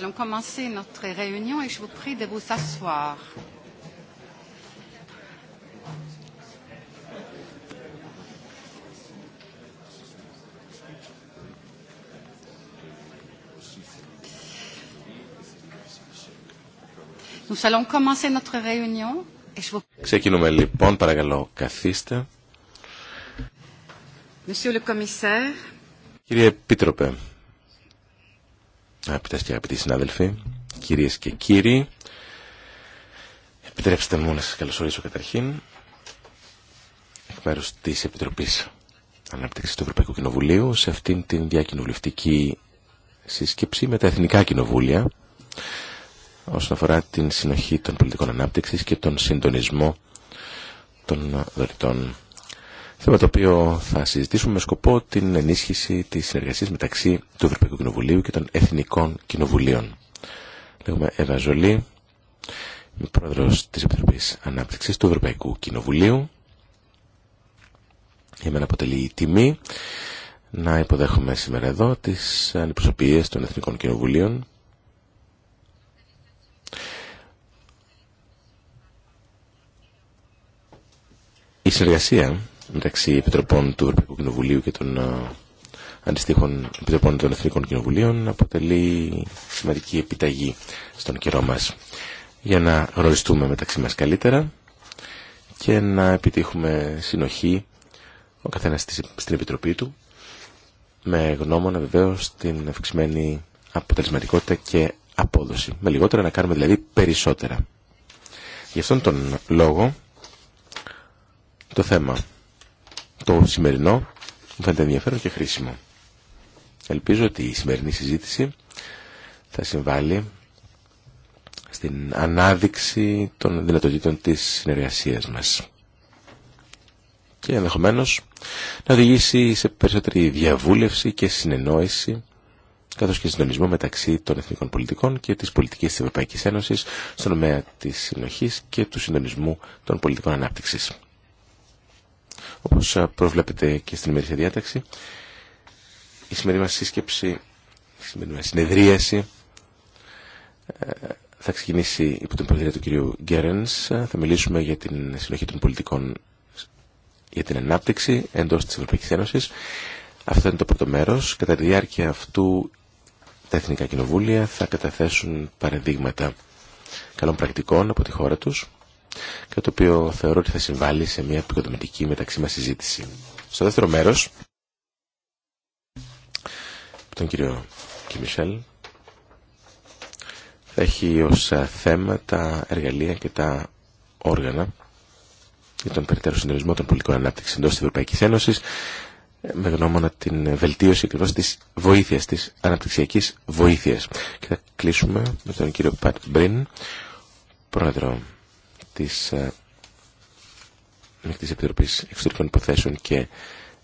Nous allons commencer notre réunion et je vous prie de vous asseoir. Nous allons commencer notre réunion et je vous... Ξεκινούμε λοιπόν, παρακαλώ καθίστε. Monsieur le Commissaire. Κύριε Επίτροπε, Αγαπητές και αγαπητοί συνάδελφοι, κυρίες και κύριοι, επιτρέψτε μου να σας καλωσορίσω καταρχήν εκ μέρους της Επιτροπής Ανάπτυξης του Ευρωπαϊκού Κοινοβουλίου σε αυτήν την διακοινοβουλευτική σύσκεψη με τα Εθνικά Κοινοβούλια όσον αφορά την συνοχή των πολιτικών ανάπτυξης και τον συντονισμό των δωρητών Θέμα το οποίο θα συζητήσουμε με σκοπό την ενίσχυση τη συνεργασία μεταξύ του Ευρωπαϊκού Κοινοβουλίου και των Εθνικών Κοινοβουλίων. Λέγομαι Εύα Ζολή, είμαι πρόεδρο τη Επιτροπή Ανάπτυξη του Ευρωπαϊκού Κοινοβουλίου. Για μένα αποτελεί η τιμή να υποδέχομαι σήμερα εδώ τι αντιπροσωπείε των Εθνικών Κοινοβουλίων. Η συνεργασία μεταξύ επιτροπών του Ευρωπαϊκού Κοινοβουλίου και των ε, αντιστοίχων επιτροπών των Εθνικών Κοινοβουλίων αποτελεί σημαντική επιταγή στον καιρό μας για να γνωριστούμε μεταξύ μας καλύτερα και να επιτύχουμε συνοχή ο καθένα στην Επιτροπή του με γνώμονα βεβαίω την αυξημένη αποτελεσματικότητα και απόδοση. Με λιγότερα να κάνουμε δηλαδή περισσότερα. Γι' αυτόν τον λόγο το θέμα το σημερινό μου φαίνεται ενδιαφέρον και χρήσιμο. Ελπίζω ότι η σημερινή συζήτηση θα συμβάλλει στην ανάδειξη των δυνατοτήτων της συνεργασίας μας και ενδεχομένω να οδηγήσει σε περισσότερη διαβούλευση και συνεννόηση καθώς και συντονισμό μεταξύ των εθνικών πολιτικών και της πολιτικής της Ευρωπαϊκής Ένωσης στον τομέα της συνοχής και του συντονισμού των πολιτικών ανάπτυξης. Όπως ε, προβλέπετε και στην ημερήσια διάταξη, η σημερινή μας σύσκεψη, η σημερινή μας συνεδρίαση ε, θα ξεκινήσει υπό την προεδρία του κυρίου Γκέρενς. Θα μιλήσουμε για την συνοχή των πολιτικών για την ανάπτυξη εντός της Ευρωπαϊκής Ένωσης. Αυτό είναι το πρώτο μέρος. Κατά τη διάρκεια αυτού τα Εθνικά Κοινοβούλια θα καταθέσουν παραδείγματα καλών πρακτικών από τη χώρα τους και το οποίο θεωρώ ότι θα συμβάλλει σε μια επικοδομητική μεταξύ μας συζήτηση. Στο δεύτερο μέρος, τον κύριο Κιμισελ, θα έχει ως θέμα τα εργαλεία και τα όργανα για τον περαιτέρω συντονισμό των πολιτικών ανάπτυξη εντός της Ευρωπαϊκής Ένωσης με γνώμονα την βελτίωση ακριβώ τη βοήθεια, τη αναπτυξιακή βοήθεια. Και θα κλείσουμε με τον κύριο Πατ Μπριν, πρόεδρο της, ε, της Επιτροπής Εξωτερικών Υποθέσεων και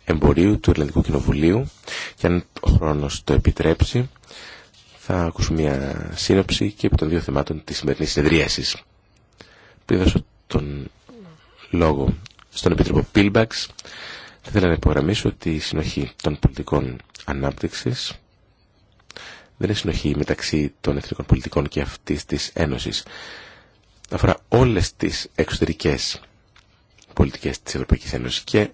Εμπορίου του Ελληνικού Κοινοβουλίου και αν ο χρόνος το επιτρέψει θα ακούσουμε μια σύνοψη και από των δύο θεμάτων της σημερινής συνεδρίασης. Πριν δώσω τον λόγο στον Επίτροπο Πίλμπαξ, θα ήθελα να υπογραμμίσω ότι η συνοχή των πολιτικών ανάπτυξης δεν είναι συνοχή μεταξύ των εθνικών πολιτικών και αυτής της Ένωσης αφορά όλες τις εξωτερικές πολιτικές της Ευρωπαϊκής Ένωσης και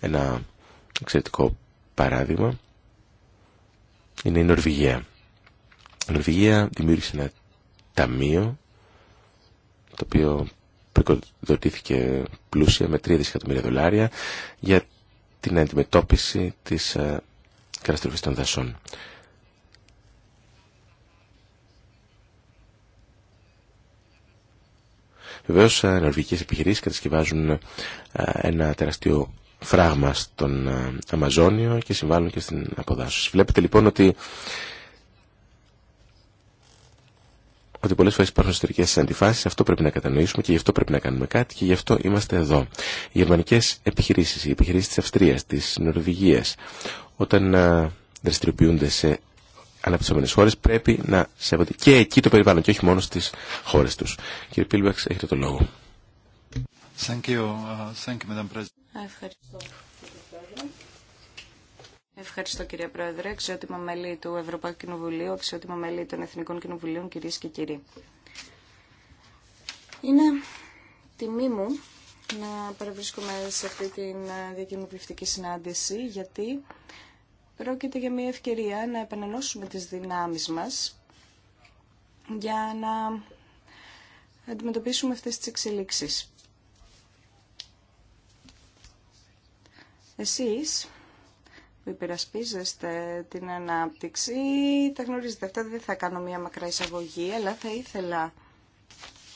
ένα εξαιρετικό παράδειγμα είναι η Νορβηγία. Η Νορβηγία δημιούργησε ένα ταμείο το οποίο προκοδοτήθηκε πλούσια με 3 δισεκατομμύρια δολάρια για την αντιμετώπιση της ε, καταστροφής των δασών. Βεβαίω ε, νορβηγικές επιχειρήσει κατασκευάζουν ε, ένα τεραστίο φράγμα στον ε, Αμαζόνιο και συμβάλλουν και στην αποδάσωση. Βλέπετε λοιπόν ότι ότι πολλές φορές υπάρχουν ιστορικές αντιφάσεις, αυτό πρέπει να κατανοήσουμε και γι' αυτό πρέπει να κάνουμε κάτι και γι' αυτό είμαστε εδώ. Οι γερμανικές επιχειρήσεις, οι επιχειρήσεις της Αυστρίας, της Νορβηγίας, όταν δραστηριοποιούνται σε αναπτυσσόμενες χώρες πρέπει να σέβονται και εκεί το περιβάλλον και όχι μόνο στις χώρες τους. Κύριε Πίλμπαξ, έχετε το λόγο. Thank you. Uh, thank Ευχαριστώ. κύριε Πρόεδρε, αξιότιμα μέλη του Ευρωπαϊκού Κοινοβουλίου, αξιότιμα μέλη των Εθνικών Κοινοβουλίων, κυρίες και κύριοι. Είναι τιμή μου να παραβρίσκομαι σε αυτή την διακοινοβουλευτική συνάντηση, γιατί Πρόκειται για μια ευκαιρία να επανενώσουμε τις δυνάμεις μας για να αντιμετωπίσουμε αυτές τις εξελίξεις. Εσείς που υπερασπίζεστε την ανάπτυξη, τα γνωρίζετε αυτά, δεν θα κάνω μια μακρά εισαγωγή, αλλά θα ήθελα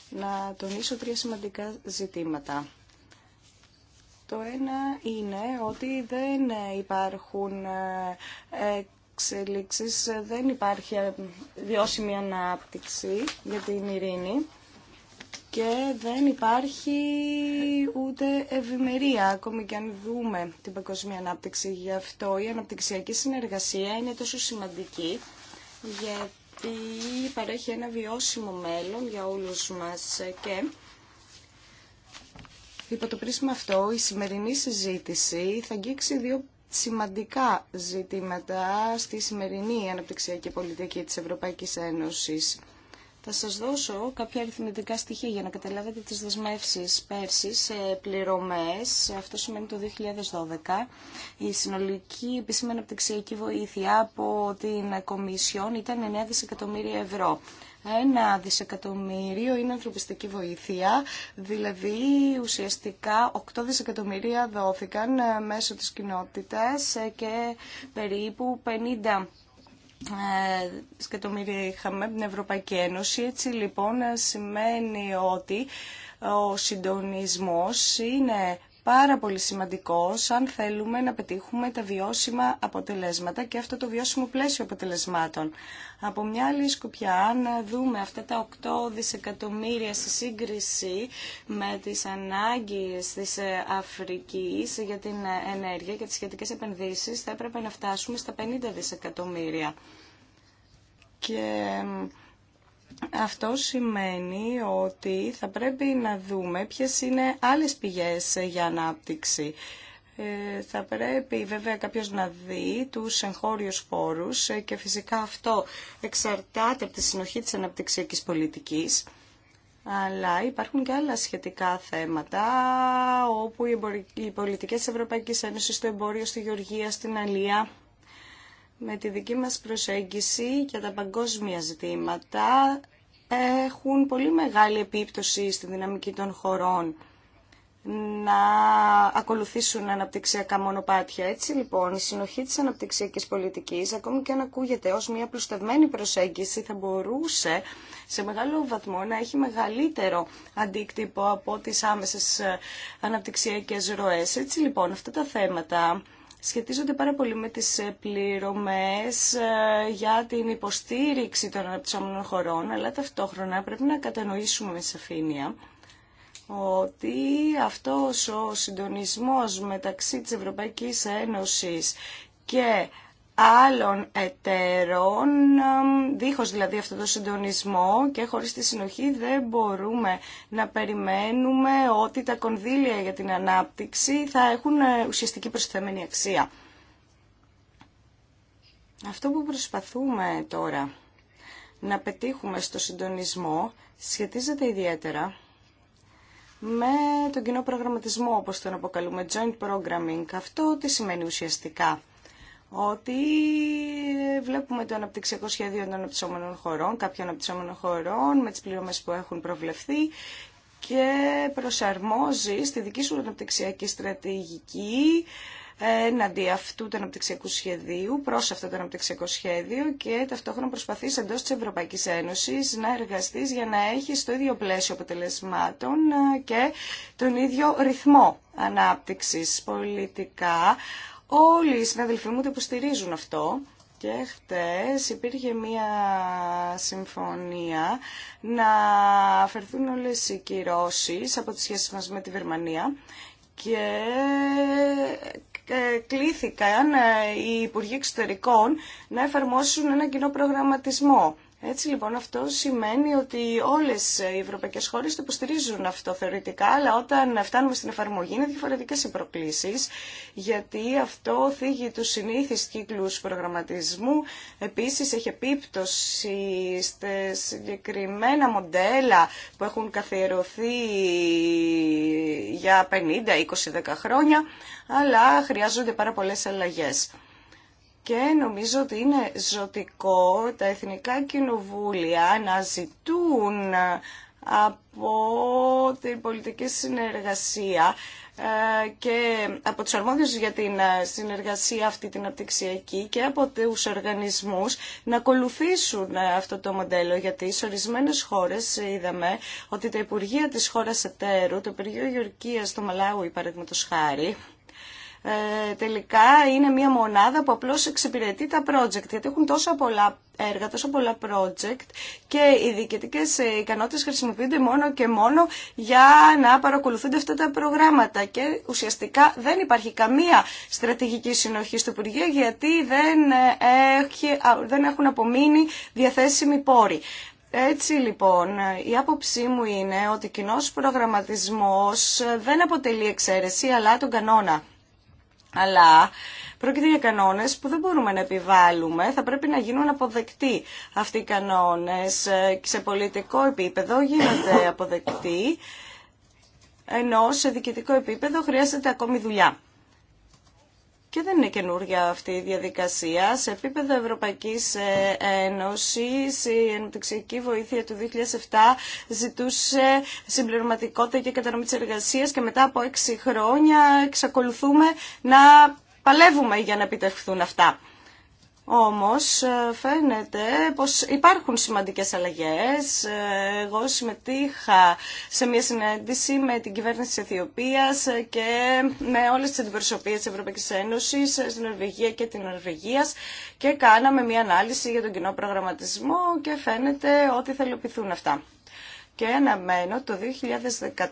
να τονίσω τρία σημαντικά ζητήματα. Το ένα είναι ότι δεν υπάρχουν ε, εξελίξεις, δεν υπάρχει ε, βιώσιμη ανάπτυξη για την ειρήνη και δεν υπάρχει ούτε ευημερία, ακόμη και αν δούμε την παγκοσμία ανάπτυξη. Γι' αυτό η αναπτυξιακή συνεργασία είναι τόσο σημαντική, γιατί παρέχει ένα βιώσιμο μέλλον για όλους μας και Υπό το πρίσμα αυτό, η σημερινή συζήτηση θα αγγίξει δύο σημαντικά ζητήματα στη σημερινή αναπτυξιακή πολιτική της Ευρωπαϊκής Ένωσης. Θα σας δώσω κάποια αριθμητικά στοιχεία για να καταλάβετε τις δεσμεύσεις πέρσι σε πληρωμές. Αυτό σημαίνει το 2012. Η συνολική επίσημη αναπτυξιακή βοήθεια από την Κομισιόν ήταν 9 δισεκατομμύρια ευρώ. Ένα δισεκατομμύριο είναι ανθρωπιστική βοήθεια, δηλαδή ουσιαστικά 8 δισεκατομμύρια δόθηκαν ε, μέσω της κοινότητας ε, και περίπου 50 δισεκατομμύρια ε, είχαμε από την Ευρωπαϊκή Ένωση. Έτσι λοιπόν σημαίνει ότι ο συντονισμός είναι πάρα πολύ σημαντικός αν θέλουμε να πετύχουμε τα βιώσιμα αποτελέσματα και αυτό το βιώσιμο πλαίσιο αποτελεσμάτων. Από μια άλλη σκοπιά, αν δούμε αυτά τα 8 δισεκατομμύρια σε σύγκριση με τις ανάγκες της Αφρικής για την ενέργεια και τις σχετικές επενδύσεις, θα έπρεπε να φτάσουμε στα 50 δισεκατομμύρια. Και αυτό σημαίνει ότι θα πρέπει να δούμε ποιες είναι άλλες πηγές για ανάπτυξη. Ε, θα πρέπει βέβαια κάποιος να δει τους εγχώριους φόρους ε, και φυσικά αυτό εξαρτάται από τη συνοχή της αναπτυξιακής πολιτικής. Αλλά υπάρχουν και άλλα σχετικά θέματα όπου οι πολιτικές της Ευρωπαϊκής Ένωσης, το εμπόριο, στη γεωργία, στην αλία με τη δική μας προσέγγιση για τα παγκόσμια ζητήματα έχουν πολύ μεγάλη επίπτωση στη δυναμική των χωρών να ακολουθήσουν αναπτυξιακά μονοπάτια. Έτσι λοιπόν η συνοχή της αναπτυξιακής πολιτικής, ακόμη και αν ακούγεται ως μια πλουστευμένη προσέγγιση, θα μπορούσε σε μεγάλο βαθμό να έχει μεγαλύτερο αντίκτυπο από τις άμεσες αναπτυξιακές ροές. Έτσι λοιπόν αυτά τα θέματα σχετίζονται πάρα πολύ με τις ε, πληρωμές ε, για την υποστήριξη των αναπτυσσόμενων χωρών, αλλά ταυτόχρονα πρέπει να κατανοήσουμε με σαφήνεια ότι αυτός ο συντονισμός μεταξύ της Ευρωπαϊκής Ένωσης και άλλων εταίρων, δίχως δηλαδή αυτό το συντονισμό και χωρίς τη συνοχή δεν μπορούμε να περιμένουμε ότι τα κονδύλια για την ανάπτυξη θα έχουν ε, ουσιαστική προσθεμένη αξία. Αυτό που προσπαθούμε τώρα να πετύχουμε στο συντονισμό σχετίζεται ιδιαίτερα με τον κοινό προγραμματισμό, όπως τον αποκαλούμε, joint programming. Αυτό τι σημαίνει ουσιαστικά ότι βλέπουμε το αναπτυξιακό σχέδιο των αναπτυσσόμενων χωρών, κάποιων αναπτυσσόμενων χωρών με τις πληρωμές που έχουν προβλεφθεί και προσαρμόζει στη δική σου αναπτυξιακή στρατηγική εναντί αυτού του αναπτυξιακού σχεδίου, προ αυτό το αναπτυξιακό σχέδιο και ταυτόχρονα προσπαθεί εντό τη Ευρωπαϊκή Ένωση να εργαστεί για να έχει το ίδιο πλαίσιο αποτελεσμάτων και τον ίδιο ρυθμό ανάπτυξη πολιτικά. Όλοι οι συναδελφοί μου το υποστηρίζουν αυτό. Και χτες υπήρχε μια συμφωνία να αφαιρθούν όλες οι κυρώσεις από τις σχέσεις μας με τη Βερμανία και ε, κλήθηκαν ε, οι Υπουργοί Εξωτερικών να εφαρμόσουν ένα κοινό προγραμματισμό έτσι λοιπόν αυτό σημαίνει ότι όλες οι ευρωπαϊκές χώρες το υποστηρίζουν αυτό θεωρητικά, αλλά όταν φτάνουμε στην εφαρμογή είναι διαφορετικές οι προκλήσεις, γιατί αυτό θίγει τους συνήθεις κύκλους προγραμματισμού, επίσης έχει επίπτωση στα συγκεκριμένα μοντέλα που έχουν καθιερωθεί για 50, 20, 10 χρόνια, αλλά χρειάζονται πάρα πολλές αλλαγές και νομίζω ότι είναι ζωτικό τα εθνικά κοινοβούλια να ζητούν ε, από την πολιτική συνεργασία ε, και από τους αρμόδιους για την ε, συνεργασία αυτή την απτυξιακή και από τους οργανισμούς να ακολουθήσουν αυτό το μοντέλο γιατί σε ορισμένες χώρες είδαμε ότι τα Υπουργεία της χώρας Εταίρου, το Υπουργείο Γεωργίας στο Μαλάουι παραδείγματος χάρη ε, τελικά είναι μια μονάδα που απλώς εξυπηρετεί τα project, γιατί έχουν τόσα πολλά έργα, τόσο πολλά project και οι διοικητικέ ε, ικανότητες χρησιμοποιούνται μόνο και μόνο για να παρακολουθούνται αυτά τα προγράμματα και ουσιαστικά δεν υπάρχει καμία στρατηγική συνοχή στο Υπουργείο γιατί δεν, ε, έχει, δεν έχουν απομείνει διαθέσιμοι πόροι. Έτσι λοιπόν, η άποψή μου είναι ότι κοινός προγραμματισμός δεν αποτελεί εξαίρεση αλλά τον κανόνα. Αλλά πρόκειται για κανόνε που δεν μπορούμε να επιβάλλουμε, θα πρέπει να γίνουν αποδεκτοί αυτοί οι κανόνε. Ε, σε πολιτικό επίπεδο γίνονται αποδεκτοί, ενώ σε διοικητικό επίπεδο χρειάζεται ακόμη δουλειά. Και δεν είναι καινούργια αυτή η διαδικασία. Σε επίπεδο Ευρωπαϊκής ε, Ένωσης η ενοπτυξιακή βοήθεια του 2007 ζητούσε συμπληρωματικότητα και κατανομή της εργασίας και μετά από έξι χρόνια εξακολουθούμε να παλεύουμε για να επιτευχθούν αυτά. Όμως ε, φαίνεται πως υπάρχουν σημαντικές αλλαγές. Ε, εγώ συμμετείχα σε μια συνέντηση με την κυβέρνηση της Αιθιοπίας ε, και με όλες τις αντιπροσωπείες της Ευρωπαϊκής Ένωσης στην Νορβηγία και την Νορβηγία και κάναμε μια ανάλυση για τον κοινό προγραμματισμό και φαίνεται ότι θα υλοποιηθούν αυτά και αναμένω το 2014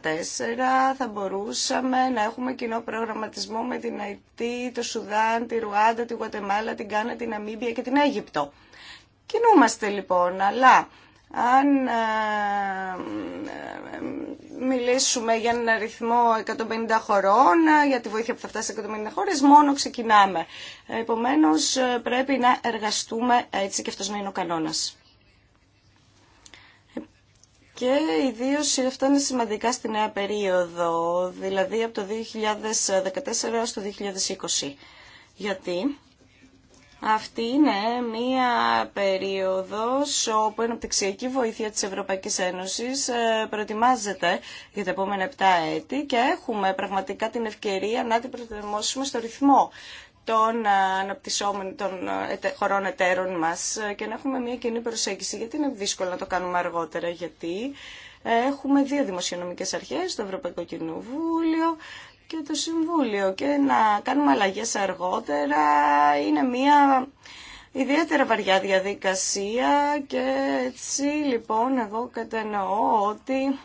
θα μπορούσαμε να έχουμε κοινό προγραμματισμό με την Αιτή, το Σουδάν, τη Ρουάντα, τη Γουατεμάλα, την Κάνα, την Αμίμπια και την Αίγυπτο. Κινούμαστε λοιπόν, αλλά αν ε, ε, μιλήσουμε για έναν αριθμό 150 χωρών, ε, για τη βοήθεια που θα φτάσει σε 150 χώρες, μόνο ξεκινάμε. Επομένως πρέπει να εργαστούμε έτσι και αυτός να είναι ο κανόνας. Και ιδίω αυτά είναι σημαντικά στη νέα περίοδο, δηλαδή από το 2014 έως το 2020. Γιατί αυτή είναι μία περίοδος όπου η αναπτυξιακή βοήθεια της Ευρωπαϊκής Ένωσης ε, προετοιμάζεται για τα επόμενα 7 έτη και έχουμε πραγματικά την ευκαιρία να την προετοιμάσουμε στο ρυθμό των ε, αναπτυσσόμενων των ε, χωρών εταίρων μας ε, και να έχουμε μια κοινή προσέγγιση. Γιατί είναι δύσκολο να το κάνουμε αργότερα, γιατί έχουμε δύο δημοσιονομικές αρχές, το Ευρωπαϊκό Κοινοβούλιο και το Συμβούλιο και να κάνουμε αλλαγές αργότερα είναι μια ιδιαίτερα βαριά διαδικασία και έτσι λοιπόν εγώ κατανοώ ότι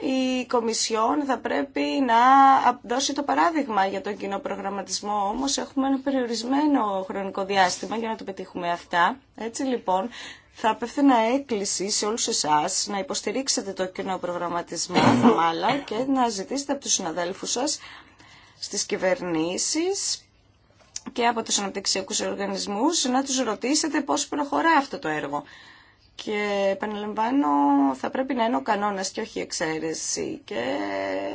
η Κομισιόν θα πρέπει να δώσει το παράδειγμα για τον κοινό προγραμματισμό, όμως έχουμε ένα περιορισμένο χρονικό διάστημα για να το πετύχουμε αυτά. Έτσι λοιπόν θα να έκκληση σε όλους εσάς να υποστηρίξετε το κοινό προγραμματισμό αλλά και να ζητήσετε από τους συναδέλφους σας στις κυβερνήσεις και από τους αναπτυξιακούς οργανισμούς να τους ρωτήσετε πώς προχωρά αυτό το έργο. Και επαναλαμβάνω, θα πρέπει να είναι ο κανόνα και όχι η εξαίρεση. Και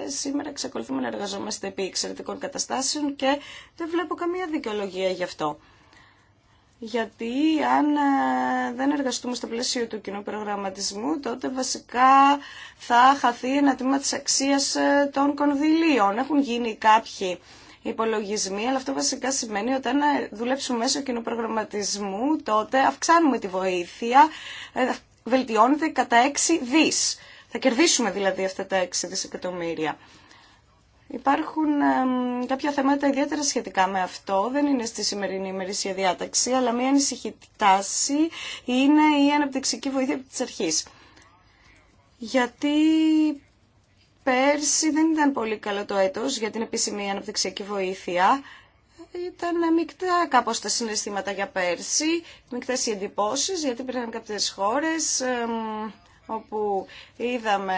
σήμερα εξακολουθούμε να εργαζόμαστε επί εξαιρετικών καταστάσεων και δεν βλέπω καμία δικαιολογία γι' αυτό. Γιατί αν ε, δεν εργαστούμε στο πλαίσιο του κοινού προγραμματισμού, τότε βασικά θα χαθεί ένα τμήμα της αξίας ε, των κονδυλίων. Έχουν γίνει κάποιοι υπολογισμοί, αλλά αυτό βασικά σημαίνει ότι αν δουλέψουμε μέσω κοινού προγραμματισμού, τότε αυξάνουμε τη βοήθεια, ε, βελτιώνεται κατά 6 δις. Θα κερδίσουμε δηλαδή αυτά τα 6 δισεκατομμύρια. Υπάρχουν κάποια θέματα ιδιαίτερα σχετικά με αυτό. Δεν είναι στη σημερινή ημερήσια διάταξη, αλλά μια ανησυχητή τάση είναι η αναπτυξική βοήθεια από τις αρχής. Γιατί Πέρσι δεν ήταν πολύ καλό το έτος για την επίσημη αναπτυξιακή βοήθεια. Ήταν μεικτά κάπως τα συναισθήματα για πέρσι, μικτές οι εντυπώσεις, γιατί υπήρχαν κάποιες χώρες όπου είδαμε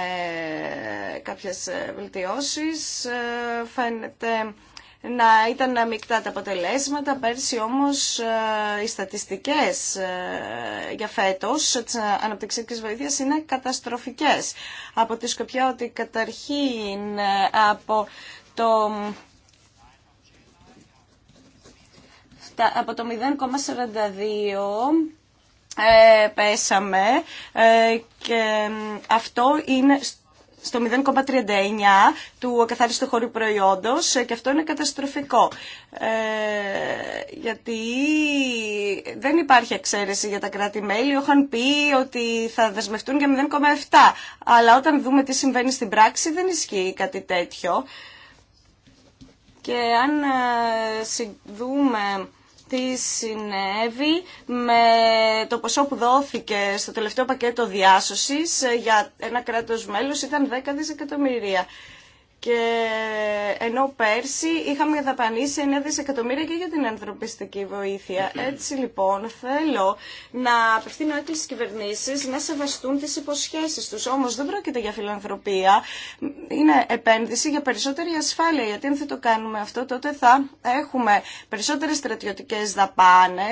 κάποιες ε, βελτιώσεις. Ε, φαίνεται να ήταν αμυκτά τα αποτελέσματα. Πέρσι όμως ε, οι στατιστικές ε, για φέτος της αναπτυξιακής βοήθεια είναι καταστροφικές. Από τη σκοπιά ότι καταρχήν ε, από το από το 0,42 πέσαμε και αυτό είναι στο 0,39 του ακαθάριστου χώρου προϊόντος ε, και αυτό είναι καταστροφικό. Ε, γιατί δεν υπάρχει εξαίρεση για τα κράτη-μέλη. Είχαν πει ότι θα δεσμευτούν για 0,7. Αλλά όταν δούμε τι συμβαίνει στην πράξη δεν ισχύει κάτι τέτοιο. Και αν ε, δούμε τι συνέβη με το ποσό που δόθηκε στο τελευταίο πακέτο διάσωσης ε, για ένα κράτος μέλος ήταν 10 δισεκατομμύρια. Και ενώ πέρσι είχαμε δαπανίσει 9 δισεκατομμύρια και για την ανθρωπιστική βοήθεια. Έτσι λοιπόν θέλω να απευθύνω έκκληση στι κυβερνήσει να σεβαστούν τι υποσχέσει του. Όμω δεν πρόκειται για φιλανθρωπία. Είναι επένδυση για περισσότερη ασφάλεια. Γιατί αν δεν το κάνουμε αυτό τότε θα έχουμε περισσότερε στρατιωτικέ δαπάνε.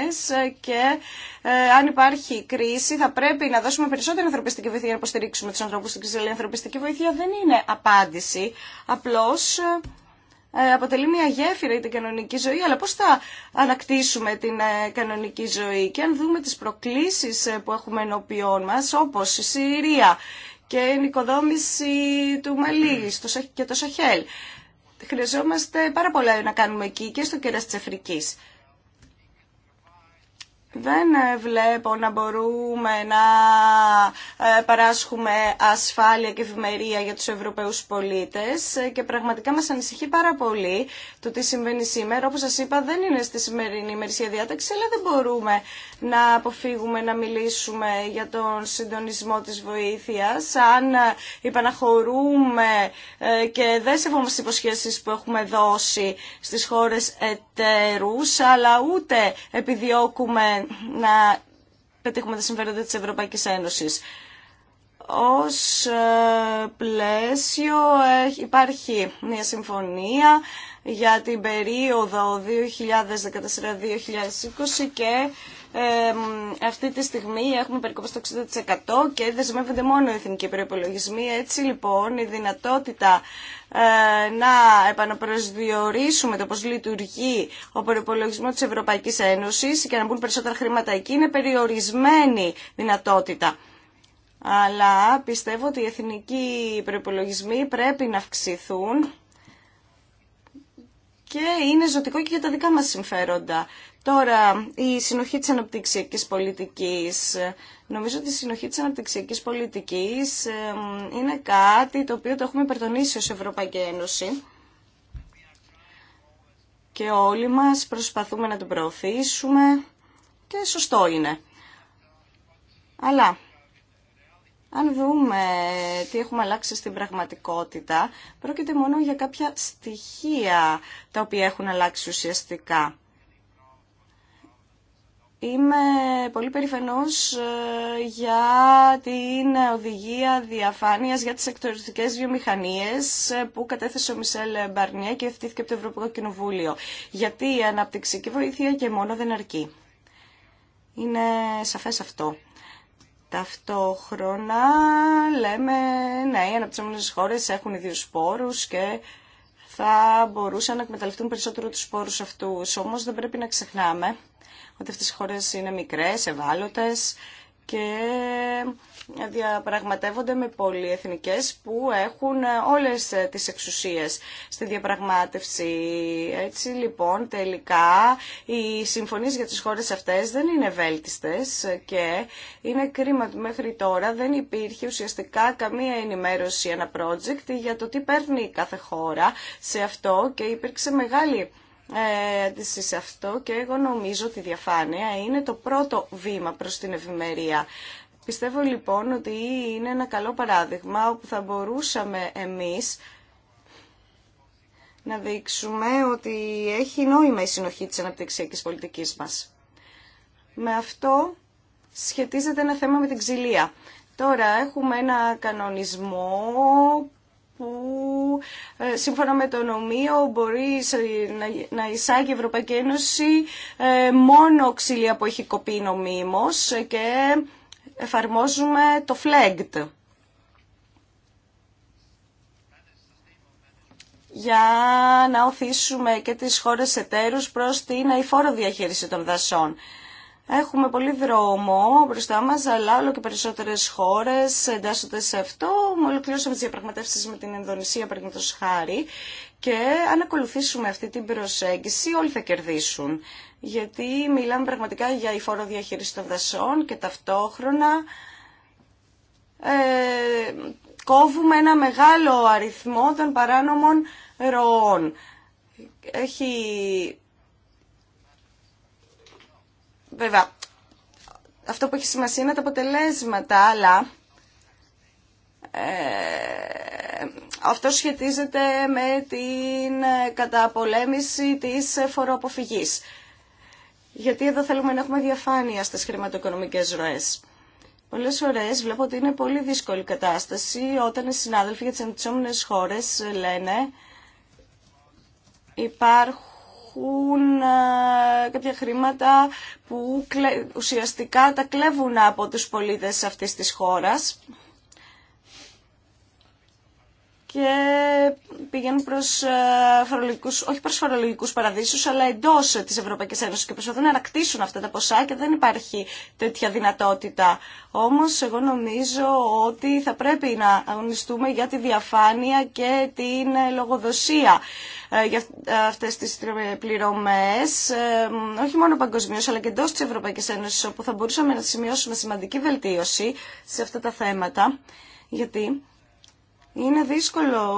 και ε, αν υπάρχει κρίση θα πρέπει να δώσουμε περισσότερη ανθρωπιστική βοήθεια για να υποστηρίξουμε του ανθρώπου στην κρίση. Η ανθρωπιστική βοήθεια δεν είναι απάντηση απλώς ε, αποτελεί μια γέφυρα για την κανονική ζωή, αλλά πώς θα ανακτήσουμε την ε, κανονική ζωή. Και αν δούμε τις προκλήσεις ε, που έχουμε ενώπιόν μας, όπως η Συρία και η νοικοδόμηση του Μαλή και το Σαχέλ, χρειαζόμαστε πάρα πολλά να κάνουμε εκεί και στο κέρας της Αφρικής δεν ε, βλέπω να μπορούμε να ε, παράσχουμε ασφάλεια και ευημερία για τους Ευρωπαίους πολίτες ε, και πραγματικά μας ανησυχεί πάρα πολύ το τι συμβαίνει σήμερα. Όπως σας είπα δεν είναι στη σημερινή ημερησία διάταξη, αλλά δεν μπορούμε να αποφύγουμε να μιλήσουμε για τον συντονισμό της βοήθειας. Αν υπαναχωρούμε ε, και δεν σεβόμαστε τις υποσχέσεις που έχουμε δώσει στις χώρες εταίρους, αλλά ούτε επιδιώκουμε να πετύχουμε τα συμφέροντα της Ευρωπαϊκής Ένωσης. Ως ε, πλαίσιο υπάρχει μια συμφωνία για την περίοδο 2014-2020 και ε, αυτή τη στιγμή έχουμε περίπου στο 60% και δεσμεύονται μόνο οι εθνικοί προπολογισμοί. Έτσι λοιπόν η δυνατότητα ε, να επαναπροσδιορίσουμε το πώς λειτουργεί ο προπολογισμό της Ευρωπαϊκής Ένωσης και να μπουν περισσότερα χρήματα εκεί είναι περιορισμένη δυνατότητα. Αλλά πιστεύω ότι οι εθνικοί προπολογισμοί πρέπει να αυξηθούν και είναι ζωτικό και για τα δικά μας συμφέροντα. Τώρα, η συνοχή της αναπτυξιακής πολιτικής. Νομίζω ότι η συνοχή της αναπτυξιακής πολιτικής είναι κάτι το οποίο το έχουμε υπερτονίσει ως Ευρωπαϊκή Ένωση και όλοι μας προσπαθούμε να την προωθήσουμε και σωστό είναι. Αλλά αν δούμε τι έχουμε αλλάξει στην πραγματικότητα, πρόκειται μόνο για κάποια στοιχεία τα οποία έχουν αλλάξει ουσιαστικά. Είμαι πολύ περηφανός ε, για την οδηγία διαφάνειας για τις εκτοριστικές βιομηχανίες ε, που κατέθεσε ο Μισελ Μπαρνιέ και ευθύθηκε από το Ευρωπαϊκό Κοινοβούλιο. Γιατί η αναπτυξική βοήθεια και μόνο δεν αρκεί. Είναι σαφές αυτό. Ταυτόχρονα λέμε ναι, οι αναπτυσσόμενες χώρες έχουν ιδίους σπόρους και θα μπορούσαν να εκμεταλλευτούν περισσότερο τους σπόρους αυτούς. Όμως δεν πρέπει να ξεχνάμε ότι αυτές οι χώρες είναι μικρές, ευάλωτες και διαπραγματεύονται με πολυεθνικές που έχουν όλες τις εξουσίες στη διαπραγμάτευση. Έτσι λοιπόν τελικά οι συμφωνίες για τις χώρες αυτές δεν είναι βέλτιστες και είναι κρίμα ότι μέχρι τώρα δεν υπήρχε ουσιαστικά καμία ενημέρωση ένα project για το τι παίρνει κάθε χώρα σε αυτό και υπήρξε μεγάλη ε, αυτό και εγώ νομίζω ότι η διαφάνεια είναι το πρώτο βήμα προς την ευημερία. Πιστεύω λοιπόν ότι είναι ένα καλό παράδειγμα όπου θα μπορούσαμε εμείς να δείξουμε ότι έχει νόημα η συνοχή της αναπτυξιακής πολιτικής μας. Με αυτό σχετίζεται ένα θέμα με την ξυλία. Τώρα έχουμε ένα κανονισμό που ε, σύμφωνα με το νομίο μπορεί να εισάγει η Ευρωπαϊκή Ένωση ε, μόνο ξύλια που έχει κοπεί νομίμως και εφαρμόζουμε το FLEGT για να οθήσουμε και τις χώρες εταίρους προς την αηφόρο διαχείριση των δασών. Έχουμε πολύ δρόμο μπροστά μα αλλά όλο και περισσότερες χώρε εντάσσονται σε αυτό. Ολοκληρώσαμε τι διαπραγματεύσει με την Ενδονησία, το χάρη. Και αν ακολουθήσουμε αυτή την προσέγγιση, όλοι θα κερδίσουν. Γιατί μιλάμε πραγματικά για η φόρο διαχείριση των δασών και ταυτόχρονα ε, κόβουμε ένα μεγάλο αριθμό των παράνομων ροών. Έχει Βέβαια, αυτό που έχει σημασία είναι τα αποτελέσματα, αλλά ε, αυτό σχετίζεται με την ε, καταπολέμηση της φοροαποφυγής. Γιατί εδώ θέλουμε να έχουμε διαφάνεια στις χρηματοοικονομικές ροές. Πολλές φορές βλέπω ότι είναι πολύ δύσκολη κατάσταση όταν οι συνάδελφοι για τις χώρες λένε υπάρχουν έχουν ε, κάποια χρήματα που ουσιαστικά τα κλέβουν από τους πολίτες αυτής της χώρας και πηγαίνουν προς ε, φορολογικούς, όχι προς φορολογικούς παραδείσους, αλλά εντός της Ευρωπαϊκής Ένωσης και προσπαθούν να ανακτήσουν αυτά τα ποσά και δεν υπάρχει τέτοια δυνατότητα. Όμως εγώ νομίζω ότι θα πρέπει να αγωνιστούμε για τη διαφάνεια και την λογοδοσία ε, για αυτές τις πληρωμές, ε, όχι μόνο παγκοσμίω, αλλά και εντό της Ευρωπαϊκής Ένωσης, όπου θα μπορούσαμε να σημειώσουμε σημαντική βελτίωση σε αυτά τα θέματα, γιατί είναι δύσκολο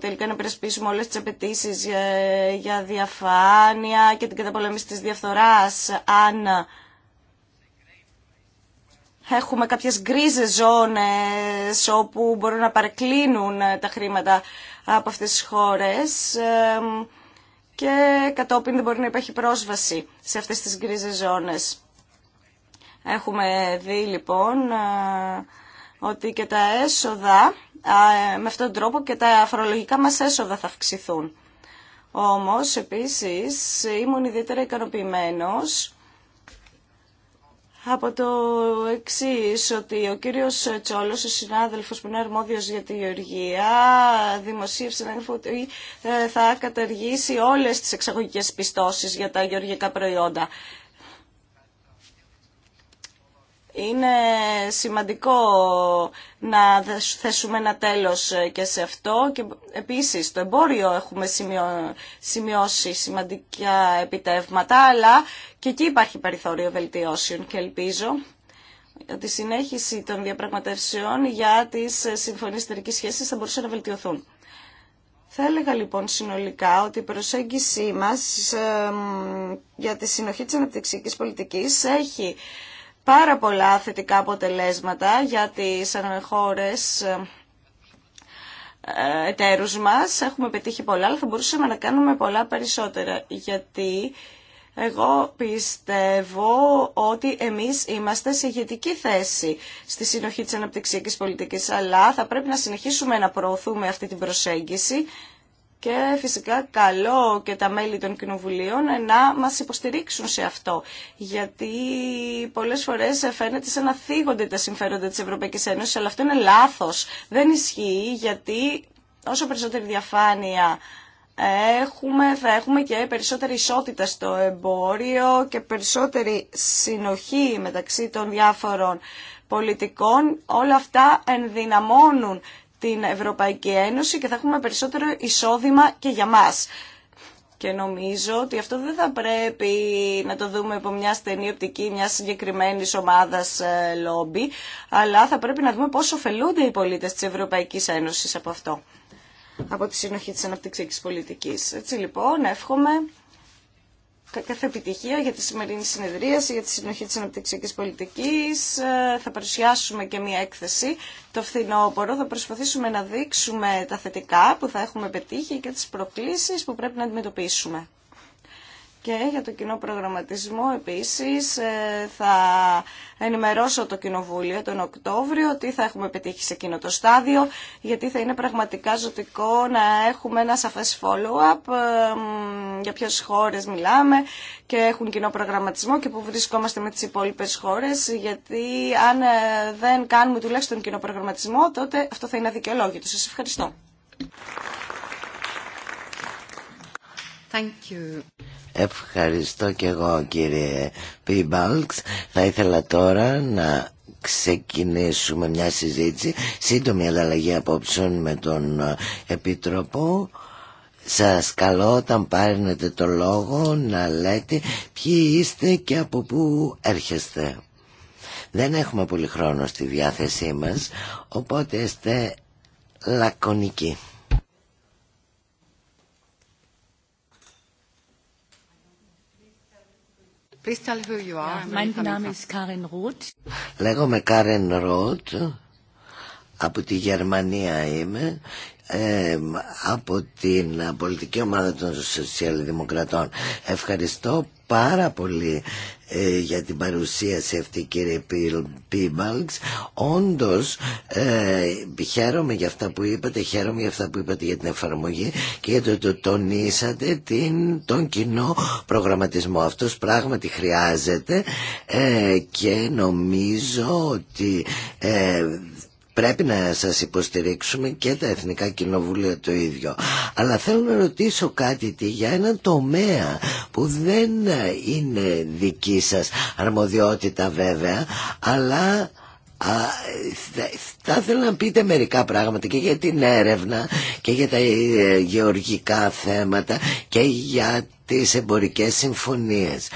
τελικά να περασπίσουμε όλες τις απαιτήσει για διαφάνεια και την καταπολέμηση της διαφθοράς, αν έχουμε κάποιες γκρίζες ζώνες όπου μπορούν να παρεκκλίνουν τα χρήματα από αυτές τις χώρες και κατόπιν δεν μπορεί να υπάρχει πρόσβαση σε αυτές τις γκρίζες ζώνες. Έχουμε δει λοιπόν ε, ότι και τα έσοδα, ε, με αυτόν τον τρόπο και τα αφορολογικά μας έσοδα θα αυξηθούν. Όμως, επίσης, ήμουν ιδιαίτερα ικανοποιημένος από το εξή ότι ο κύριος Τσόλος, ο συνάδελφος που είναι αρμόδιος για τη Γεωργία, δημοσίευσε να ότι ε, θα καταργήσει όλες τις εξαγωγικές πιστώσεις για τα γεωργικά προϊόντα. Είναι σημαντικό να θέσουμε ένα τέλος ε, και σε αυτό και επίσης το εμπόριο έχουμε σημειώσει σημαντικά επιτεύγματα αλλά και εκεί υπάρχει περιθώριο βελτιώσεων και ελπίζω ότι η συνέχιση των διαπραγματεύσεων για τις ε, συμφωνίες εταιρικής σχέσης θα μπορούσε να βελτιωθούν. Θα έλεγα λοιπόν συνολικά ότι η προσέγγιση μας για τη συνοχή της αναπτυξιακής πολιτικής έχει πάρα πολλά θετικά αποτελέσματα για τις χώρες ε, ε, εταίρους μας. Έχουμε πετύχει πολλά, αλλά θα μπορούσαμε να κάνουμε πολλά περισσότερα, γιατί εγώ πιστεύω ότι εμείς είμαστε σε ηγετική θέση στη συνοχή της αναπτυξιακής πολιτικής, αλλά θα πρέπει να συνεχίσουμε να προωθούμε αυτή την προσέγγιση και φυσικά καλό και τα μέλη των κοινοβουλίων να μας υποστηρίξουν σε αυτό. Γιατί πολλές φορές φαίνεται σαν να θίγονται τα συμφέροντα της Ευρωπαϊκής Ένωσης, αλλά αυτό είναι λάθος. Δεν ισχύει γιατί όσο περισσότερη διαφάνεια έχουμε, θα έχουμε και περισσότερη ισότητα στο εμπόριο και περισσότερη συνοχή μεταξύ των διάφορων πολιτικών. Όλα αυτά ενδυναμώνουν την Ευρωπαϊκή Ένωση και θα έχουμε περισσότερο εισόδημα και για μας. Και νομίζω ότι αυτό δεν θα πρέπει να το δούμε από μια στενή οπτική μια συγκεκριμένη ομάδα ε, λόμπι, αλλά θα πρέπει να δούμε πώς ωφελούνται οι πολίτες της Ευρωπαϊκής Ένωσης από αυτό, από τη συνοχή της αναπτυξιακής πολιτικής. Έτσι λοιπόν, εύχομαι κάθε επιτυχία για τη σημερινή συνεδρίαση, για τη συνοχή της αναπτυξιακής πολιτικής. Ε, θα παρουσιάσουμε και μία έκθεση το φθινόπωρο. Θα προσπαθήσουμε να δείξουμε τα θετικά που θα έχουμε πετύχει και τις προκλήσεις που πρέπει να αντιμετωπίσουμε. Και για το κοινό προγραμματισμό επίσης ε, θα ενημερώσω το Κοινοβούλιο τον Οκτώβριο ότι θα έχουμε πετύχει σε εκείνο το στάδιο γιατί θα είναι πραγματικά ζωτικό να έχουμε ένα σαφές follow-up ε, για ποιες χώρες μιλάμε και έχουν κοινό προγραμματισμό και που βρισκόμαστε με τις υπόλοιπες χώρες γιατί αν ε, δεν κάνουμε τουλάχιστον κοινό προγραμματισμό τότε αυτό θα είναι αδικαιολόγητο. Σας ευχαριστώ. Ευχαριστώ και εγώ κύριε Πιμπάλξ. Θα ήθελα τώρα να ξεκινήσουμε μια συζήτηση, σύντομη ανταλλαγή απόψεων με τον ε, Επίτροπο. Σας καλώ όταν πάρνετε το λόγο να λέτε ποιοι είστε και από πού έρχεστε. Δεν έχουμε πολύ χρόνο στη διάθεσή μας, οπότε είστε λακωνικοί. Λέγομαι Κάρεν Ροτ, από τη Γερμανία είμαι από την πολιτική ομάδα των Σοσιαλδημοκρατών. Ευχαριστώ πάρα πολύ ε, για την παρουσίαση αυτή κύριε Πίμπαλξ. Όντως ε, χαίρομαι για αυτά που είπατε, χαίρομαι για αυτά που είπατε για την εφαρμογή και για το ότι τονίσατε την, τον κοινό προγραμματισμό. Αυτός πράγματι χρειάζεται ε, και νομίζω ότι... Ε, πρέπει να σας υποστηρίξουμε και τα Εθνικά Κοινοβούλια το ίδιο. Αλλά θέλω να ρωτήσω κάτι τι, για έναν τομέα που δεν είναι δική σας αρμοδιότητα βέβαια, αλλά... θα, θα ήθελα να πείτε μερικά πράγματα και για την έρευνα και για τα ε, γεωργικά θέματα και για τις εμπορικές συμφωνίες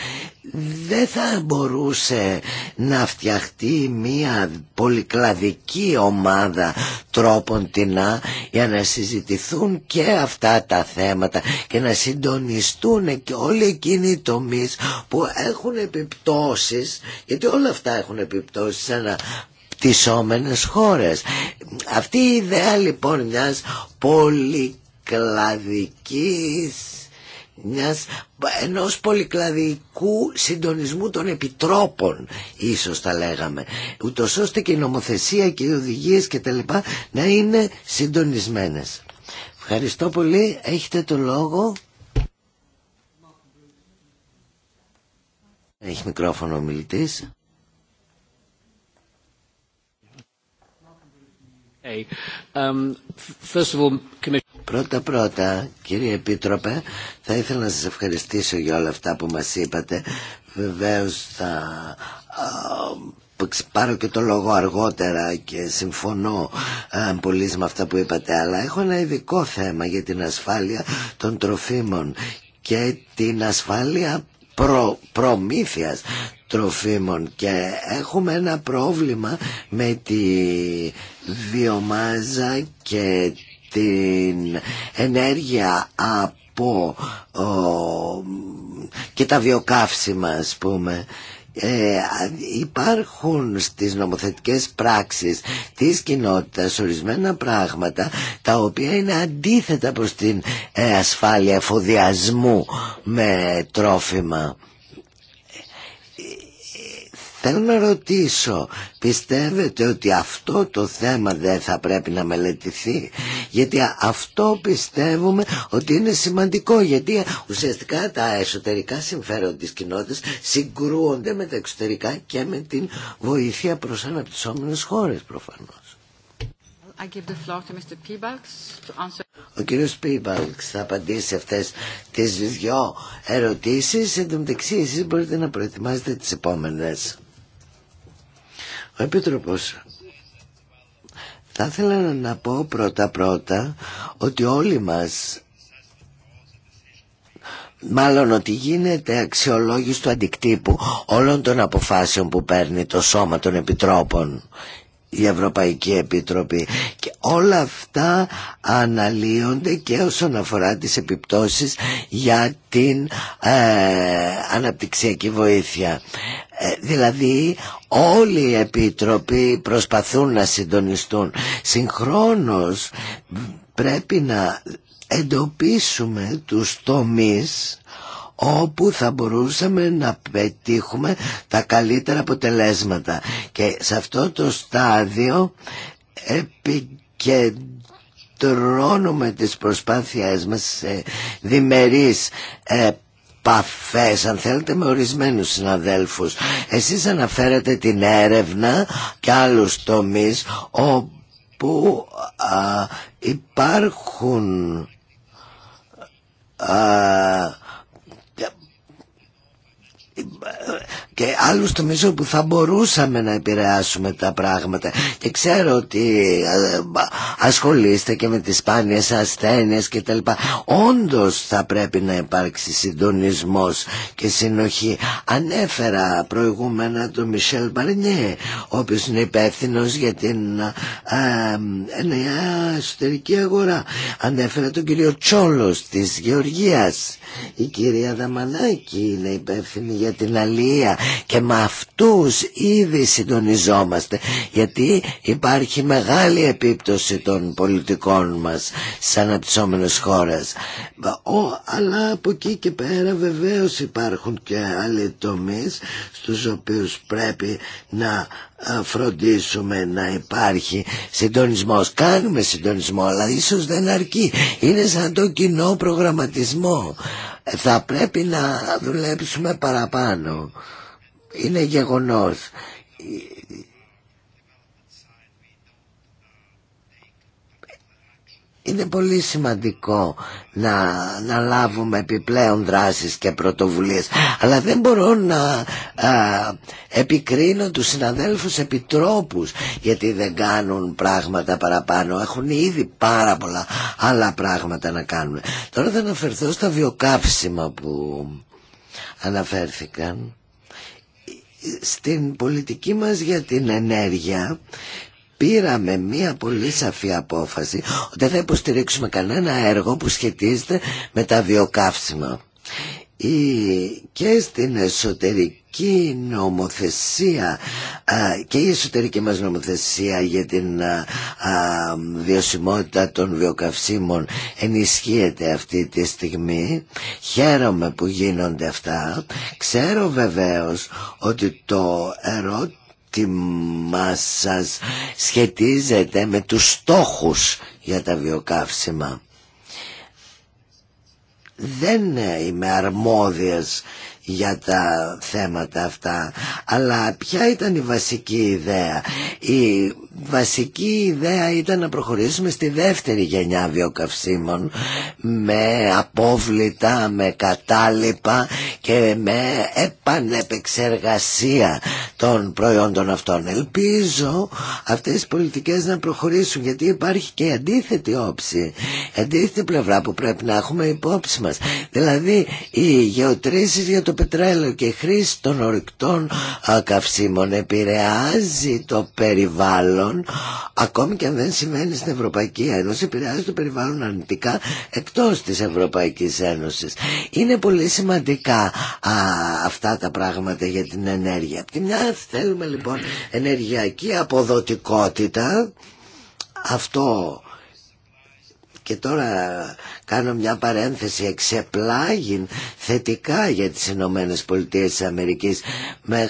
δεν θα μπορούσε να φτιαχτεί μια πολυκλαδική ομάδα τρόπων τεινά για να συζητηθούν και αυτά τα θέματα και να συντονιστούν και όλοι εκείνοι οι τομείς που έχουν επιπτώσεις γιατί όλα αυτά έχουν επιπτώσεις ένα πτυσσόμενες χώρες. Αυτή η ιδέα λοιπόν μιας πολυκλαδικής μιας, ενός πολυκλαδικού συντονισμού των επιτρόπων ίσως τα λέγαμε ούτως ώστε και η νομοθεσία και οι οδηγίες και τα λοιπά να είναι συντονισμένες Ευχαριστώ πολύ, έχετε το λόγο Έχει μικρόφωνο ο μιλητής um, first of all, Πρώτα πρώτα, κύριε Επίτροπε, θα ήθελα να σας ευχαριστήσω για όλα αυτά που μας είπατε. Βεβαίως θα πάρω και το λόγο αργότερα και συμφωνώ πολύ με αυτά που είπατε, αλλά έχω ένα ειδικό θέμα για την ασφάλεια των τροφίμων και την ασφάλεια προ, προμήθειας τροφίμων και έχουμε ένα πρόβλημα με τη βιομάζα και την ενέργεια από και τα βιοκαύσιμα ας πούμε ε, υπάρχουν στις νομοθετικές πράξεις της κοινότητας ορισμένα πράγματα τα οποία είναι αντίθετα προς την ε, ασφάλεια φοδιασμού με τρόφιμα. Θέλω να ρωτήσω, πιστεύετε ότι αυτό το θέμα δεν θα πρέπει να μελετηθεί, γιατί αυτό πιστεύουμε ότι είναι σημαντικό, γιατί ουσιαστικά τα εσωτερικά συμφέροντα της κοινότητας συγκρούονται με τα εξωτερικά και με την βοήθεια προς αναπτυσσόμενες χώρες προφανώς. I give the floor to Mr. to answer. Ο κύριος Πίμπαλξ θα απαντήσει αυτές τις δυο ερωτήσεις. Εν τω μεταξύ εσείς μπορείτε να προετοιμάσετε τις επόμενες. Ο Επίτροπος θα ήθελα να πω πρώτα πρώτα ότι όλοι μας μάλλον ότι γίνεται αξιολόγηση του αντικτύπου όλων των αποφάσεων που παίρνει το σώμα των επιτρόπων η Ευρωπαϊκή Επιτροπή και όλα αυτά αναλύονται και όσον αφορά τις επιπτώσεις για την ε, αναπτυξιακή βοήθεια. Ε, δηλαδή όλοι οι επίτροποι προσπαθούν να συντονιστούν. Συγχρόνως πρέπει να εντοπίσουμε τους τομείς όπου θα μπορούσαμε να πετύχουμε τα καλύτερα αποτελέσματα. Και σε αυτό το στάδιο επικεντρώνουμε τις προσπάθειές μας σε διμερείς παφές, αν θέλετε με ορισμένους συναδέλφους. Εσείς αναφέρατε την έρευνα και άλλους τομείς όπου α, υπάρχουν Εν και άλλους μισό που θα μπορούσαμε να επηρεάσουμε τα πράγματα και ξέρω ότι ε, ασχολείστε και με τις σπάνιες ασθένειες κτλ Όντω όντως θα πρέπει να υπάρξει συντονισμός και συνοχή ανέφερα προηγούμενα τον Μισελ Μπαρνιέ ο οποίος είναι υπεύθυνο για την ε, ε, ε εσωτερική αγορά ανέφερα τον κύριο Τσόλος της Γεωργίας η κυρία Δαμανάκη είναι υπεύθυνη για την αλία και με αυτούς ήδη συντονιζόμαστε γιατί υπάρχει μεγάλη επίπτωση των πολιτικών μας στις αναπτυσσόμενες χώρες Ο, αλλά από εκεί και πέρα βεβαίως υπάρχουν και άλλοι τομείς στους οποίους πρέπει να ε, φροντίσουμε να υπάρχει συντονισμός κάνουμε συντονισμό αλλά ίσως δεν αρκεί είναι σαν το κοινό προγραμματισμό ε, θα πρέπει να δουλέψουμε παραπάνω είναι γεγονός. Είναι πολύ σημαντικό να, να λάβουμε επιπλέον δράσεις και πρωτοβουλίες αλλά δεν μπορώ να επικρίνω τους συναδέλφους επιτρόπους γιατί δεν κάνουν πράγματα παραπάνω έχουν ήδη πάρα πολλά άλλα πράγματα να κάνουν τώρα θα αναφερθώ στα βιοκάψιμα που αναφέρθηκαν στην πολιτική μας για την ενέργεια πήραμε μία πολύ σαφή απόφαση ότι δεν θα υποστηρίξουμε κανένα έργο που σχετίζεται με τα βιοκαύσιμα. Και στην εσωτερική εσωτερική νομοθεσία και η εσωτερική μας νομοθεσία για την βιωσιμότητα των βιοκαυσίμων ενισχύεται αυτή τη στιγμή. Χαίρομαι που γίνονται αυτά. Ξέρω βεβαίως ότι το ερώτημα σας σχετίζεται με τους στόχους για τα βιοκαύσιμα. Δεν είμαι αρμόδιος για τα θέματα αυτά αλλά ποια ήταν η βασική ιδέα η βασική ιδέα ήταν να προχωρήσουμε στη δεύτερη γενιά βιοκαυσίμων με απόβλητα, με κατάλοιπα και με επανεπεξεργασία των προϊόντων αυτών. Ελπίζω αυτές οι πολιτικές να προχωρήσουν γιατί υπάρχει και αντίθετη όψη, αντίθετη πλευρά που πρέπει να έχουμε υπόψη μας. Δηλαδή οι γεωτρήσεις για το πετρέλαιο και η χρήση των ορυκτών καυσίμων επηρεάζει το περιβάλλον ακόμη και αν δεν συμβαίνει στην Ευρωπαϊκή Ένωση, επηρεάζει το περιβάλλον αρνητικά εκτό της Ευρωπαϊκής Ένωση. Είναι πολύ σημαντικά αυτά τα πράγματα για την ενέργεια. Από τη μια θέλουμε λοιπόν ενεργειακή αποδοτικότητα, αυτό και τώρα κάνω μια παρένθεση εξεπλάγει θετικά για τις Ηνωμένε Πολιτείες της Αμερικής ε,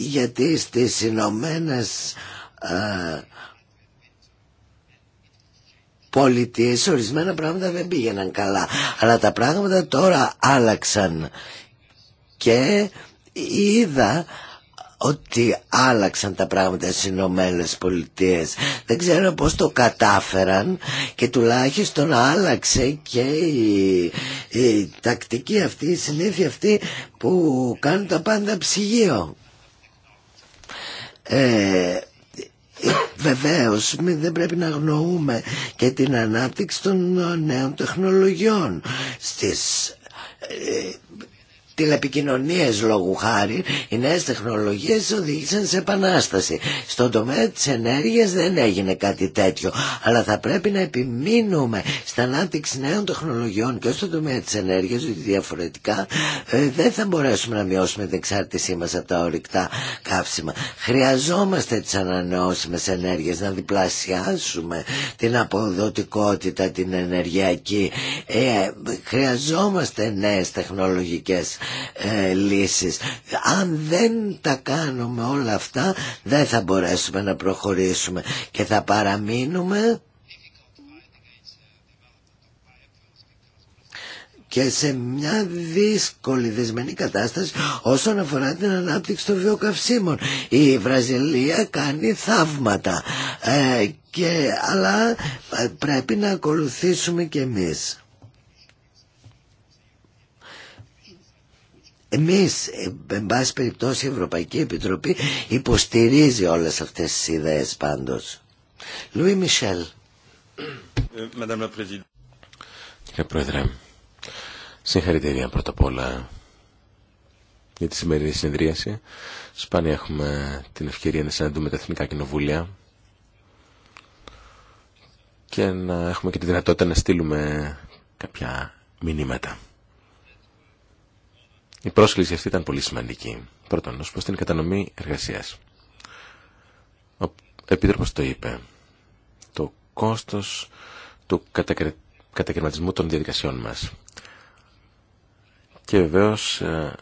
γιατί στις Ηνωμένε ε, πολιτείες ορισμένα πράγματα δεν πήγαιναν καλά αλλά τα πράγματα τώρα άλλαξαν και είδα ότι άλλαξαν τα πράγματα στις Ηνωμένε Πολιτείε. Δεν ξέρω πώς το κατάφεραν και τουλάχιστον άλλαξε και η, η τακτική αυτή, η συνήθεια αυτή που κάνουν τα πάντα ψυγείο. Ε, ε, βεβαίως δεν πρέπει να αγνοούμε και την ανάπτυξη των νέων τεχνολογιών στις ε, τηλεπικοινωνίες λόγου χάρη, οι νέες τεχνολογίες οδήγησαν σε επανάσταση. Στον τομέα της ενέργειας δεν έγινε κάτι τέτοιο, αλλά θα πρέπει να επιμείνουμε στην ανάπτυξη νέων τεχνολογιών και στον τομέα της ενέργειας, διότι διαφορετικά ε, δεν θα μπορέσουμε να μειώσουμε την εξάρτησή μας από τα ορυκτά καύσιμα. Χρειαζόμαστε τις ανανεώσιμες ενέργειες, να διπλασιάσουμε την αποδοτικότητα, την ενεργειακή. Ε, χρειαζόμαστε νέες τεχνολογικές ε, λύσεις. Αν δεν τα κάνουμε όλα αυτά δεν θα μπορέσουμε να προχωρήσουμε και θα παραμείνουμε και σε μια δύσκολη δεσμενή κατάσταση όσον αφορά την ανάπτυξη των βιοκαυσίμων. Η Βραζιλία κάνει θαύματα, ε, και, αλλά ε, πρέπει να ακολουθήσουμε και εμείς. Εμείς, εν πάση περιπτώσει, η Ευρωπαϊκή Επιτροπή υποστηρίζει όλες αυτές τις ιδέες πάντως. Λουί Μισελ. Κύριε Πρόεδρε, συγχαρητήρια πρώτα απ' όλα για τη σημερινή συνεδρίαση. Σπάνια έχουμε την ευκαιρία να συναντούμε τα Εθνικά Κοινοβούλια και να έχουμε και τη δυνατότητα να στείλουμε κάποια μηνύματα. Η πρόσκληση αυτή ήταν πολύ σημαντική. Πρώτον, ω προ την κατανομή εργασία. Ο Επίτροπο το είπε. Το κόστος του κατακαιρματισμού των διαδικασιών μας. Και βεβαίως ε,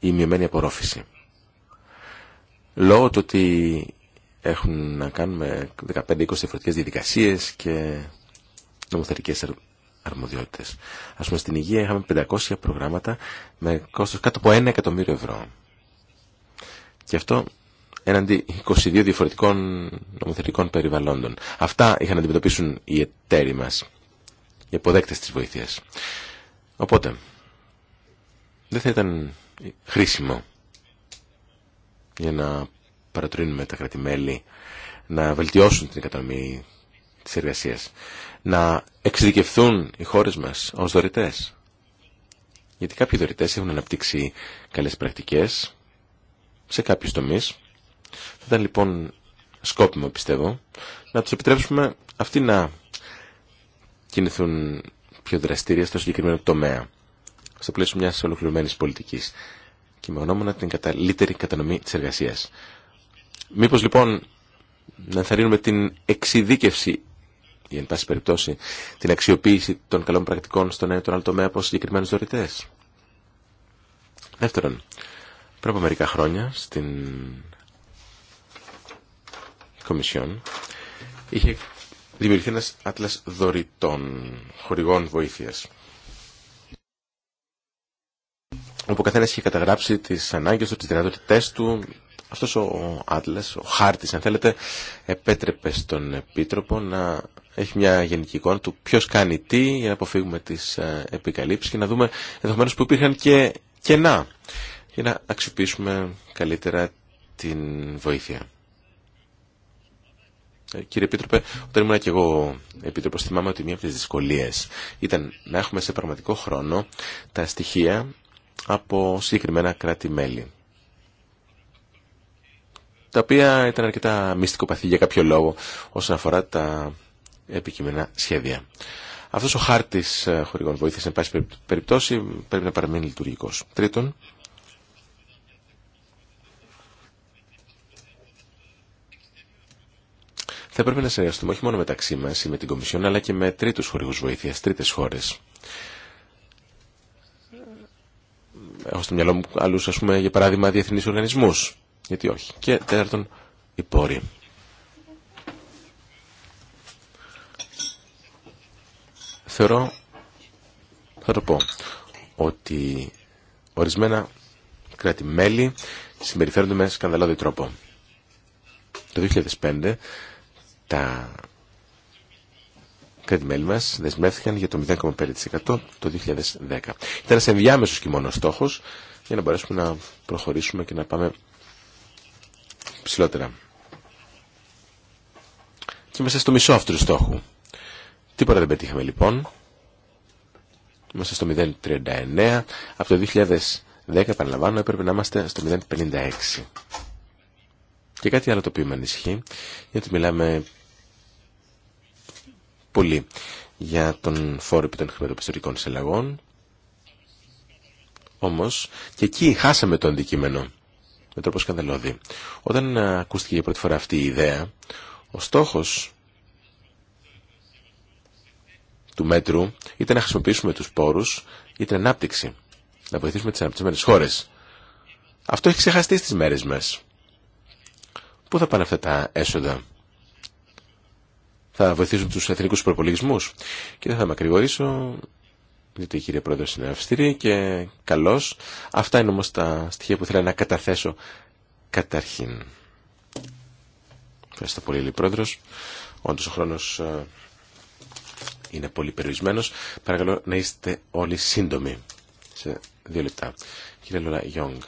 η μειωμένη απορρόφηση. Λόγω του ότι έχουν να κάνουμε 15-20 διαφορετικέ διαδικασίε και νομοθετικές αρμοδιότητες. Ας πούμε στην υγεία είχαμε 500 προγράμματα με κόστος κάτω από 1 εκατομμύριο ευρώ. Και αυτό έναντι 22 διαφορετικών νομοθετικών περιβαλλόντων. Αυτά είχαν να αντιμετωπίσουν οι εταίροι μα οι αποδέκτε τη βοηθεία. Οπότε, δεν θα ήταν χρήσιμο για να παρατρύνουμε τα κρατημέλη να βελτιώσουν την κατανομή της εργασίας να εξειδικευθούν οι χώρες μας ως δωρητές. Γιατί κάποιοι δωρητές έχουν αναπτύξει καλές πρακτικές σε κάποιους τομείς. Θα ήταν λοιπόν σκόπιμο πιστεύω να τους επιτρέψουμε αυτοί να κινηθούν πιο δραστήρια στο συγκεκριμένο τομέα στο πλαίσιο μιας ολοκληρωμένη πολιτικής και με γνώμονα την καταλύτερη κατανομή τη εργασία. Μήπω λοιπόν να ενθαρρύνουμε την εξειδίκευση ή εν πάση περιπτώσει την αξιοποίηση των καλών πρακτικών στον ένα ή τον άλλο τομέα από συγκεκριμένου δωρητέ. Δεύτερον, πριν από μερικά χρόνια στην Κομισιόν είχε δημιουργηθεί ένα άτλα δωρητών, χορηγών βοήθεια. Όπου ο καθένα είχε καταγράψει τι ανάγκε του, τι δυνατότητέ του, αυτός ο άτλας, ο χάρτης αν θέλετε, επέτρεπε στον Επίτροπο να έχει μια γενική εικόνα του ποιος κάνει τι για να αποφύγουμε τις ε, επικαλύψεις και να δούμε ενδεχομένως που υπήρχαν και κενά για να αξιοποιήσουμε καλύτερα την βοήθεια. Ε, κύριε Επίτροπε, όταν ήμουν και εγώ Επίτροπο, θυμάμαι ότι μία από τι δυσκολίε ήταν να έχουμε σε πραγματικό χρόνο τα στοιχεία από συγκεκριμένα κράτη-μέλη τα οποία ήταν αρκετά μυστικοπαθή για κάποιο λόγο όσον αφορά τα επικείμενα σχέδια. Αυτό ο χάρτη ε, χορηγών βοήθεια εν πάση περιπτώσει, πρέπει να παραμείνει λειτουργικό. Τρίτον, θα πρέπει να συνεργαστούμε όχι μόνο μεταξύ μα ή με την Κομισιόν, αλλά και με τρίτου χορηγού βοήθεια, τρίτε χώρε. Έχω στο μυαλό μου άλλου, α πούμε, για παράδειγμα, διεθνεί οργανισμού γιατί όχι. Και τέταρτον, οι πόροι. Θεωρώ, θα το πω, ότι ορισμένα κράτη-μέλη συμπεριφέρονται με σκανδαλώδη τρόπο. Το 2005 τα κράτη-μέλη μας δεσμεύθηκαν για το 0,5% το 2010. Ήταν σε ενδιάμεσος και μόνο στόχος για να μπορέσουμε να προχωρήσουμε και να πάμε ψηλότερα. Και είμαστε στο μισό αυτού του στόχου. Τίποτα δεν πετύχαμε λοιπόν. Είμαστε στο 0,39. Από το 2010, επαναλαμβάνω, έπρεπε να είμαστε στο 0,56. Και κάτι άλλο το οποίο με ανησυχεί γιατί μιλάμε πολύ για τον φόρο επί των χρηματοπιστωτικών συλλαγών. Όμως και εκεί χάσαμε το αντικείμενο με τρόπο σκανδαλώδη. Όταν ακούστηκε για πρώτη φορά αυτή η ιδέα, ο στόχος του μέτρου ήταν να χρησιμοποιήσουμε τους πόρους για την ανάπτυξη, να βοηθήσουμε τις αναπτυσμένες χώρες. Αυτό έχει ξεχαστεί στις μέρες μας. Πού θα πάνε αυτά τα έσοδα. Θα βοηθήσουν τους εθνικούς προπολογισμούς. Και δεν θα με ακρηγορήσω, διότι η κυρία Πρόεδρος είναι αυστηρή και καλός. Αυτά είναι όμως τα στοιχεία που θέλω να καταθέσω καταρχήν. Ευχαριστώ πολύ, Λίλη Πρόεδρος. Όντως ο χρόνος ε, είναι πολύ περιορισμένος. Παρακαλώ να είστε όλοι σύντομοι σε δύο λεπτά. Κύριε Λόρα Γιόγκ,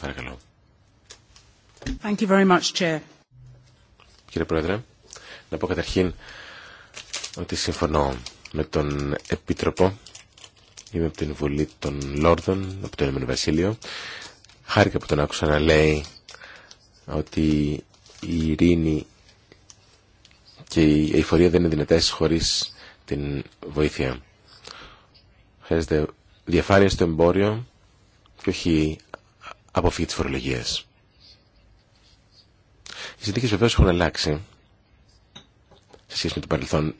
παρακαλώ. Thank you very much, Chair. Κύριε Πρόεδρε, να πω καταρχήν ότι συμφωνώ με τον Επίτροπο. Είμαι από την Βουλή των Λόρδων, από το Ηνωμένο Βασίλειο. Χάρηκα που τον άκουσα να λέει ότι η ειρήνη και η εφορία δεν είναι δυνατές χωρίς την βοήθεια. Χρειάζεται διαφάνεια στο εμπόριο και όχι αποφύγη της φορολογίας. Οι συνθήκες βεβαίως έχουν αλλάξει σε σχέση με το παρελθόν.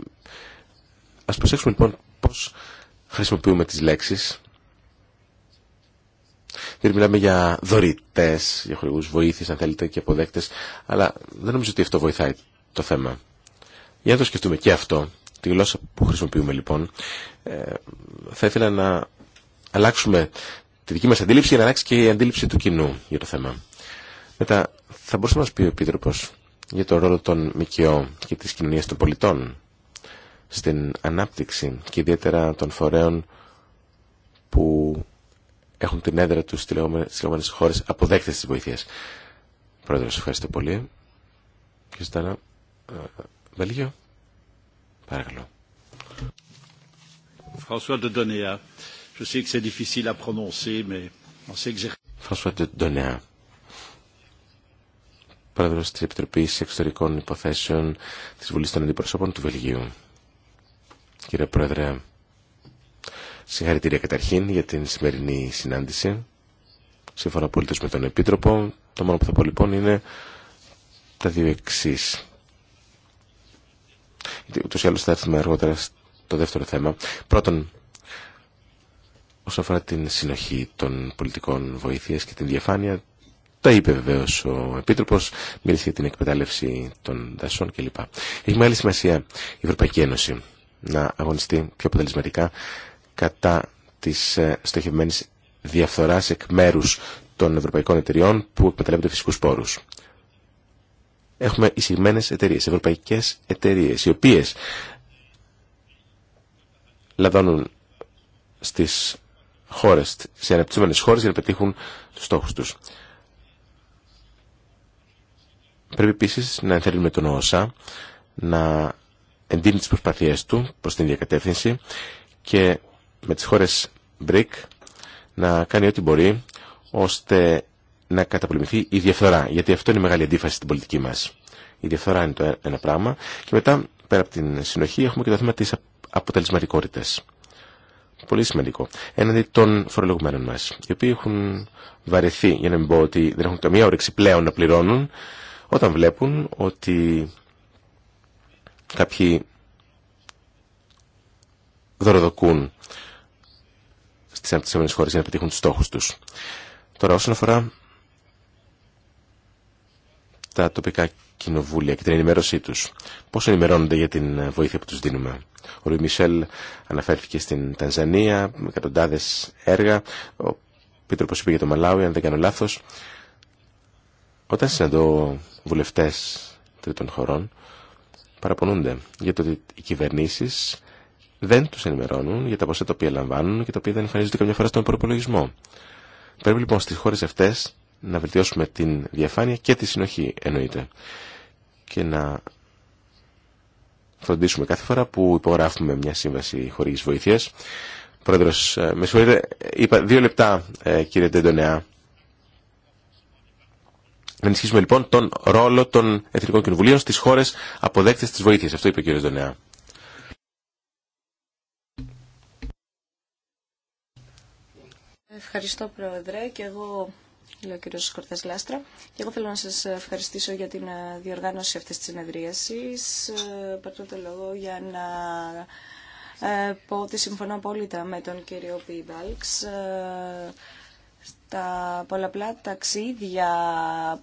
Ας προσέξουμε λοιπόν πώς χρησιμοποιούμε τις λέξεις. Δεν μιλάμε για δωρητές, για χορηγούς βοήθειες αν θέλετε και αποδέκτες, αλλά δεν νομίζω ότι αυτό βοηθάει το θέμα. Για να το σκεφτούμε και αυτό, τη γλώσσα που χρησιμοποιούμε λοιπόν, ε, θα ήθελα να αλλάξουμε τη δική μας αντίληψη για να αλλάξει και η αντίληψη του κοινού για το θέμα. Μετά θα μπορούσε να μας πει ο Επίτροπος για το ρόλο των ΜΚΟ και της κοινωνίας των πολιτών στην ανάπτυξη και ιδιαίτερα των φορέων που έχουν την έδρα τους στις λεγόμενες χώρες αποδέκτες της βοήθειας. Πρόεδρος, ευχαριστώ πολύ. Και ζητάνα, ε, Βέλγιο, παρακαλώ. François de Donéa, je sais que c'est difficile à prononcer, mais on sait que François de Donéa πρόεδρος της Επιτροπής Εξωτερικών Υποθέσεων της Βουλής των Αντιπροσώπων του Βελγίου κύριε Πρόεδρε. Συγχαρητήρια καταρχήν για την σημερινή συνάντηση. Σύμφωνα απολύτω με τον Επίτροπο, το μόνο που θα πω λοιπόν είναι τα δύο εξή. Γιατί ούτω ή άλλω θα έρθουμε αργότερα στο δεύτερο θέμα. Πρώτον, όσον αφορά την συνοχή των πολιτικών βοήθειας και την διαφάνεια, τα είπε βεβαίω ο Επίτροπο, μίλησε για την εκμετάλλευση των δασών κλπ. Έχει μεγάλη σημασία η Ευρωπαϊκή Ένωση να αγωνιστεί πιο αποτελεσματικά κατά της ε, στοχευμένης διαφθοράς εκ μέρους των ευρωπαϊκών εταιριών που εκμεταλλεύονται φυσικούς πόρους. Έχουμε εισηγμένες εταιρείες, ευρωπαϊκές εταιρείες, οι οποίες λαδώνουν στις χώρες, σε αναπτυσσόμενες χώρες για να πετύχουν τους στόχους τους. Πρέπει επίσης να ενθαρρύνουμε τον ΩΣΑ να εντείνει τι προσπαθίε του προς την διακατεύθυνση και με τις χώρες BRIC να κάνει ό,τι μπορεί ώστε να καταπολεμηθεί η διαφθορά. Γιατί αυτό είναι η μεγάλη αντίφαση στην πολιτική μας. Η διαφθορά είναι το ένα πράγμα και μετά πέρα από την συνοχή έχουμε και το θέμα της αποτελεσματικότητας. Πολύ σημαντικό. Έναντι των φορολογουμένων μας, οι οποίοι έχουν βαρεθεί, για να μην πω ότι δεν έχουν καμία όρεξη πλέον να πληρώνουν, όταν βλέπουν ότι Κάποιοι δωροδοκούν στις αναπτυσσόμενες χώρες για να πετύχουν τους στόχους τους. Τώρα όσον αφορά τα τοπικά κοινοβούλια και την ενημέρωσή τους, πώς ενημερώνονται για την βοήθεια που τους δίνουμε. Ο Ρουι Μισελ αναφέρθηκε στην Τανζανία, με εκατοντάδες έργα, ο Πίτροπος είπε για το Μαλάουι, αν δεν κάνω λάθος. Όταν συναντώ βουλευτές τρίτων χωρών, παραπονούνται για το ότι οι κυβερνήσεις δεν τους ενημερώνουν για τα ποσά τα οποία λαμβάνουν και τα οποία δεν εμφανίζονται καμιά φορά στον προπολογισμό. Πρέπει λοιπόν στις χώρε αυτές να βελτιώσουμε την διαφάνεια και τη συνοχή εννοείται και να φροντίσουμε κάθε φορά που υπογράφουμε μια σύμβαση χωρίς βοήθεια Πρόεδρος, ε, με συγχωρείτε, είπα δύο λεπτά ε, κύριε Τεντονεά ενισχύσουμε λοιπόν τον ρόλο των Εθνικών Κοινοβουλίων στις χώρες αποδέκτες της βοήθειας. Αυτό είπε ο κ. Δονεά. Ευχαριστώ Πρόεδρε και εγώ Λέω ο κύριος Κορτές Λάστρα. Και εγώ θέλω να σας ευχαριστήσω για την ε, διοργάνωση αυτής της συνεδρίασης. Ε, Παρ' το λόγο για να ε, πω ότι συμφωνώ απόλυτα με τον κύριο Πιμπάλξ τα πολλαπλά ταξίδια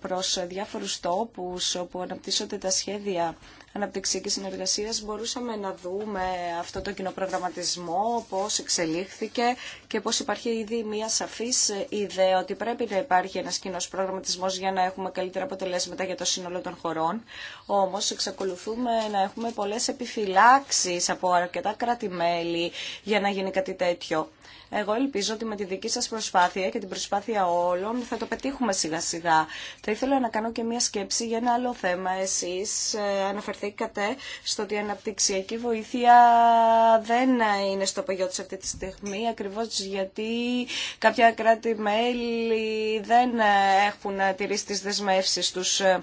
προς διάφορους τόπους όπου αναπτύσσονται τα σχέδια αναπτυξιακής συνεργασίας μπορούσαμε να δούμε αυτό το κοινοπρογραμματισμό, πώς εξελίχθηκε και πώς υπάρχει ήδη μια σαφής ιδέα ότι πρέπει να υπάρχει ένας κοινό προγραμματισμός για να έχουμε καλύτερα αποτελέσματα για το σύνολο των χωρών. Όμως εξακολουθούμε να έχουμε πολλές επιφυλάξεις από αρκετά κράτη-μέλη για να γίνει κάτι τέτοιο. Εγώ ελπίζω ότι με τη δική σας προσπάθεια και την προσπάθεια όλων θα το πετύχουμε σιγά σιγά. Θα ήθελα να κάνω και μια σκέψη για ένα άλλο θέμα. Εσείς ε, αναφερθήκατε στο ότι η αναπτυξιακή βοήθεια δεν είναι στο παγιό της αυτή τη στιγμή, ακριβώς γιατί κάποια κράτη-μέλη δεν έχουν τηρήσει τις δεσμεύσεις τους ε,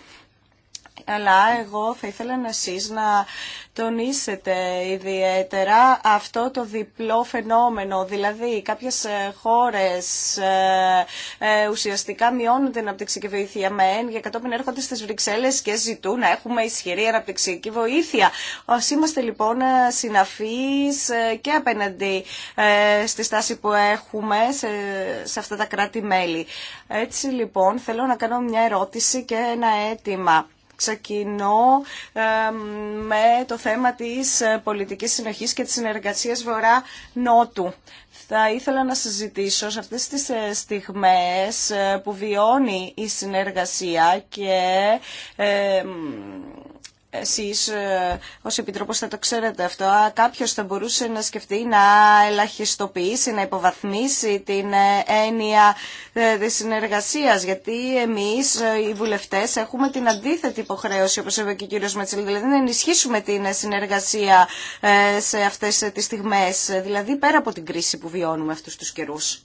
αλλά εγώ θα ήθελα να εσείς να τονίσετε ιδιαίτερα αυτό το διπλό φαινόμενο. Δηλαδή, κάποιες ε, χώρες ε, ε, ουσιαστικά μειώνουν την αναπτυξική βοήθεια με για κατόπιν έρχονται στις Βρυξέλλες και ζητούν να έχουμε ισχυρή αναπτυξική βοήθεια. Ας είμαστε λοιπόν ε, συναφείς και απέναντι στη στάση που έχουμε σε, σε αυτά τα κράτη-μέλη. Έτσι λοιπόν, θέλω να κάνω μια ερώτηση και ένα αίτημα ξεκινώ με το θέμα της ε, πολιτικής συνοχής και της συνεργασίας Βορρά-Νότου. Θα ήθελα να συζητήσω σε αυτές τις ε, στιγμές ε, που βιώνει η συνεργασία και εσείς ε, ως Επιτρόπος θα το ξέρετε αυτό, κάποιος θα μπορούσε να σκεφτεί να ελαχιστοποιήσει, να υποβαθμίσει την ε, έννοια ε, της συνεργασίας, γιατί εμείς οι βουλευτές έχουμε την αντίθετη υποχρέωση, όπως είπε και ο κύριος Μέτσιλ, δηλαδή να ενισχύσουμε την συνεργασία σε αυτές τις στιγμές, δηλαδή πέρα από την κρίση που βιώνουμε αυτούς τους καιρούς.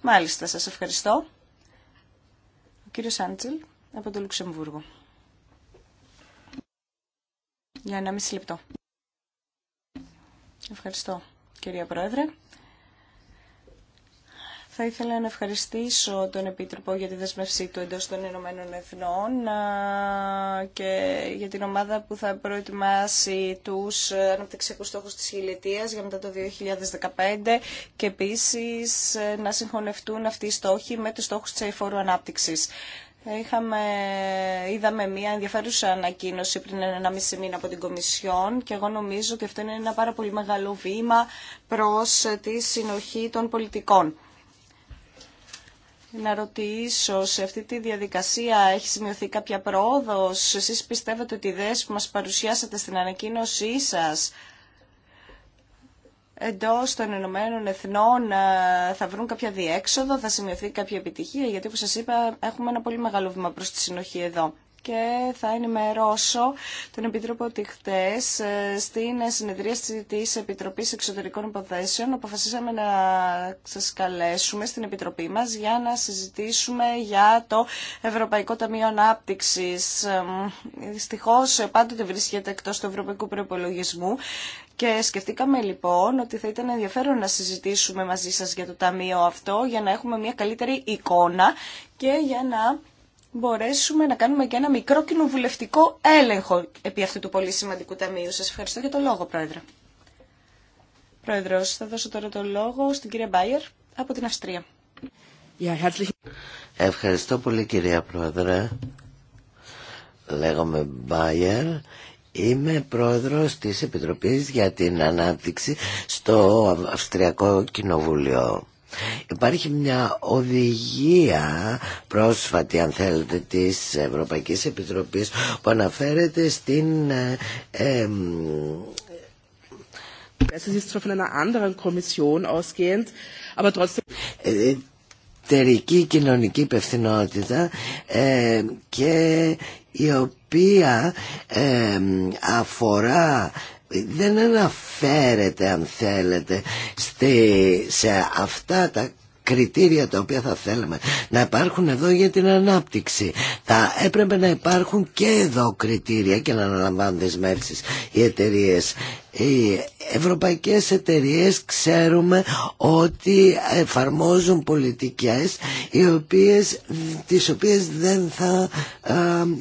Μάλιστα, σας ευχαριστώ. Ο κύριος Άντζελ από το Λουξεμβούργο. Για μισή λεπτό. Ευχαριστώ, κυρία Πρόεδρε. Θα ήθελα να ευχαριστήσω τον Επίτροπο για τη δεσμευσή του εντός των Ηνωμένων Εθνών και για την ομάδα που θα προετοιμάσει τους αναπτυξιακούς στόχους της χιλιετίας για μετά το 2015 και επίσης να συγχωνευτούν αυτοί οι στόχοι με τους στόχους της αηφόρου ανάπτυξης. Είχαμε, είδαμε μια ενδιαφέρουσα ανακοίνωση πριν ένα μισή μήνα από την Κομισιόν και εγώ νομίζω ότι αυτό είναι ένα πάρα πολύ μεγάλο βήμα προς τη συνοχή των πολιτικών. Να ρωτήσω, σε αυτή τη διαδικασία έχει σημειωθεί κάποια πρόοδος. Εσείς πιστεύετε ότι οι ιδέες που μας παρουσιάσατε στην ανακοίνωσή σας εντός των Ηνωμένων Εθνών ε, θα βρουν κάποια διέξοδο, θα σημειωθεί κάποια επιτυχία, γιατί όπως σας είπα έχουμε ένα πολύ μεγάλο βήμα προς τη συνοχή εδώ και θα ενημερώσω τον Επίτροπο ότι χτε ε, στην συνεδρία τη Επιτροπή Εξωτερικών Υποθέσεων αποφασίσαμε να σα καλέσουμε στην Επιτροπή μα για να συζητήσουμε για το Ευρωπαϊκό Ταμείο Ανάπτυξη. Δυστυχώ ε, πάντοτε βρίσκεται εκτό του Ευρωπαϊκού Προπολογισμού και σκεφτήκαμε λοιπόν ότι θα ήταν ενδιαφέρον να συζητήσουμε μαζί σας για το Ταμείο αυτό για να έχουμε μια καλύτερη εικόνα και για να μπορέσουμε να κάνουμε και ένα μικρό κοινοβουλευτικό έλεγχο επί αυτού του πολύ σημαντικού ταμείου. Σας ευχαριστώ για το λόγο, Πρόεδρε. Πρόεδρος, θα δώσω τώρα το λόγο στην κυρία Μπάιερ από την Αυστρία. Ευχαριστώ πολύ κυρία Πρόεδρε. Λέγομαι Μπάιερ. Είμαι πρόεδρος της Επιτροπής για την Ανάπτυξη στο Αυστριακό Κοινοβούλιο. Υπάρχει μια οδηγία πρόσφατη αν θέλετε της Ευρωπαϊκής Επιτροπής που αναφέρεται στην ε, εταιρική κοινωνική υπευθυνότητα ε, και η οποία ε, αφορά δεν αναφέρεται αν θέλετε στη, σε αυτά τα κριτήρια τα οποία θα θέλαμε να υπάρχουν εδώ για την ανάπτυξη. Θα έπρεπε να υπάρχουν και εδώ κριτήρια και να αναλαμβάνουν δεσμεύσει οι εταιρείε. Οι ευρωπαϊκές εταιρείες ξέρουμε ότι εφαρμόζουν πολιτικές οι οποίες, τις οποίες δεν θα ε,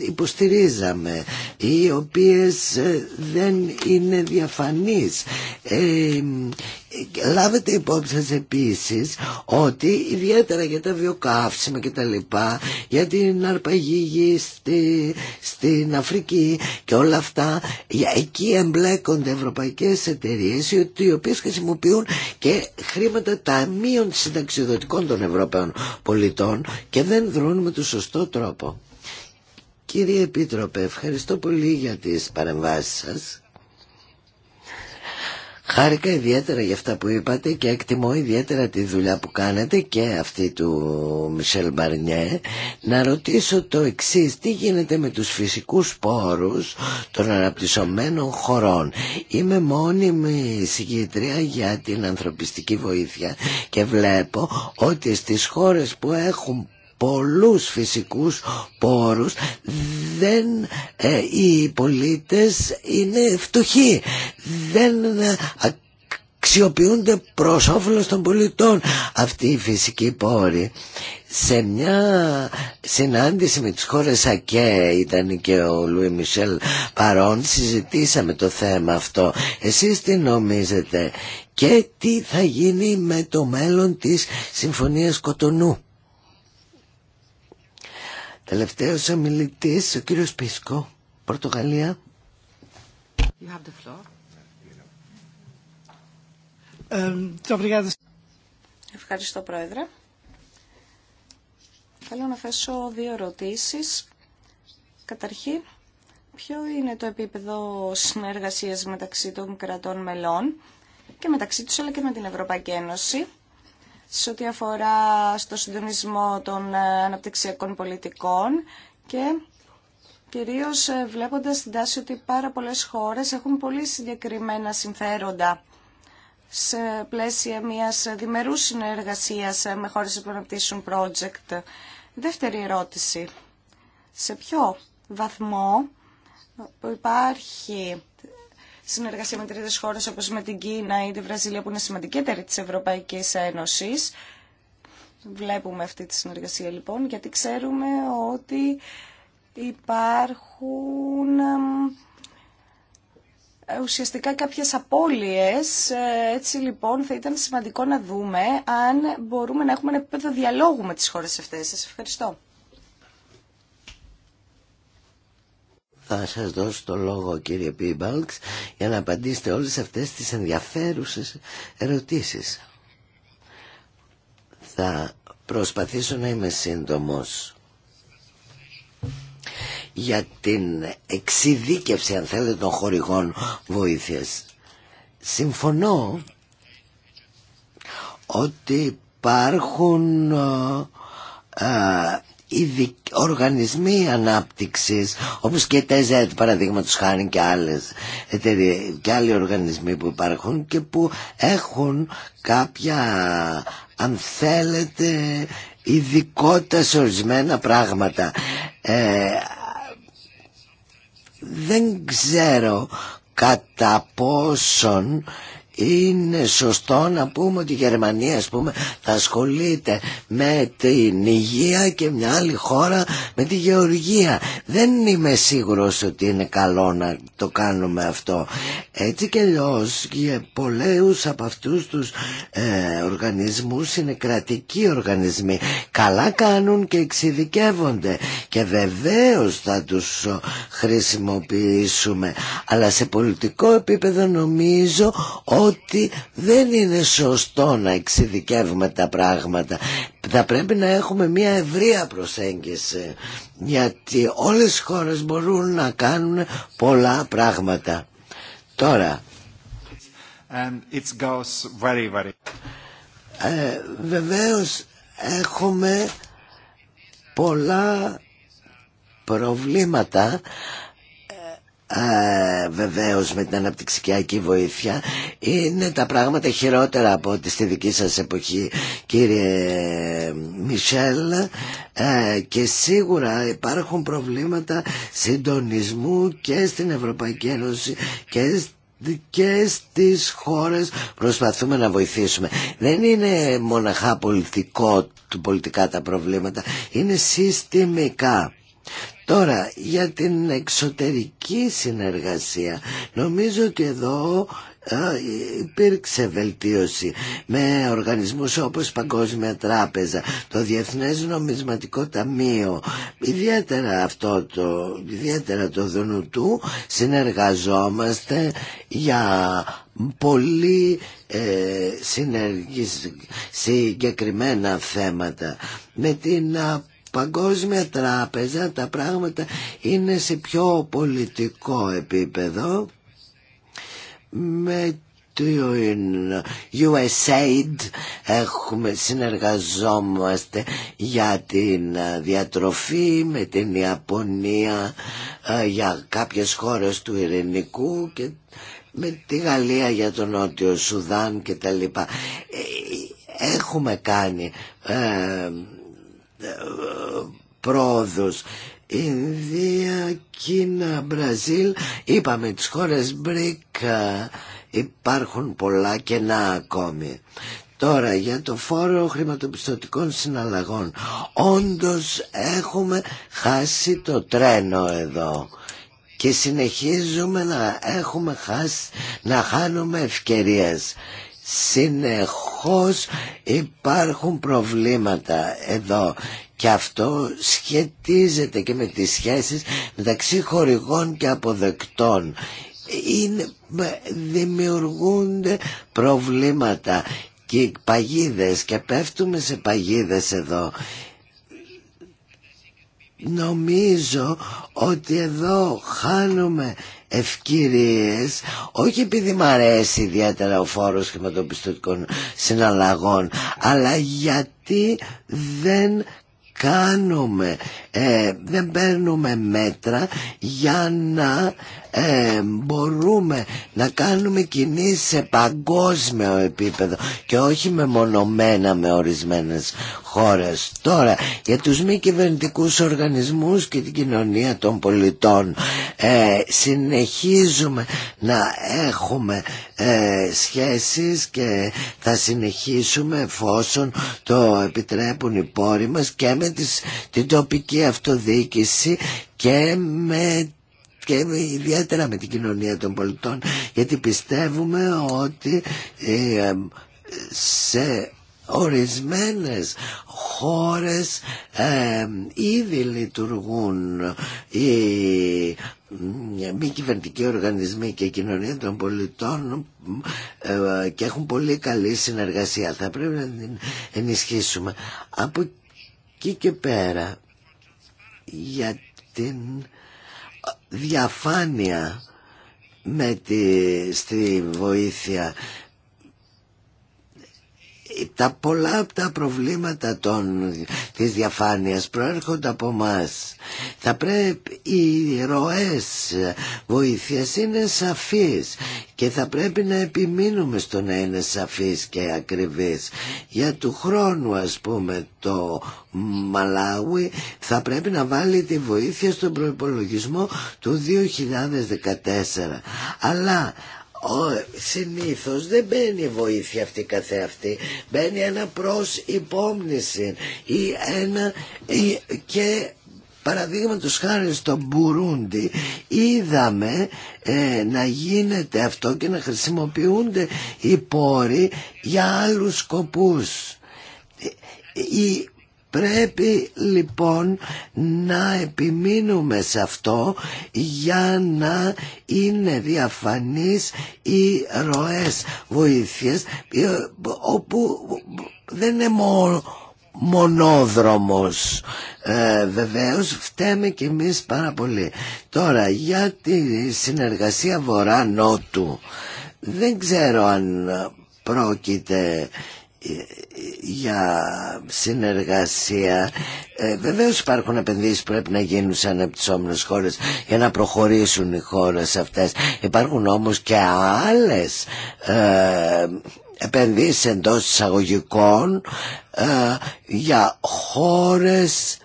υποστηρίζαμε οι οποίες ε, δεν είναι διαφανείς ε, λάβετε υπόψη σας επίσης ότι ιδιαίτερα για τα βιοκαύσιμα και τα λοιπά για την αρπαγή στην Αφρική και όλα αυτά εκεί εμπλέκονται ευρωπαϊκοί ευρωπαϊκές εταιρείες οι οποίες χρησιμοποιούν και χρήματα ταμείων συνταξιδοτικών των Ευρωπαίων πολιτών και δεν δρούν με τον σωστό τρόπο. Κύριε Επίτροπε, ευχαριστώ πολύ για τις παρεμβάσεις σας. Χάρηκα ιδιαίτερα για αυτά που είπατε και εκτιμώ ιδιαίτερα τη δουλειά που κάνετε και αυτή του Μισελ Μπαρνιέ. Να ρωτήσω το εξή τι γίνεται με τους φυσικούς πόρους των αναπτυσσομένων χωρών. Είμαι μόνιμη συγκήτρια για την ανθρωπιστική βοήθεια και βλέπω ότι στις χώρες που έχουν πολλούς φυσικούς πόρους δεν, ε, οι πολίτες είναι φτωχοί δεν ε, αξιοποιούνται προς όφελος των πολιτών αυτοί οι φυσικοί πόροι σε μια συνάντηση με τις χώρες ΑΚΕ ήταν και ο Λουί Μισελ παρόν συζητήσαμε το θέμα αυτό εσείς τι νομίζετε και τι θα γίνει με το μέλλον της Συμφωνίας Κοτονού Τελευταίος ομιλητής, ο κύριος Πίσκο, Πορτογαλία. You have the floor. Ευχαριστώ, Πρόεδρε. Θέλω να θέσω δύο ερωτήσεις. Καταρχήν, ποιο είναι το επίπεδο συνεργασίας μεταξύ των κρατών μελών και μεταξύ τους αλλά και με την Ευρωπαϊκή Ένωση σε ό,τι αφορά στο συντονισμό των ε, αναπτυξιακών πολιτικών και κυρίως ε, βλέποντας την τάση ότι πάρα πολλές χώρες έχουν πολύ συγκεκριμένα συμφέροντα σε πλαίσια μιας διμερούς συνεργασίας ε, με χώρες που αναπτύσσουν project. Δεύτερη ερώτηση. Σε ποιο βαθμό υπάρχει συνεργασία με τρίτες χώρες όπως με την Κίνα ή τη Βραζιλία που είναι σημαντική εταιρεία της Ευρωπαϊκής Ένωσης. Βλέπουμε αυτή τη συνεργασία λοιπόν γιατί ξέρουμε ότι υπάρχουν ε, ουσιαστικά κάποιες απώλειες. Ε, έτσι λοιπόν θα ήταν σημαντικό να δούμε αν μπορούμε να έχουμε ένα επίπεδο διαλόγου με τις χώρες αυτές. Σας ευχαριστώ. θα σας δώσω το λόγο κύριε Πίμπαλξ για να απαντήσετε όλες αυτές τις ενδιαφέρουσες ερωτήσεις. Θα προσπαθήσω να είμαι σύντομος για την εξειδίκευση αν θέλετε των χορηγών βοήθειας. Συμφωνώ ότι υπάρχουν οργανισμοί ανάπτυξης όπως και η ΤΕΖΕΤ παραδείγματος χάρη και άλλες και άλλοι οργανισμοί που υπάρχουν και που έχουν κάποια αν θέλετε ειδικότητα σε ορισμένα πράγματα ε, δεν ξέρω κατά πόσον είναι σωστό να πούμε ότι η Γερμανία ας πούμε θα ασχολείται με την υγεία και μια άλλη χώρα με τη γεωργία δεν είμαι σίγουρος ότι είναι καλό να το κάνουμε αυτό έτσι και αλλιώς για πολλούς από αυτούς τους ε, οργανισμούς είναι κρατικοί οργανισμοί καλά κάνουν και εξειδικεύονται και βεβαίως θα τους χρησιμοποιήσουμε αλλά σε πολιτικό επίπεδο νομίζω ότι δεν είναι σωστό να εξειδικεύουμε τα πράγματα. Θα πρέπει να έχουμε μια ευρεία προσέγγιση γιατί όλες οι χώρες μπορούν να κάνουν πολλά πράγματα. Τώρα, And ε, βεβαίως έχουμε πολλά προβλήματα ε, βεβαίως με την αναπτυξιακή βοήθεια είναι τα πράγματα χειρότερα από ό,τι στη δική σας εποχή κύριε Μισελ και σίγουρα υπάρχουν προβλήματα συντονισμού και στην Ευρωπαϊκή Ένωση και και στις χώρες προσπαθούμε να βοηθήσουμε. Δεν είναι μοναχά πολιτικό, πολιτικά τα προβλήματα, είναι συστημικά. Τώρα, για την εξωτερική συνεργασία, νομίζω ότι εδώ υπήρξε βελτίωση με οργανισμούς όπως Παγκόσμια Τράπεζα, το Διεθνές Νομισματικό Ταμείο, ιδιαίτερα αυτό το, ιδιαίτερα το Δουνουτού, συνεργαζόμαστε για πολύ ε, συγκεκριμένα θέματα με την Παγκόσμια Τράπεζα τα πράγματα είναι σε πιο πολιτικό επίπεδο με το USAID έχουμε, συνεργαζόμαστε για την διατροφή με την Ιαπωνία ε, για κάποιες χώρες του Ειρηνικού και με τη Γαλλία για τον Νότιο Σουδάν και τα λοιπά. Ε, ε, έχουμε κάνει πρόοδους. Ινδία, Κίνα, Μπραζίλ, είπαμε τις χώρες Μπρίκα, υπάρχουν πολλά κενά ακόμη. Τώρα για το φόρο χρηματοπιστωτικών συναλλαγών. Όντως έχουμε χάσει το τρένο εδώ και συνεχίζουμε να έχουμε χάσει, να χάνουμε ευκαιρίες συνεχώς υπάρχουν προβλήματα εδώ και αυτό σχετίζεται και με τις σχέσεις μεταξύ χορηγών και αποδεκτών είναι, δημιουργούνται προβλήματα και παγίδες και πέφτουμε σε παγίδες εδώ νομίζω ότι εδώ χάνουμε ευκαιρίες όχι επειδή μ' αρέσει ιδιαίτερα ο φόρος χρηματοπιστωτικών συναλλαγών αλλά γιατί δεν κάνουμε, ε, δεν παίρνουμε μέτρα για να ε, μπορούμε να κάνουμε κινήσεις σε παγκόσμιο επίπεδο και όχι με μονομένα με ορισμένες χώρες. Τώρα για τους μη κυβερνητικού οργανισμούς και την κοινωνία των πολιτών ε, συνεχίζουμε να έχουμε ε, σχέσεις και θα συνεχίσουμε εφόσον το επιτρέπουν οι πόροι μας και με τις, την τοπική αυτοδιοίκηση και με και ιδιαίτερα με την κοινωνία των πολιτών γιατί πιστεύουμε ότι ε, σε ορισμένες χώρες ε, ήδη λειτουργούν οι ε, μη κυβερνητικοί οργανισμοί και η κοινωνία των πολιτών ε, και έχουν πολύ καλή συνεργασία. Θα πρέπει να την ενισχύσουμε. Από εκεί και πέρα για την διαφάνεια με τη, στη βοήθεια τα πολλά από τα προβλήματα των, της διαφάνειας προέρχονται από μας. Θα πρέπει οι ροές βοήθειας είναι σαφείς και θα πρέπει να επιμείνουμε στο να είναι σαφείς και ακριβείς. Για του χρόνου ας πούμε το Μαλάουι θα πρέπει να βάλει τη βοήθεια στον προϋπολογισμό του 2014. Αλλά Συνήθω δεν μπαίνει η βοήθεια αυτή καθεαυτή μπαίνει ένα προς υπόμνηση ή ένα ή, και Παραδείγματο χάρη στο Μπουρούντι είδαμε ε, να γίνεται αυτό και να χρησιμοποιούνται οι πόροι για άλλους σκοπούς. Ε, ε, Πρέπει λοιπόν να επιμείνουμε σε αυτό για να είναι διαφανείς οι ροές βοήθειες ε, όπου δεν είναι μόνο μονόδρομος ε, βεβαίως φταίμε κι εμείς πάρα πολύ τώρα για τη συνεργασία βορρά-νότου δεν ξέρω αν πρόκειται για συνεργασία ε, βεβαίως υπάρχουν επενδύσεις που πρέπει να γίνουν σε επτυσσόμενες χώρες για να προχωρήσουν οι χώρες αυτές υπάρχουν όμως και άλλες ε, επενδύσεις εντός εισαγωγικών ε, για χώρες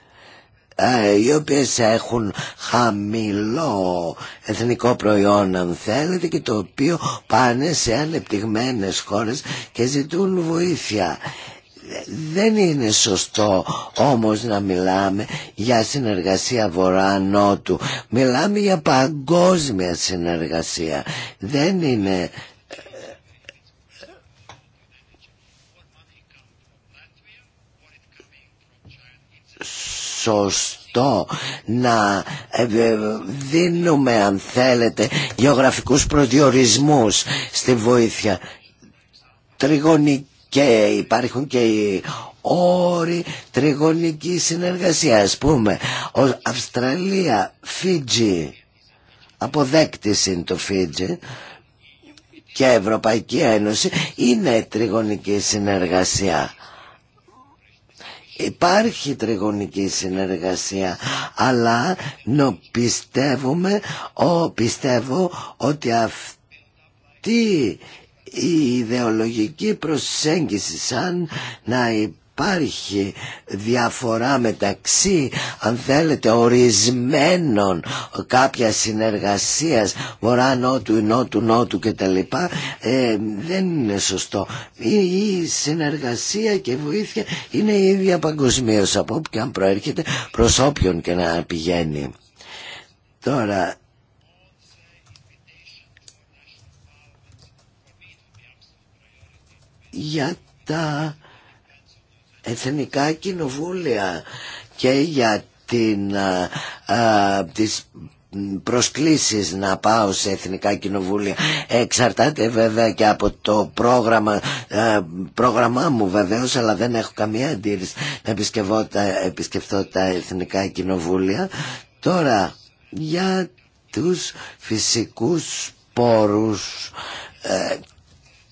ε, οι οποίες έχουν χαμηλό εθνικό προϊόν αν θέλετε και το οποίο πάνε σε ανεπτυγμένες χώρες και ζητούν βοήθεια δεν είναι σωστό όμως να μιλάμε για συνεργασία βορρά-νότου. Μιλάμε για παγκόσμια συνεργασία. Δεν είναι σωστό να ε, δίνουμε αν θέλετε γεωγραφικούς προδιορισμούς στη βοήθεια τριγωνική υπάρχουν και οι όροι τριγωνική συνεργασία. Ας πούμε, Ο Αυστραλία, Φίτζι, αποδέκτηση είναι το Φίτζι και Ευρωπαϊκή Ένωση είναι τριγωνική συνεργασία υπάρχει τριγωνική συνεργασία αλλά νο, πιστεύουμε ο, πιστεύω ότι αυτή η ιδεολογική προσέγγιση σαν να υπάρχει υπάρχει διαφορά μεταξύ αν θέλετε ορισμένων κάποια συνεργασίας βορρά νότου, νότου, νότου και τα λοιπά ε, δεν είναι σωστό η, η, συνεργασία και βοήθεια είναι η ίδια παγκοσμίω από όπου και αν προέρχεται προς όποιον και να πηγαίνει τώρα για τα εθνικά κοινοβούλια και για την, α, τις προσκλήσεις να πάω σε εθνικά κοινοβούλια εξαρτάται βέβαια και από το πρόγραμμα πρόγραμμά μου βεβαίως αλλά δεν έχω καμία αντίρρηση να τα, επισκεφθώ τα εθνικά κοινοβούλια τώρα για τους φυσικούς πόρους ε,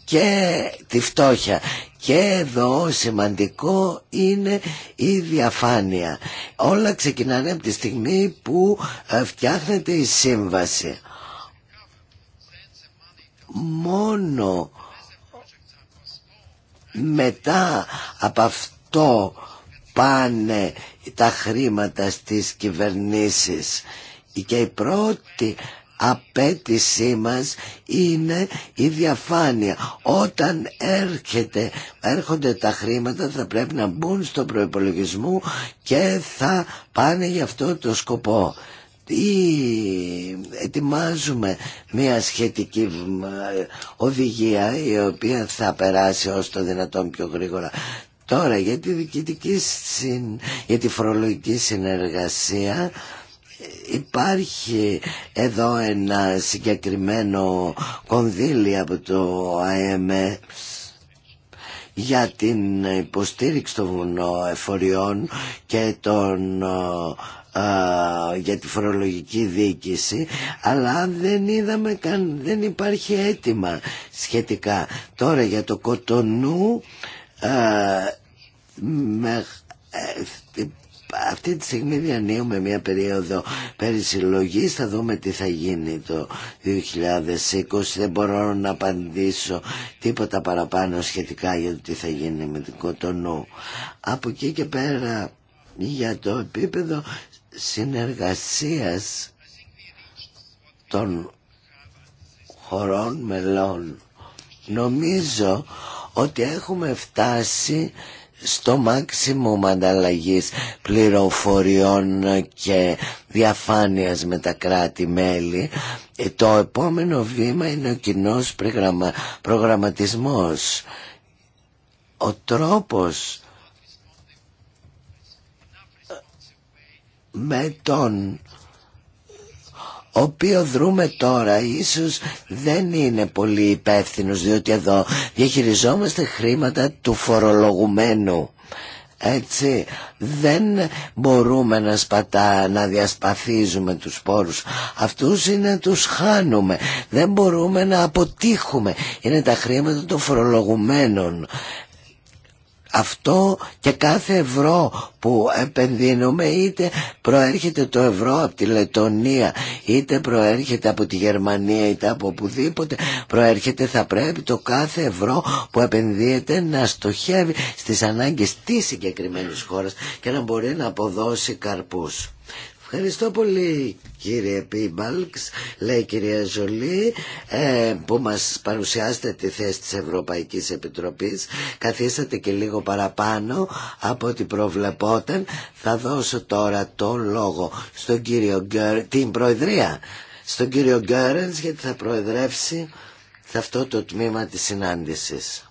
και τη φτώχεια και εδώ σημαντικό είναι η διαφάνεια. Όλα ξεκινάνε από τη στιγμή που ε, φτιάχνεται η σύμβαση. Μόνο μετά από αυτό πάνε τα χρήματα στις κυβερνήσεις και η πρώτη απέτησή μας είναι η διαφάνεια. Όταν έρχεται, έρχονται τα χρήματα θα πρέπει να μπουν στο προϋπολογισμό και θα πάνε για αυτό το σκοπό ή ετοιμάζουμε μια σχετική οδηγία η οποία θα περάσει ως το δυνατόν πιο γρήγορα. Τώρα για τη, συν, για τη φορολογική συνεργασία Υπάρχει εδώ ένα συγκεκριμένο κονδύλι από το ΑΕΜΕ για την υποστήριξη των εφοριών και των για τη φορολογική διοίκηση αλλά δεν είδαμε καν δεν υπάρχει αίτημα σχετικά τώρα για το κοτονού με, ε, αυτή τη στιγμή διανύουμε μια περίοδο περισυλλογή. θα δούμε τι θα γίνει το 2020 δεν μπορώ να απαντήσω τίποτα παραπάνω σχετικά για το τι θα γίνει με την Κοτονού από εκεί και πέρα για το επίπεδο συνεργασίας των χωρών μελών νομίζω ότι έχουμε φτάσει στο μάξιμουμ ανταλλαγή πληροφοριών και διαφάνειας με τα κράτη-μέλη. Ε, το επόμενο βήμα είναι ο κοινό προγραμματισμός. Ο τρόπος με τον οποίο δρούμε τώρα ίσως δεν είναι πολύ υπεύθυνο διότι εδώ διαχειριζόμαστε χρήματα του φορολογουμένου έτσι δεν μπορούμε να, σπατά, να διασπαθίζουμε τους πόρους αυτούς είναι τους χάνουμε δεν μπορούμε να αποτύχουμε είναι τα χρήματα των φορολογουμένων αυτό και κάθε ευρώ που επενδύνουμε είτε προέρχεται το ευρώ από τη Λετωνία είτε προέρχεται από τη Γερμανία είτε από οπουδήποτε προέρχεται θα πρέπει το κάθε ευρώ που επενδύεται να στοχεύει στις ανάγκες της συγκεκριμένης χώρας και να μπορεί να αποδώσει καρπούς. Ευχαριστώ πολύ κύριε Πίμπαλξ, λέει η κυρία Ζολή, ε, που μας παρουσιάσετε τη θέση της Ευρωπαϊκής Επιτροπής. Καθίσατε και λίγο παραπάνω από ό,τι προβλεπόταν. Θα δώσω τώρα το λόγο στον κύριο Γκέρ, την Προεδρία, στον κύριο Γκέρενς, γιατί θα προεδρεύσει αυτό το τμήμα της συνάντησης.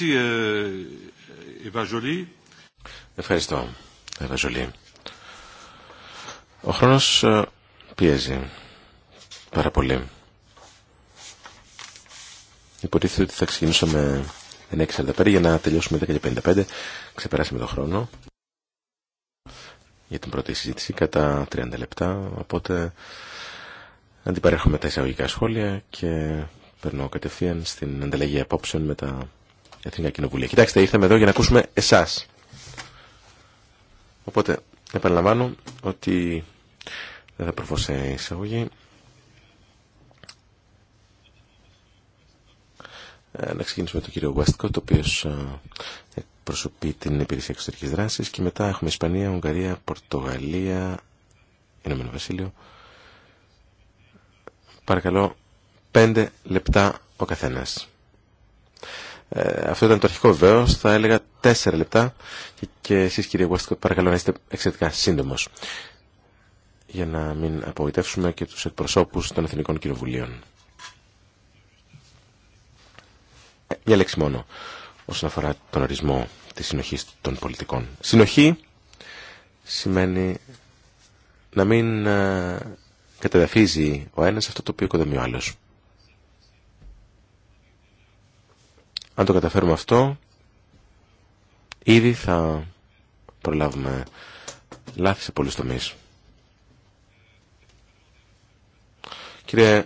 Euh, Ευχαριστώ, Εύα Ο χρόνος ε, πιέζει πάρα πολύ. Υποτίθεται ότι θα ξεκινήσουμε 9.45 για να τελειώσουμε 10.55. Ξεπεράσαμε τον χρόνο για την πρώτη συζήτηση κατά 30 λεπτά. Οπότε αντιπαρέχομαι τα εισαγωγικά σχόλια και περνώ κατευθείαν στην ανταλλαγή απόψεων με τα Εθνικά Κοινοβούλια. Κοιτάξτε, ήρθαμε εδώ για να ακούσουμε εσά. Οπότε, επαναλαμβάνω ότι δεν θα προβώ σε εισαγωγή. Ε, να ξεκινήσουμε με τον κύριο Westcott, το οποίο ε, εκπροσωπεί την υπηρεσία εξωτερική δράση και μετά έχουμε Ισπανία, Ουγγαρία, Πορτογαλία, Ηνωμένο Βασίλειο. Παρακαλώ, πέντε λεπτά ο καθένα ε, αυτό ήταν το αρχικό βεβαίω. Θα έλεγα τέσσερα λεπτά και, και εσείς κύριε Westcott παρακαλώ να είστε εξαιρετικά σύντομος για να μην απογοητεύσουμε και τους εκπροσώπου των Εθνικών Κοινοβουλίων. Ε, μια λέξη μόνο όσον αφορά τον ορισμό της συνοχής των πολιτικών. Συνοχή σημαίνει να μην ε, κατεδαφίζει ο ένας αυτό το οποίο οικοδομεί ο άλλος. Αν το καταφέρουμε αυτό, ήδη θα προλάβουμε λάθη σε πολλούς τομείς. Κύριε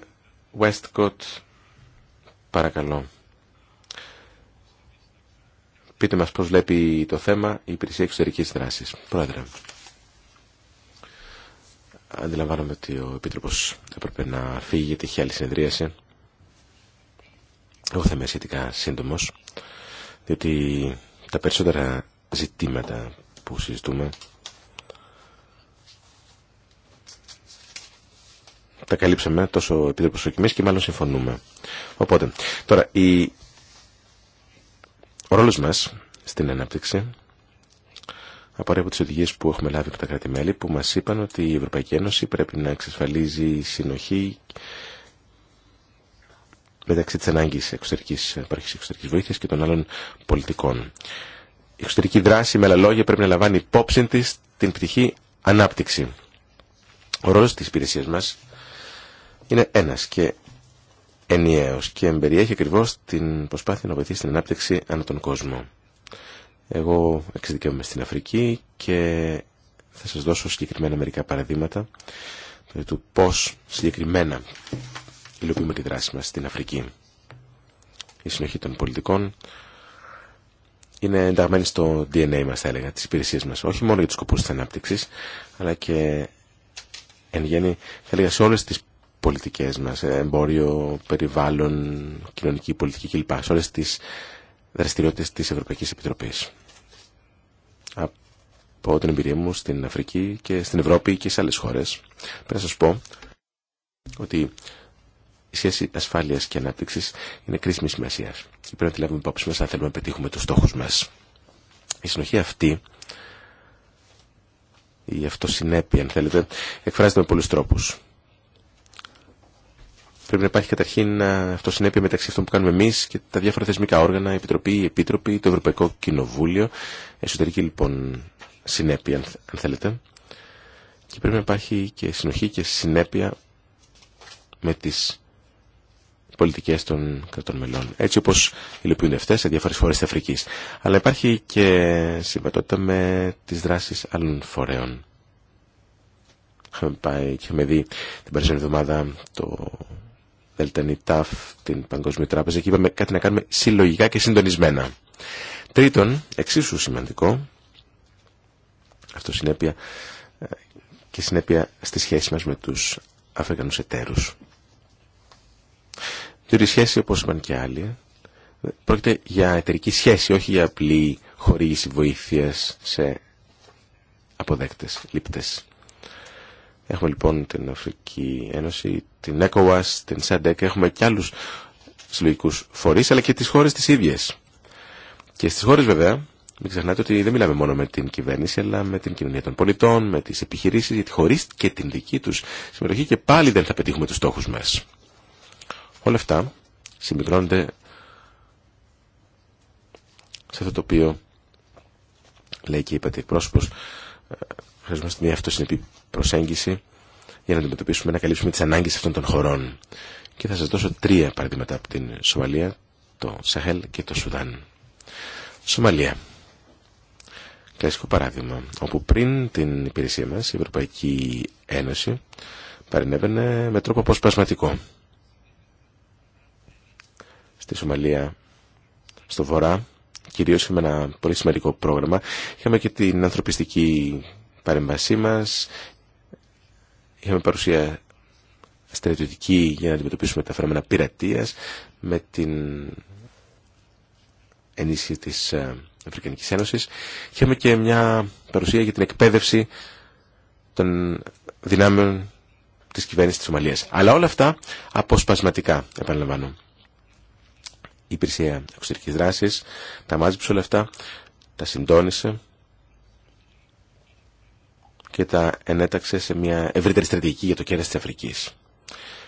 Westcott, παρακαλώ. Πείτε μας πώς βλέπει το θέμα η υπηρεσία εξωτερικής δράσης. Πρόεδρε, αντιλαμβάνομαι ότι ο Επίτροπος έπρεπε να φύγει γιατί είχε άλλη συνεδρίαση. Εγώ θα είμαι σχετικά σύντομο, διότι τα περισσότερα ζητήματα που συζητούμε τα καλύψαμε τόσο επίτροπο ο και μάλλον συμφωνούμε. Οπότε, τώρα, η... ο ρόλος μας στην ανάπτυξη απορρέει από τις οδηγίες που έχουμε λάβει από τα κράτη-μέλη που μας είπαν ότι η Ευρωπαϊκή Ένωση πρέπει να εξασφαλίζει συνοχή μεταξύ τη ανάγκη εξωτερική εξωτερικής βοήθειας και των άλλων πολιτικών. Η εξωτερική δράση, με άλλα λόγια, πρέπει να λαμβάνει υπόψη τη την πτυχή ανάπτυξη. Ο ρόλο τη υπηρεσία μα είναι ένα και ενιαίο και περιέχει ακριβώ την προσπάθεια να βοηθήσει την ανάπτυξη ανά τον κόσμο. Εγώ εξειδικεύομαι στην Αφρική και θα σας δώσω συγκεκριμένα μερικά παραδείγματα του πώς συγκεκριμένα υλοποιούμε τη δράση μας στην Αφρική. Η συνοχή των πολιτικών είναι ενταγμένη στο DNA μας, θα έλεγα, της υπηρεσίας μας. Όχι μόνο για τους σκοπούς της ανάπτυξης, αλλά και εν γέννη, θα έλεγα, σε όλες τις πολιτικές μας, ε, εμπόριο, περιβάλλον, κοινωνική πολιτική κλπ. Σε όλες τις δραστηριότητες της Ευρωπαϊκής Επιτροπής. Από την εμπειρία μου στην Αφρική και στην Ευρώπη και σε άλλες χώρες, πρέπει να σας πω ότι η σχέση ασφάλεια και ανάπτυξη είναι κρίσιμη σημασία. πρέπει να τη λάβουμε υπόψη μα αν θέλουμε να πετύχουμε του στόχου μα. Η συνοχή αυτή, η αυτοσυνέπεια αν θέλετε, εκφράζεται με πολλού τρόπου. Πρέπει να υπάρχει καταρχήν αυτοσυνέπεια μεταξύ αυτών που κάνουμε εμεί και τα διάφορα θεσμικά όργανα, η Επιτροπή, η Επίτροπη, το Ευρωπαϊκό Κοινοβούλιο. Εσωτερική λοιπόν συνέπεια, αν θέλετε. Και πρέπει να υπάρχει και συνοχή και συνέπεια με τις πολιτικέ των κρατών μελών. Έτσι όπω υλοποιούνται αυτέ σε διάφορε φορές τη Αφρική. Αλλά υπάρχει και συμβατότητα με τι δράσει άλλων φορέων. Είχαμε πάει και είχαμε δει την περσμένη εβδομάδα το ΔΕΛΤΑΝΙΤΑΦ, την Παγκόσμια Τράπεζα και είπαμε κάτι να κάνουμε συλλογικά και συντονισμένα. Τρίτον, εξίσου σημαντικό, αυτό συνέπεια ε, και συνέπεια στη σχέση μας με τους Αφρικανούς εταίρους. Διότι Η σχέση, όπω είπαν και άλλοι, πρόκειται για εταιρική σχέση, όχι για απλή χορήγηση βοήθεια σε αποδέκτε, λήπτες. Έχουμε λοιπόν την Αφρική Ένωση, την ECOWAS, την SADEC, έχουμε και άλλου συλλογικού φορεί, αλλά και τι χώρε τις ίδιες. Και στι χώρε, βέβαια, μην ξεχνάτε ότι δεν μιλάμε μόνο με την κυβέρνηση, αλλά με την κοινωνία των πολιτών, με τι επιχειρήσει, γιατί χωρί και την δική του συμμετοχή και πάλι δεν θα πετύχουμε του στόχου μα. Όλα αυτά συμπληρώνονται σε αυτό το οποίο λέει και είπατε εκπρόσωπος ε, χρειαζόμαστε μια αυτοσυνεπή προσέγγιση για να αντιμετωπίσουμε να καλύψουμε τις ανάγκες αυτών των χωρών και θα σας δώσω τρία παραδείγματα από την Σομαλία το Σαχέλ και το Σουδάν Σομαλία κλασικό παράδειγμα όπου πριν την υπηρεσία μας η Ευρωπαϊκή Ένωση παρενέβαινε με τρόπο αποσπασματικό στη Σομαλία, στο Βορρά, κυρίως είχαμε ένα πολύ σημαντικό πρόγραμμα. Είχαμε και την ανθρωπιστική παρέμβασή μας, είχαμε παρουσία στρατιωτική για να αντιμετωπίσουμε τα φαινόμενα πειρατείας με την ενίσχυση της ε, Αφρικανικής Ένωσης. Είχαμε και μια παρουσία για την εκπαίδευση των δυνάμεων της κυβέρνησης της Σομαλίας. Αλλά όλα αυτά αποσπασματικά, επαναλαμβάνω υπηρεσία εξωτερικής δράσης, τα μάζεψε όλα αυτά, τα συντόνισε και τα ενέταξε σε μια ευρύτερη στρατηγική για το κέντρο της Αφρικής.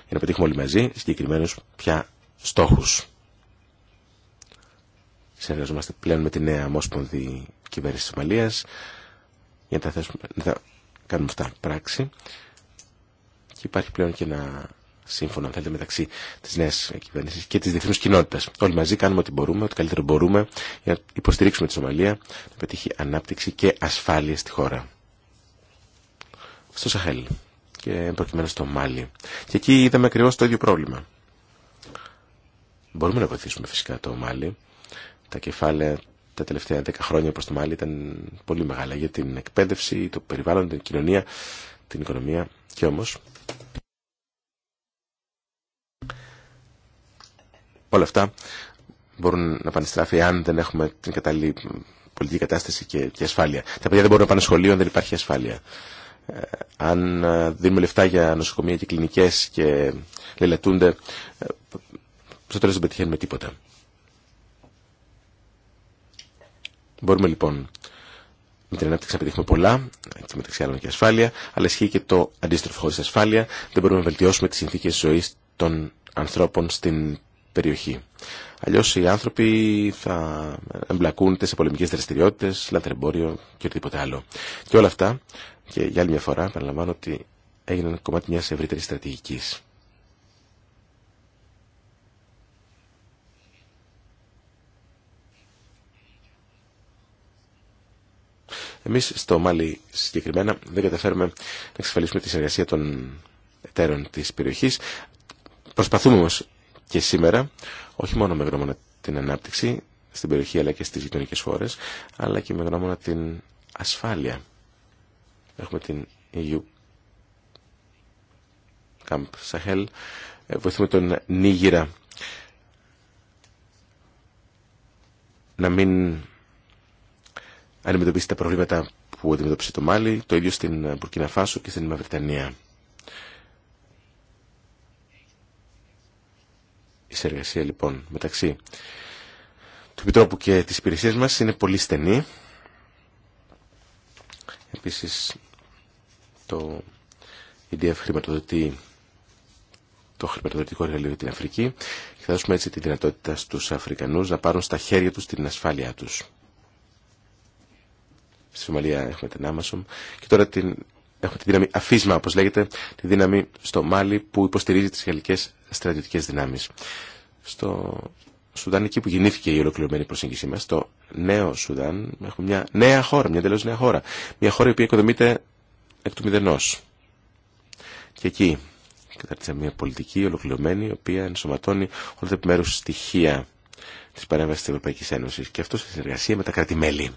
Για να πετύχουμε όλοι μαζί συγκεκριμένους πια στόχους. Συνεργαζόμαστε πλέον με τη νέα μόσπονδη κυβέρνηση της για να τα, θέσουμε, να κάνουμε αυτά πράξη και υπάρχει πλέον και ένα σύμφωνα αν θέλετε μεταξύ τη νέα κυβέρνηση και τη διεθνού κοινότητα. Όλοι μαζί κάνουμε ό,τι μπορούμε, ό,τι καλύτερο μπορούμε για να υποστηρίξουμε τη Σομαλία να πετύχει ανάπτυξη και ασφάλεια στη χώρα. Στο Σαχέλ και προκειμένου στο Μάλι. Και εκεί είδαμε ακριβώ το ίδιο πρόβλημα. Μπορούμε να βοηθήσουμε φυσικά το Μάλι. Τα κεφάλαια τα τελευταία δέκα χρόνια προς το Μάλι ήταν πολύ μεγάλα για την εκπαίδευση, το περιβάλλον, την κοινωνία, την οικονομία. Και όμω. Όλα αυτά μπορούν να πανεστράφει αν δεν έχουμε την κατάλληλη πολιτική κατάσταση και, και ασφάλεια. Τα παιδιά δεν μπορούν να πάνε σχολείο αν δεν υπάρχει ασφάλεια. Ε, αν ε, δίνουμε λεφτά για νοσοκομεία και κλινικέ και λελατούνται, ε, στο τέλο δεν πετυχαίνουμε τίποτα. Μπορούμε λοιπόν με την ανάπτυξη να πετύχουμε πολλά, και μεταξύ άλλων και ασφάλεια, αλλά ισχύει και το αντίστροφο χωρί ασφάλεια. Δεν μπορούμε να βελτιώσουμε τι συνθήκε ζωή των ανθρώπων στην περιοχή. Αλλιώς οι άνθρωποι θα εμπλακούνται σε πολεμικέ δραστηριότητε, λατρεμπόριο και οτιδήποτε άλλο. Και όλα αυτά, και για άλλη μια φορά, παραλαμβάνω ότι έγιναν κομμάτι μια ευρύτερη στρατηγική. Εμείς στο Μάλι συγκεκριμένα δεν καταφέρουμε να εξασφαλίσουμε τη συνεργασία των εταίρων της περιοχής. Προσπαθούμε όμως και σήμερα, όχι μόνο με γνώμονα την ανάπτυξη στην περιοχή αλλά και στις γειτονικέ χώρες, αλλά και με γνώμονα την ασφάλεια. Έχουμε την EU Camp Sahel, ε, βοηθούμε τον Νίγηρα να μην αντιμετωπίσει τα προβλήματα που αντιμετωπίσει το Μάλι, το ίδιο στην Μπουρκίνα Φάσο και στην Μαυρτανία. Η συνεργασία λοιπόν μεταξύ του Επιτρόπου και της υπηρεσία μας είναι πολύ στενή. Επίσης το EDF χρηματοδοτεί το χρηματοδοτικό εργαλείο για την Αφρική και θα δώσουμε έτσι τη δυνατότητα στους Αφρικανούς να πάρουν στα χέρια τους την ασφάλειά τους. Στη Σομαλία έχουμε την Amazon και τώρα την Έχουμε τη δύναμη αφίσμα, όπως λέγεται, τη δύναμη στο Μάλι που υποστηρίζει τις γαλλικές στρατιωτικές δυνάμεις. Στο Σουδάν, εκεί που γεννήθηκε η ολοκληρωμένη προσέγγιση μας, στο νέο Σουδάν, έχουμε μια νέα χώρα, μια τελείως νέα χώρα. Μια χώρα η οποία οικοδομείται εκ του μηδενό. Και εκεί καταρτήσαμε μια πολιτική ολοκληρωμένη, η οποία ενσωματώνει όλα τα επιμέρους στοιχεία της παρέμβασης της Ευρωπαϊκής Ένωσης. Και αυτό σε συνεργασία με τα κράτη-μέλη.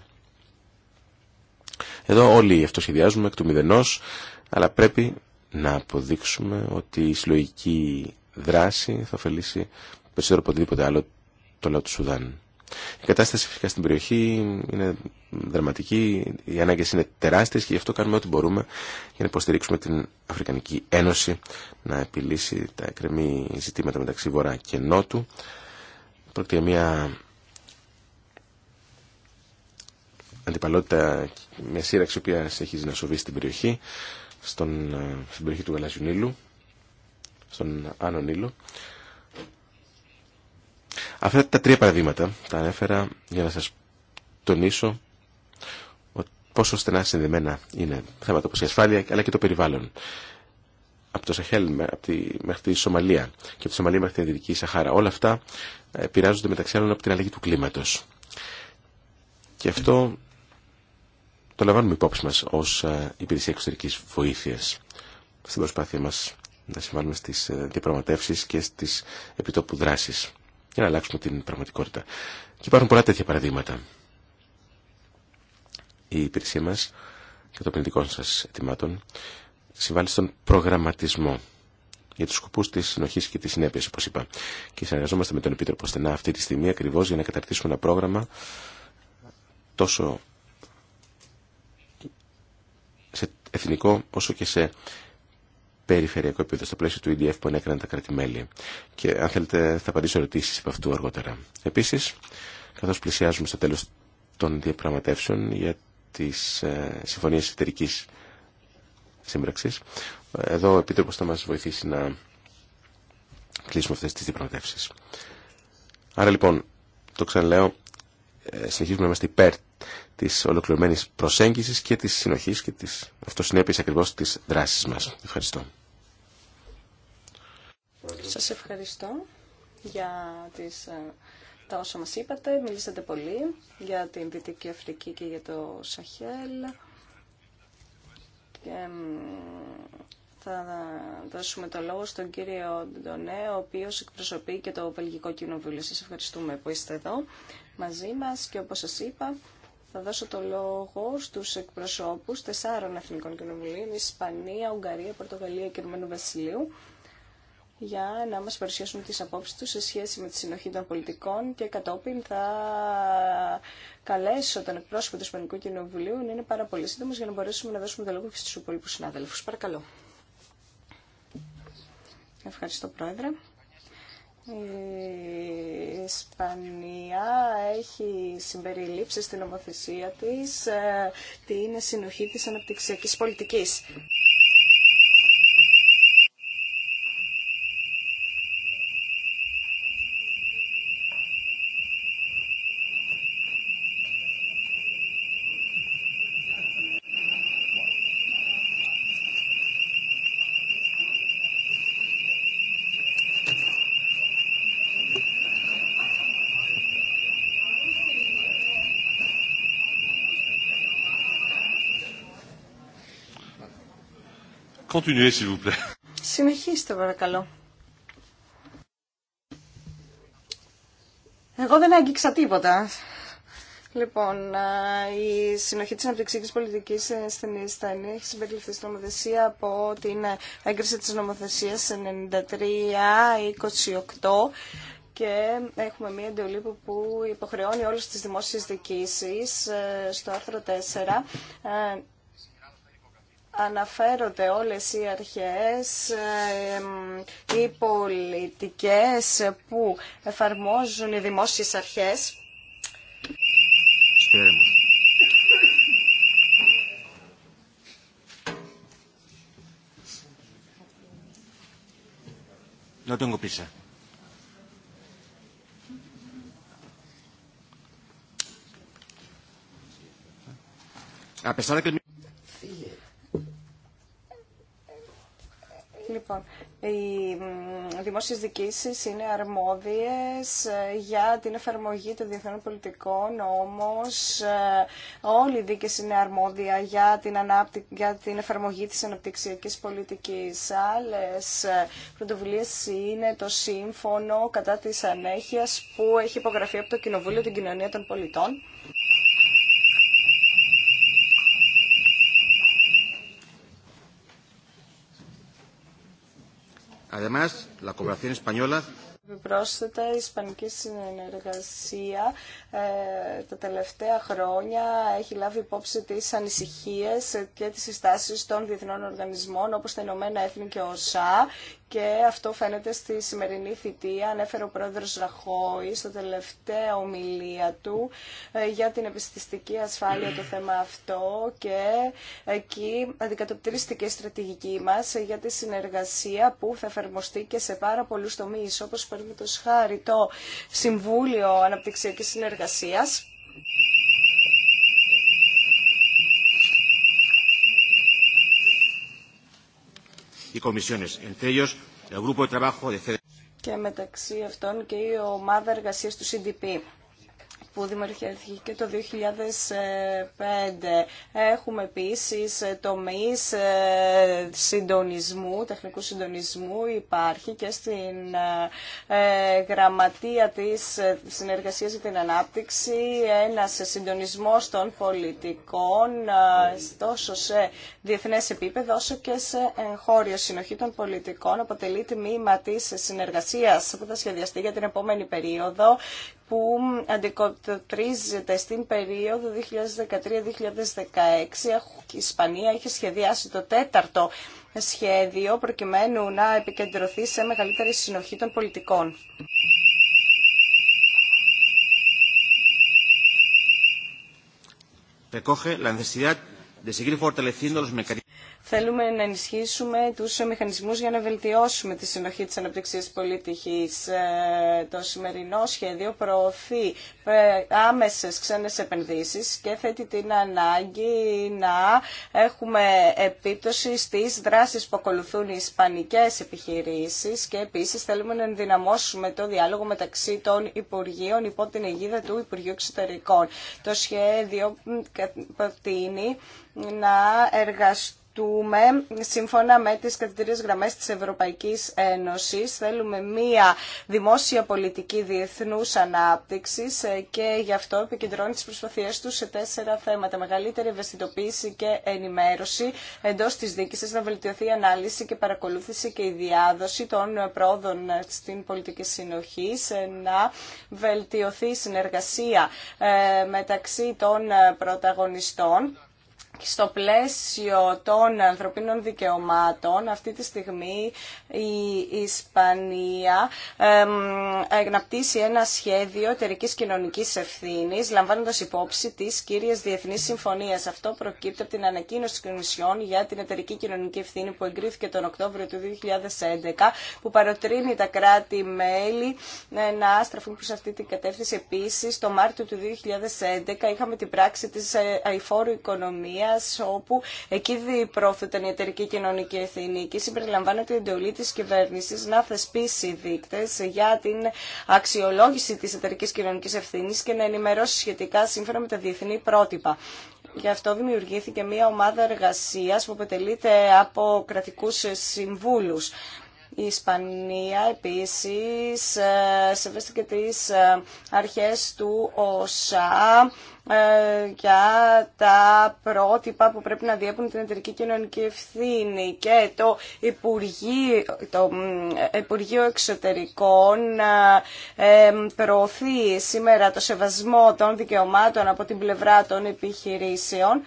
Εδώ όλοι αυτοσχεδιάζουμε εκ του μηδενός, αλλά πρέπει να αποδείξουμε ότι η συλλογική δράση θα ωφελήσει περισσότερο από οτιδήποτε άλλο το λαό του Σουδάν. Η κατάσταση φυσικά στην περιοχή είναι δραματική, οι ανάγκε είναι τεράστιε και γι' αυτό κάνουμε ό,τι μπορούμε για να υποστηρίξουμε την Αφρικανική Ένωση να επιλύσει τα εκκρεμή ζητήματα μεταξύ Βορρά και Νότου. Πρόκειται μια αντιπαλότητα, με σύραξη που έχει να σοβεί στην περιοχή, στον, ε, στην περιοχή του Γαλάζιου στον Άνω Αυτά τα τρία παραδείγματα τα ανέφερα για να σας τονίσω πόσο στενά συνδεμένα είναι θέματα όπως η ασφάλεια αλλά και το περιβάλλον. Από το Σαχέλ από τη, μέχρι τη Σομαλία και από τη Σομαλία μέχρι την Δυτική Σαχάρα. Όλα αυτά επηρεάζονται μεταξύ άλλων από την αλλαγή του κλίματος. Και αυτό το λαμβάνουμε υπόψη μας ως ε, υπηρεσία εξωτερικής βοήθειας στην προσπάθεια μας να συμβάλλουμε στις ε, διαπραγματεύσεις και στις επιτόπου δράσεις για να αλλάξουμε την πραγματικότητα. Και υπάρχουν πολλά τέτοια παραδείγματα. Η υπηρεσία μας και το πνευματικό σας ετοιμάτων συμβάλλει στον προγραμματισμό για τους σκοπούς της συνοχής και της συνέπειας, όπως είπα. Και συνεργαζόμαστε με τον Επίτροπο στενά αυτή τη στιγμή ακριβώς για να καταρτήσουμε ένα πρόγραμμα τόσο εθνικό όσο και σε περιφερειακό επίπεδο, στο πλαίσιο του EDF που ανέκριναν τα κράτη-μέλη. Και αν θέλετε θα απαντήσω ερωτήσει από αυτού αργότερα. Επίσης, καθώς πλησιάζουμε στο τέλος των διαπραγματεύσεων για τις ε, συμφωνίες εταιρική σύμπραξη, εδώ ο Επίτροπος θα μας βοηθήσει να κλείσουμε αυτέ τι διαπραγματεύσει. Άρα λοιπόν, το ξαναλέω, ε, συνεχίζουμε να είμαστε υπέρ Τη ολοκληρωμένη προσέγγιση και τη συνοχή και τη αυτοσυνέπειας ακριβώ τη δράση μας. Ευχαριστώ. Σας ευχαριστώ για τις, ε, τα όσα μας είπατε. Μιλήσατε πολύ για την Δυτική Αφρική και για το Σαχέλ. Και θα δώσουμε το λόγο στον κύριο Ντονέ, ο οποίος εκπροσωπεί και το Βελγικό Κοινοβούλιο. Σας ευχαριστούμε που είστε εδώ μαζί μας και όπως σας είπα θα δώσω το λόγο στους εκπροσώπους τεσσάρων εθνικών κοινοβουλίων, Ισπανία, Ουγγαρία, Πορτογαλία και Ηνωμένου Βασιλείου, για να μας παρουσιάσουν τις απόψεις τους σε σχέση με τη συνοχή των πολιτικών και κατόπιν θα καλέσω τον εκπρόσωπο του Ισπανικού Κοινοβουλίου να είναι πάρα πολύ σύντομος για να μπορέσουμε να δώσουμε το λόγο και στους υπόλοιπους συνάδελφους. Παρακαλώ. Ευχαριστώ Πρόεδρε. Η Ισπανία έχει συμπεριλήψει στην ομοθεσία της ε, την συνοχή της αναπτυξιακής πολιτικής. Continuez, s'il vous plaît. Συνεχίστε, παρακαλώ. Εγώ δεν άγγιξα τίποτα. Λοιπόν, η συνοχή της αναπτύξική πολιτική ε, στην Ιστάνια έχει συμπεριληφθεί στην νομοθεσία από την ε, έγκριση τη νομοθεσία 93 93-28 και έχουμε μία εντολή που υποχρεώνει όλες τις δημόσιες δικήσεις ε, στο άρθρο 4 αναφέρονται όλες οι αρχές, οι πολιτικές που εφαρμόζουν οι δημόσιες αρχές. No tengo prisa. A pesar Λοιπόν, οι δημόσιες δικήσεις είναι αρμόδιες ε, για την εφαρμογή των διεθνών πολιτικών, όμως ε, όλοι οι δίκες είναι αρμόδια για την, ανάπτυ... για την εφαρμογή της αναπτυξιακής πολιτικής. Άλλες ε, πρωτοβουλίες είναι το σύμφωνο κατά της ανέχειας που έχει υπογραφεί από το Κοινοβούλιο την Κοινωνία των Πολιτών. Además, Πρόσθετα, η Ισπανική Συνεργασία ε, τα τελευταία χρόνια έχει λάβει υπόψη τις ανησυχίες και τις συστάσεις των διεθνών οργανισμών όπως τα Ηνωμένα Έθνη και ο ΟΣΑ και αυτό φαίνεται στη σημερινή θητεία. Ανέφερε ο πρόεδρος Ραχώη στο τελευταίο ομιλία του ε, για την επιστηστική ασφάλεια το θέμα αυτό και εκεί αντικατοπτρίστηκε η στρατηγική μας για τη συνεργασία που θα εφαρμοστεί και σε πάρα πολλούς τομείς όπως το σχάρι το Συμβούλιο Αναπτυξιακής Συνεργασίας y comisiones, el Grupo Και μεταξύ αυτών και η ομάδα εργασία του CDP που δημιουργήθηκε το 2005. Έχουμε επίσης τομείς ε, συντονισμού, τεχνικού συντονισμού υπάρχει και στην ε, γραμματεία της ε, Συνεργασίας για την Ανάπτυξη ένας συντονισμός των πολιτικών τόσο σε διεθνές επίπεδο όσο και σε εγχώριο συνοχή των πολιτικών αποτελεί τμήμα της συνεργασίας που θα σχεδιαστεί για την επόμενη περίοδο που αντικοτοπτρίζεται στην περίοδο 2013-2016. Η Ισπανία είχε σχεδιάσει το τέταρτο σχέδιο προκειμένου να επικεντρωθεί σε μεγαλύτερη συνοχή των πολιτικών. Θέλουμε να ενισχύσουμε τους μηχανισμούς για να βελτιώσουμε τη συνοχή της αναπτυξίας πολιτικής. Ε, το σημερινό σχέδιο προωθεί ε, άμεσες ξένες επενδύσεις και θέτει την ανάγκη να έχουμε επίπτωση στις δράσεις που ακολουθούν οι ισπανικές επιχειρήσεις και επίσης θέλουμε να ενδυναμώσουμε το διάλογο μεταξύ των Υπουργείων υπό την αιγίδα του Υπουργείου Εξωτερικών. Το σχέδιο προτείνει να εργαστούν σύμφωνα με τις κατητηρίες γραμμές της Ευρωπαϊκής Ένωσης. Θέλουμε μία δημόσια πολιτική διεθνούς ανάπτυξης ε, και γι' αυτό επικεντρώνει τις προσπαθίες του σε τέσσερα θέματα. Μεγαλύτερη ευαισθητοποίηση και ενημέρωση εντός της δίκησης, να βελτιωθεί η ανάλυση και παρακολούθηση και η διάδοση των πρόοδων στην πολιτική συνοχή, να βελτιωθεί η συνεργασία ε, μεταξύ των πρωταγωνιστών στο πλαίσιο των ανθρωπίνων δικαιωμάτων, αυτή τη στιγμή η Ισπανία αναπτύσσει ένα σχέδιο εταιρική κοινωνικής ευθύνης, λαμβάνοντας υπόψη τις κύριες διεθνείς συμφωνίες. Αυτό προκύπτει από την ανακοίνωση της Κομισιόν για την εταιρική κοινωνική ευθύνη που εγκρίθηκε τον Οκτώβριο του 2011, που παροτρύνει τα κράτη-μέλη να στραφούν προς αυτή την κατεύθυνση. Επίσης, το Μάρτιο του 2011 είχαμε την πράξη της ε, αηφόρου οικονομία όπου εκεί διπρόθεταν η εταιρική κοινωνική ευθύνη. και συμπεριλαμβάνεται η εντολή τη κυβέρνηση να θεσπίσει δείκτε για την αξιολόγηση τη εταιρική κοινωνική ευθύνη και να ενημερώσει σχετικά σύμφωνα με τα διεθνή πρότυπα. Γι' αυτό δημιουργήθηκε μια ομάδα εργασίας που αποτελείται από κρατικούς συμβούλους. Η Ισπανία επίσης ε, σεβέστηκε τις ε, αρχές του ΩΣΑ ε, για τα πρότυπα που πρέπει να διέπουν την εταιρική κοινωνική ευθύνη και το Υπουργείο, το Υπουργείο Εξωτερικών προωθεί σήμερα το σεβασμό των δικαιωμάτων από την πλευρά των επιχειρήσεων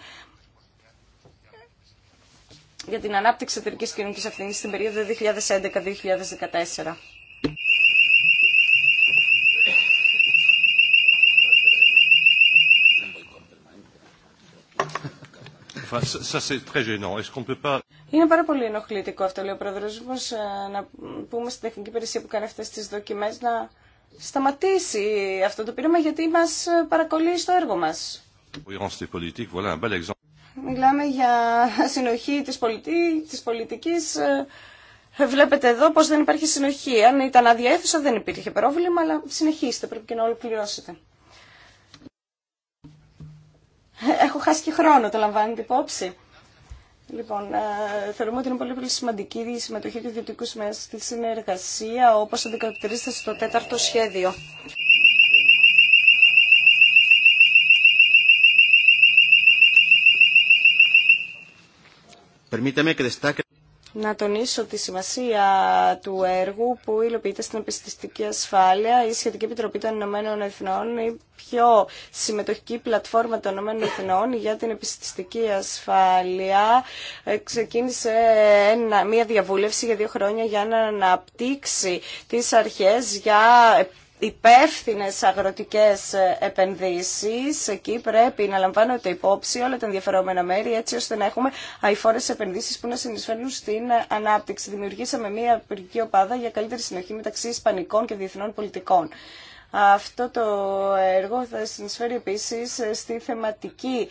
για την ανάπτυξη εταιρική κοινωνική ευθύνη στην περίοδο 2011-2014. Είναι πάρα πολύ ενοχλητικό αυτό, λέει ο πρόεδρο. Ε, να πούμε στην τεχνική υπηρεσία που κάνει αυτές τις δοκιμές να σταματήσει αυτό το πείραμα γιατί μας παρακολουθεί στο έργο μα. Μιλάμε για συνοχή της, πολιτι... της πολιτικής. Ε, βλέπετε εδώ πως δεν υπάρχει συνοχή. Αν ήταν αδιαίθουσα δεν υπήρχε πρόβλημα, αλλά συνεχίστε, πρέπει και να ολοκληρώσετε. Έχω χάσει και χρόνο, το λαμβάνετε υπόψη. Λοιπόν, ε, θεωρούμε ότι είναι πολύ, πολύ σημαντική η συμμετοχή του ιδιωτικού σημαίου στη συνεργασία, όπως αντικατοπτρίζεται στο τέταρτο σχέδιο. να τονίσω τη σημασία του έργου που υλοποιείται στην επιστηστική ασφάλεια. Η Σχετική Επιτροπή των Ηνωμένων Εθνών, η πιο συμμετοχική πλατφόρμα των Ηνωμένων Εθνών για την επιστηστική ασφάλεια, ξεκίνησε μία διαβούλευση για δύο χρόνια για να αναπτύξει τις αρχές για υπεύθυνες αγροτικές επενδύσεις. Εκεί πρέπει να λαμβάνονται υπόψη όλα τα ενδιαφερόμενα μέρη έτσι ώστε να έχουμε αηφόρες επενδύσεις που να συνεισφέρουν στην ανάπτυξη. Δημιουργήσαμε μια πυρική οπάδα για καλύτερη συνοχή μεταξύ ισπανικών και διεθνών πολιτικών. Αυτό το έργο θα συνεισφέρει επίσης στη θεματική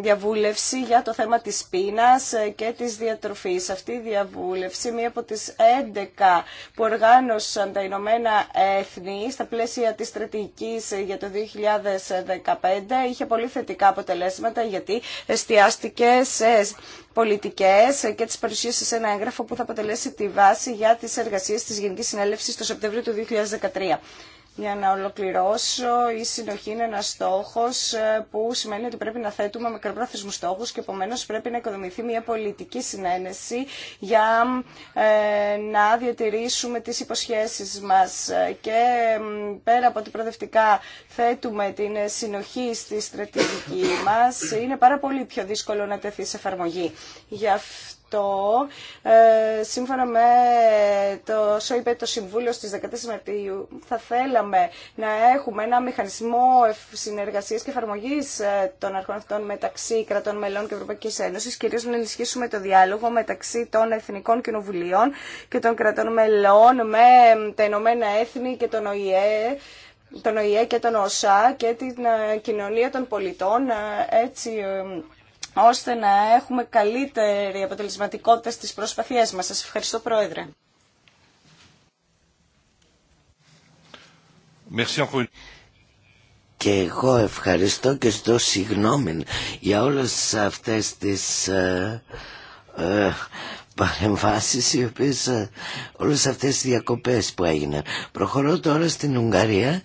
διαβούλευση για το θέμα της πείνας και της διατροφής. Αυτή η διαβούλευση, μία από τις 11 που οργάνωσαν τα Ηνωμένα Έθνη στα πλαίσια της στρατηγικής για το 2015, είχε πολύ θετικά αποτελέσματα γιατί εστιάστηκε σε πολιτικές και τις παρουσίασε σε ένα έγγραφο που θα αποτελέσει τη βάση για τις εργασίες της Γενικής Συνέλευσης το Σεπτέμβριο του 2013. Για να ολοκληρώσω, η συνοχή είναι ένα στόχο ε, που σημαίνει ότι πρέπει να θέτουμε μακροπρόθεσμου στόχου και επομένω πρέπει να οικοδομηθεί μια πολιτική συνένεση για ε, να διατηρήσουμε τι υποσχέσει μα. Και πέρα από ότι προοδευτικά θέτουμε την συνοχή στη στρατηγική μα, είναι πάρα πολύ πιο δύσκολο να τεθεί σε εφαρμογή. Γι' αυτό ε, σύμφωνα με το όσο το Συμβούλιο στις 14 Μαρτίου, θα θέλαμε να έχουμε ένα μηχανισμό συνεργασίας και εφαρμογή ε, των αρχών αυτών μεταξύ κρατών μελών και Ευρωπαϊκής Ένωσης, κυρίως να ενισχύσουμε το διάλογο μεταξύ των Εθνικών Κοινοβουλίων και των κρατών μελών με τα Ηνωμένα Έθνη και τον ΟΗΕ, τον ΟΗΕ και τον ΟΣΑ και την ε, κοινωνία των πολιτών, έτσι ώστε να έχουμε καλύτερη αποτελεσματικότητα στις προσπαθίες μας. Σας ευχαριστώ Πρόεδρε. Και εγώ ευχαριστώ και στο συγγνώμη για όλες αυτές τις ε, ε, παρεμβάσεις οι οποίες, ε, όλες αυτές τις διακοπές που έγιναν. Προχωρώ τώρα στην Ουγγαρία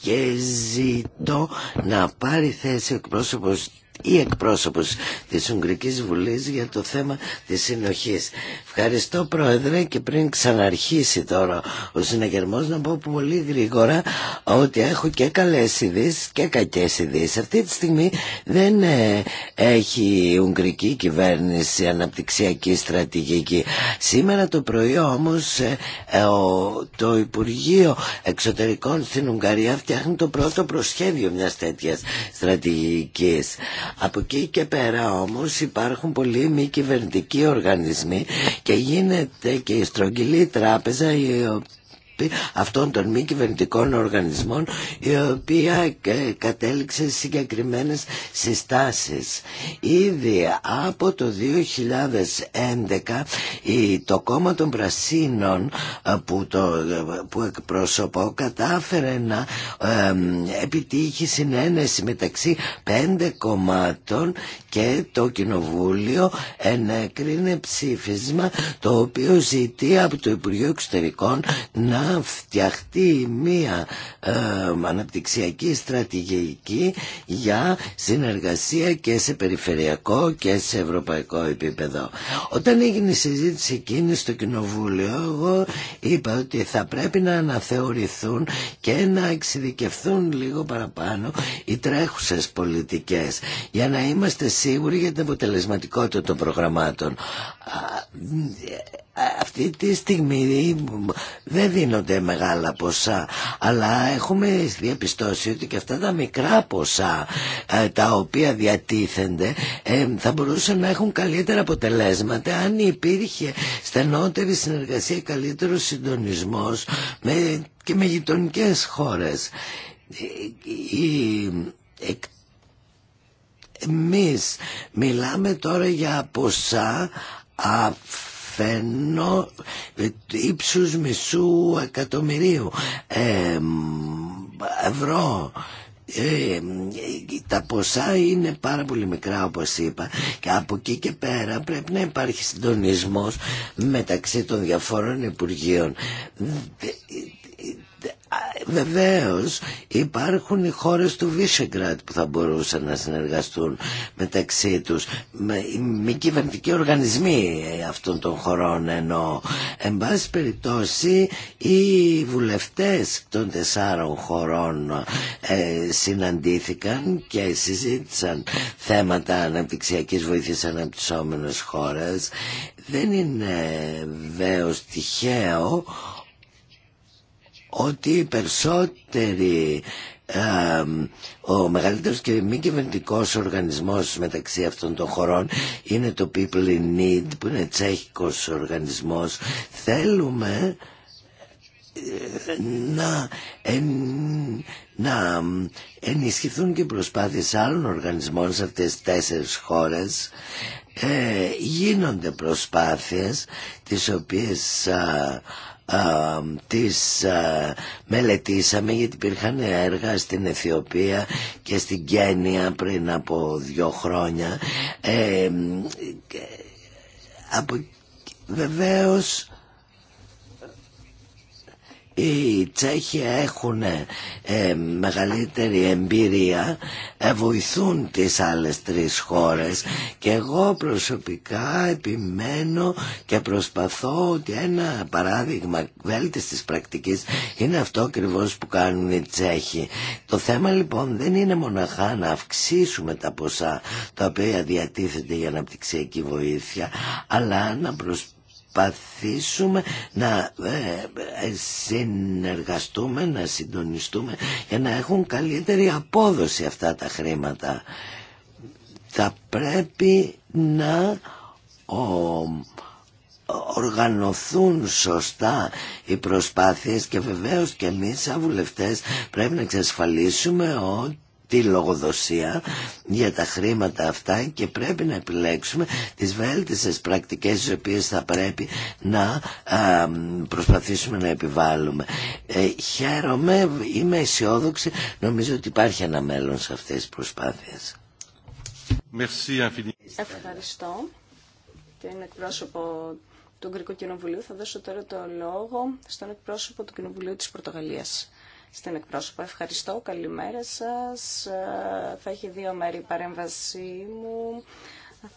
και ζητώ να πάρει θέση ο εκπρόσωπος ή εκπρόσωπος της Ουγγρικής Βουλής για το θέμα της συνοχής. Ευχαριστώ Πρόεδρε και πριν ξαναρχίσει τώρα ο συναγερμός να πω πολύ γρήγορα ότι έχω και καλές ειδήσει και κακές ειδήσει. Αυτή τη στιγμή δεν ε, έχει η Ουγγρική κυβέρνηση αναπτυξιακή στρατηγική. Σήμερα το πρωί όμως ε, ε, το Υπουργείο Εξωτερικών στην Ουγγαρία φτιάχνει το πρώτο προσχέδιο μιας τέτοιας στρατηγικής. Από εκεί και πέρα όμως υπάρχουν πολλοί μη κυβερνητικοί οργανισμοί και γίνεται και η στρογγυλή τράπεζα η αυτών των μη κυβερνητικών οργανισμών η οποία κατέληξε συγκεκριμένες συστάσεις. Ήδη από το 2011 το κόμμα των Πρασίνων ε, που, το, που εκπροσωπώ κατάφερε να επιτύχει συνένεση μεταξύ πέντε κομμάτων και το Κοινοβούλιο ενέκρινε ψήφισμα το οποίο ζητεί από το Υπουργείο Εξωτερικών να φτιαχτεί μία ε, αναπτυξιακή στρατηγική για συνεργασία και σε περιφερειακό και σε ευρωπαϊκό επίπεδο. Όταν έγινε η συζήτηση εκείνη στο Κοινοβούλιο, εγώ είπα ότι θα πρέπει να αναθεωρηθούν και να εξειδικευθούν λίγο παραπάνω οι τρέχουσες πολιτικές για να είμαστε σίγουροι για την αποτελεσματικότητα των προγραμμάτων αυτή τη στιγμή δεν δίνονται μεγάλα ποσά αλλά έχουμε διαπιστώσει ότι και αυτά τα μικρά ποσά ε, τα οποία διατίθενται ε, θα μπορούσαν να έχουν καλύτερα αποτελέσματα αν υπήρχε στενότερη συνεργασία καλύτερος συντονισμός και με γειτονικέ χώρες ε, εμείς μιλάμε τώρα για ποσά Φαίνω ύψους μισού εκατομμυρίου ε, ευρώ τα ποσά είναι πάρα πολύ μικρά όπως είπα και από εκεί και πέρα πρέπει να υπάρχει συντονισμός μεταξύ των διαφόρων υπουργείων Βεβαίω, υπάρχουν οι χώρες του Βίσεγκρατ που θα μπορούσαν να συνεργαστούν μεταξύ τους με, με κυβερνητικοί οργανισμοί αυτών των χωρών ενώ εν πάση περιπτώσει οι βουλευτέ των τεσσάρων χωρών ε, συναντήθηκαν και συζήτησαν θέματα αναπτυξιακή βοήθειας σε χώρες δεν είναι βέβαιος τυχαίο ότι οι περισσότεροι ο μεγαλύτερος και μη κυβερνητικό οργανισμός μεταξύ αυτών των χωρών είναι το People in Need που είναι τσέχικος οργανισμός θέλουμε ε, να, να ενισχυθούν και προσπάθειες άλλων οργανισμών σε αυτές τις τέσσερις χώρες ε, γίνονται προσπάθειες τις οποίες τις ε, μελετήσαμε γιατί υπήρχαν έργα στην Αιθιοπία και στην Κένια πριν από δύο χρόνια ε, από, βεβαίως οι Τσέχοι έχουν ε, μεγαλύτερη εμπειρία, ε, βοηθούν τις άλλες τρεις χώρες και εγώ προσωπικά επιμένω και προσπαθώ ότι ένα παράδειγμα βέλτιστης της πρακτικής είναι αυτό ακριβώ που κάνουν οι Τσέχοι. Το θέμα λοιπόν δεν είναι μοναχά να αυξήσουμε τα ποσά τα οποία διατίθεται για αναπτυξιακή βοήθεια, αλλά να προσπαθούμε προσπαθήσουμε να ε, ε, συνεργαστούμε, να συντονιστούμε για να έχουν καλύτερη απόδοση αυτά τα χρήματα. Θα πρέπει να οργανωθούν σωστά οι προσπάθειες και βεβαίως και εμείς σαν πρέπει να εξασφαλίσουμε ότι τη λογοδοσία για τα χρήματα αυτά και πρέπει να επιλέξουμε τις βέλτισες πρακτικές τις οποίες θα πρέπει να προσπαθήσουμε να επιβάλλουμε. Ε, χαίρομαι, είμαι αισιόδοξη, νομίζω ότι υπάρχει ένα μέλλον σε αυτές τις προσπάθειες. Ευχαριστώ Είναι εκπρόσωπο του Γκρικού Κοινοβουλίου. Θα δώσω τώρα το λόγο στον εκπρόσωπο του Κοινοβουλίου της Πορτογαλίας στην εκπρόσωπο. Ευχαριστώ, καλημέρα σας. Ε, θα έχει δύο μέρη η παρέμβασή μου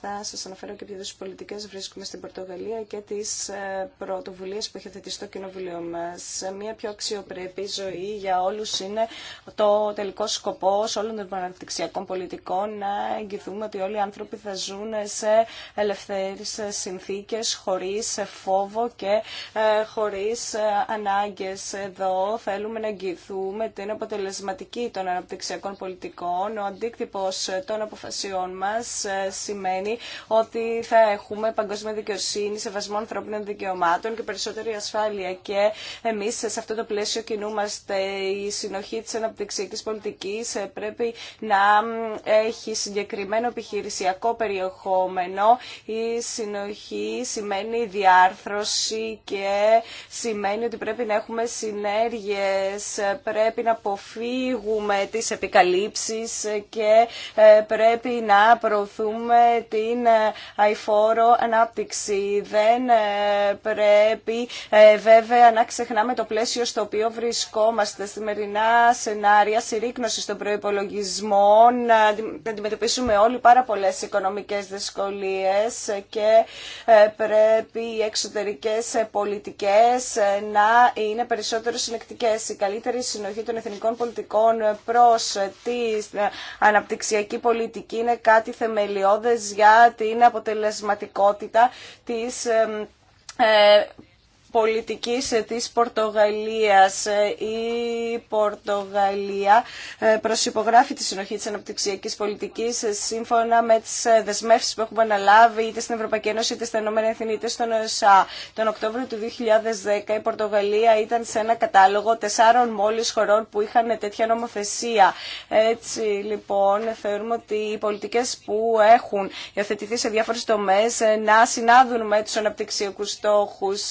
θα σα αναφέρω και ποιε πολιτικέ. βρίσκουμε στην Πορτογαλία και τι ε, πρωτοβουλίε που έχει θετήσει το κοινοβουλίο μα. Μια πιο αξιοπρεπή ζωή για όλου είναι το τελικό σκοπό όλων των αναπτυξιακών πολιτικών να εγγυθούμε ότι όλοι οι άνθρωποι θα ζουν σε ελευθερές συνθήκε, χωρί φόβο και ε, χωρί ε, ανάγκε εδώ. Θέλουμε να εγγυηθούμε την αποτελεσματική των αναπτυξιακών πολιτικών. Ο αντίκτυπος των αποφασιών μας σημαίνει ότι θα έχουμε παγκόσμια δικαιοσύνη, σεβασμό ανθρώπινων δικαιωμάτων και περισσότερη ασφάλεια. Και εμεί σε αυτό το πλαίσιο κινούμαστε. Η συνοχή τη αναπτυξιακή πολιτική πρέπει να έχει συγκεκριμένο επιχειρησιακό περιεχόμενο. Η συνοχή σημαίνει διάρθρωση και σημαίνει ότι πρέπει να έχουμε συνέργειες, πρέπει να αποφύγουμε τις επικαλύψεις και ε, πρέπει να προωθούμε την αηφόρο ανάπτυξη. Δεν ε, πρέπει ε, βέβαια να ξεχνάμε το πλαίσιο στο οποίο βρισκόμαστε. Σημερινά μερινά σενάρια συρρήκνωση των προπολογισμών να αντιμετωπίσουμε όλοι πάρα πολλέ οικονομικέ δυσκολίε και ε, πρέπει οι εξωτερικέ πολιτικέ να είναι περισσότερο συνεκτικές. Η καλύτερη συνοχή των εθνικών πολιτικών προ την αναπτυξιακή πολιτική είναι κάτι θεμελιώδε για την αποτελεσματικότητα της ε, ε, πολιτικής της Πορτογαλίας. Η Πορτογαλία ε, προσυπογράφει τη συνοχή της αναπτυξιακής πολιτικής ε, σύμφωνα με τις ε, δεσμεύσεις που έχουμε αναλάβει είτε στην Ευρωπαϊκή Ένωση είτε στα Ηνωμένα Εθνή είτε στον ΕΣΑ. Τον Οκτώβριο του 2010 η Πορτογαλία ήταν σε ένα κατάλογο τεσσάρων μόλις χωρών που είχαν τέτοια νομοθεσία. Έτσι λοιπόν θεωρούμε ότι οι πολιτικές που έχουν υιοθετηθεί σε διάφορες τομές να συνάδουν με τους αναπτυξιακούς στόχους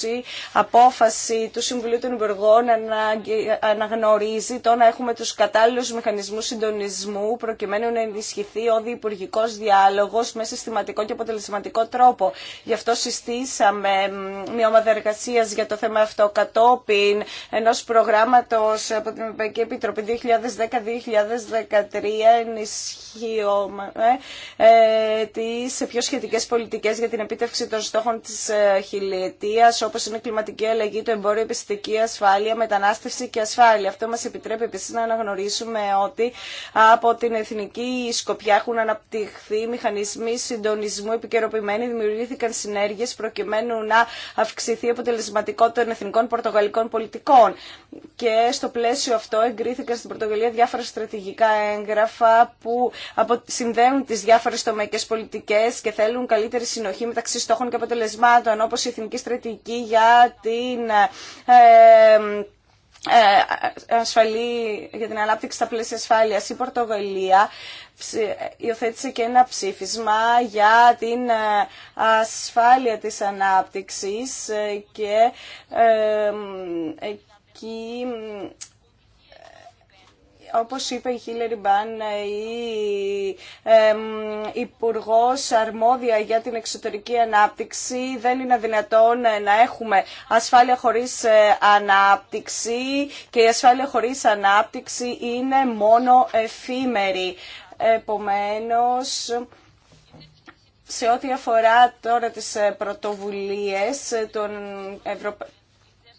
απόφαση του Συμβουλίου των Υπουργών να αναγνωρίζει το να έχουμε τους κατάλληλους μηχανισμούς συντονισμού προκειμένου να ενισχυθεί ο διυπουργικός διάλογος με συστηματικό και αποτελεσματικό τρόπο. Γι' αυτό συστήσαμε μια ομάδα εργασία για το θέμα αυτό κατόπιν ενός προγράμματος από την Ευρωπαϊκή Επιτροπή 2010-2013 ενισχύουμε ε, τις πιο σχετικές πολιτικές για την επίτευξη των στόχων της ε, χιλιετίας όπως είναι αλλαγή, το εμπόριο, επιστημική ασφάλεια, μετανάστευση και ασφάλεια. Αυτό μα επιτρέπει επίση να αναγνωρίσουμε ότι από την εθνική σκοπιά έχουν αναπτυχθεί μηχανισμοί συντονισμού επικαιροποιημένοι, δημιουργήθηκαν συνέργειε προκειμένου να αυξηθεί η αποτελεσματικότητα των εθνικών πορτογαλικών πολιτικών. Και στο πλαίσιο αυτό εγκρίθηκαν στην Πορτογαλία διάφορα στρατηγικά έγγραφα που συνδέουν τι διάφορε τομεκέ πολιτικέ και θέλουν καλύτερη συνοχή μεταξύ στόχων και αποτελεσμάτων, όπω η Εθνική Στρατηγική για την ε, ε, ε, ασφαλή, για την ανάπτυξη στα πλαίσια ασφάλεια η Πορτογαλία υιοθέτησε και ένα ψήφισμα για την ασφάλεια της ανάπτυξης και εκεί όπως είπε η Χίλερη Μπάν, ε, η υπουργό αρμόδια για την εξωτερική ανάπτυξη, δεν είναι δυνατόν ε, να έχουμε ασφάλεια χωρίς ε, ανάπτυξη και η ασφάλεια χωρίς ανάπτυξη είναι μόνο εφήμερη. Επομένως, σε ό,τι αφορά τώρα τις πρωτοβουλίες των Ευρωπαϊκών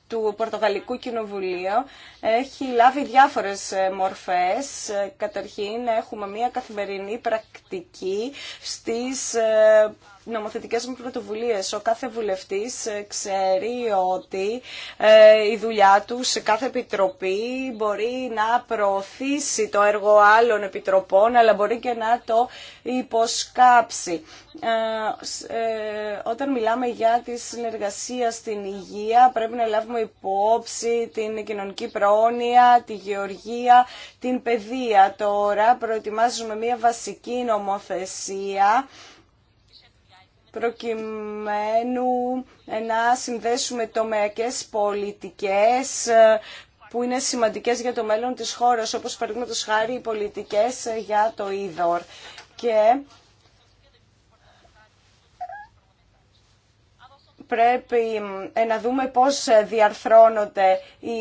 του Πορτογαλικού Κοινοβουλίου έχει λάβει διάφορες ε, μορφές. Ε, καταρχήν έχουμε μια καθημερινή πρακτική στις ε, νομοθετικές μου πρωτοβουλίες. Ο κάθε βουλευτής ε, ξέρει ότι ε, η δουλειά του σε κάθε επιτροπή μπορεί να προωθήσει το έργο άλλων επιτροπών, αλλά μπορεί και να το υποσκάψει. Ε, όταν μιλάμε για τη συνεργασία στην υγεία, πρέπει να λάβουμε υπόψη την κοινωνική πρόνοια, τη γεωργία, την παιδεία. Τώρα προετοιμάζουμε μια βασική νομοθεσία προκειμένου να συνδέσουμε τομεακές πολιτικές ε, που είναι σημαντικές για το μέλλον της χώρας, όπως παραδείγματο χάρη οι πολιτικές για το είδωρ. Και πρέπει ε, να δούμε πώς διαρθρώνονται η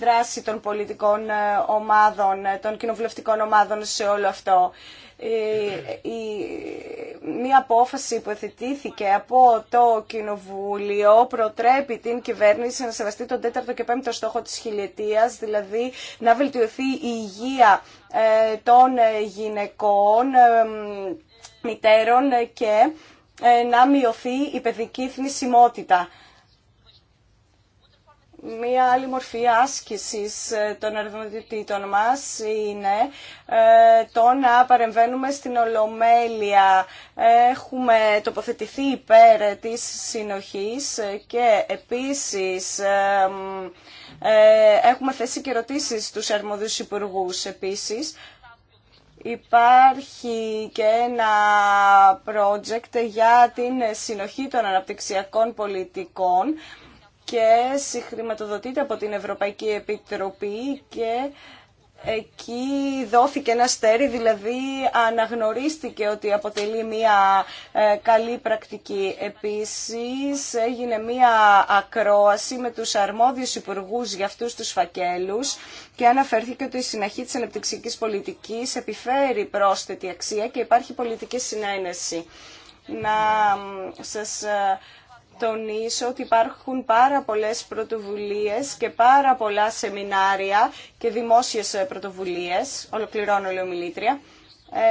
δράση των πολιτικών ε, ομάδων, των κοινοβουλευτικών ομάδων σε όλο αυτό. Ε, μία απόφαση που εθετήθηκε από το Κοινοβούλιο προτρέπει την κυβέρνηση να σεβαστεί τον τέταρτο και πέμπτο στόχο της χιλιετίας, δηλαδή να βελτιωθεί η υγεία ε, των ε, γυναικών, μητέρων και να μειωθεί η παιδική θνησιμότητα. Μία άλλη μορφή άσκησης ε, των αρμοδιοτήτων μας είναι ε, το να παρεμβαίνουμε στην Ολομέλεια. Έχουμε τοποθετηθεί υπέρ της συνοχής και επίσης ε, έχουμε θέσει και ερωτήσεις στους αρμόδιους υπουργούς επίσης. Υπάρχει και ένα project για την συνοχή των αναπτυξιακών πολιτικών και συγχρηματοδοτείται από την Ευρωπαϊκή Επιτροπή και εκεί δόθηκε ένα στέρι, δηλαδή αναγνωρίστηκε ότι αποτελεί μια ε, καλή πρακτική. Επίσης έγινε μια ακρόαση με τους αρμόδιους υπουργούς για αυτούς τους φακέλους και αναφέρθηκε ότι η συναχή της ανεπτυξικής πολιτικής επιφέρει πρόσθετη αξία και υπάρχει πολιτική συνένεση. Να σας ε, τονίσω ότι υπάρχουν πάρα πολλές πρωτοβουλίες και πάρα πολλά σεμινάρια και δημόσιες πρωτοβουλίες. Ολοκληρώνω, λέω μιλήτρια.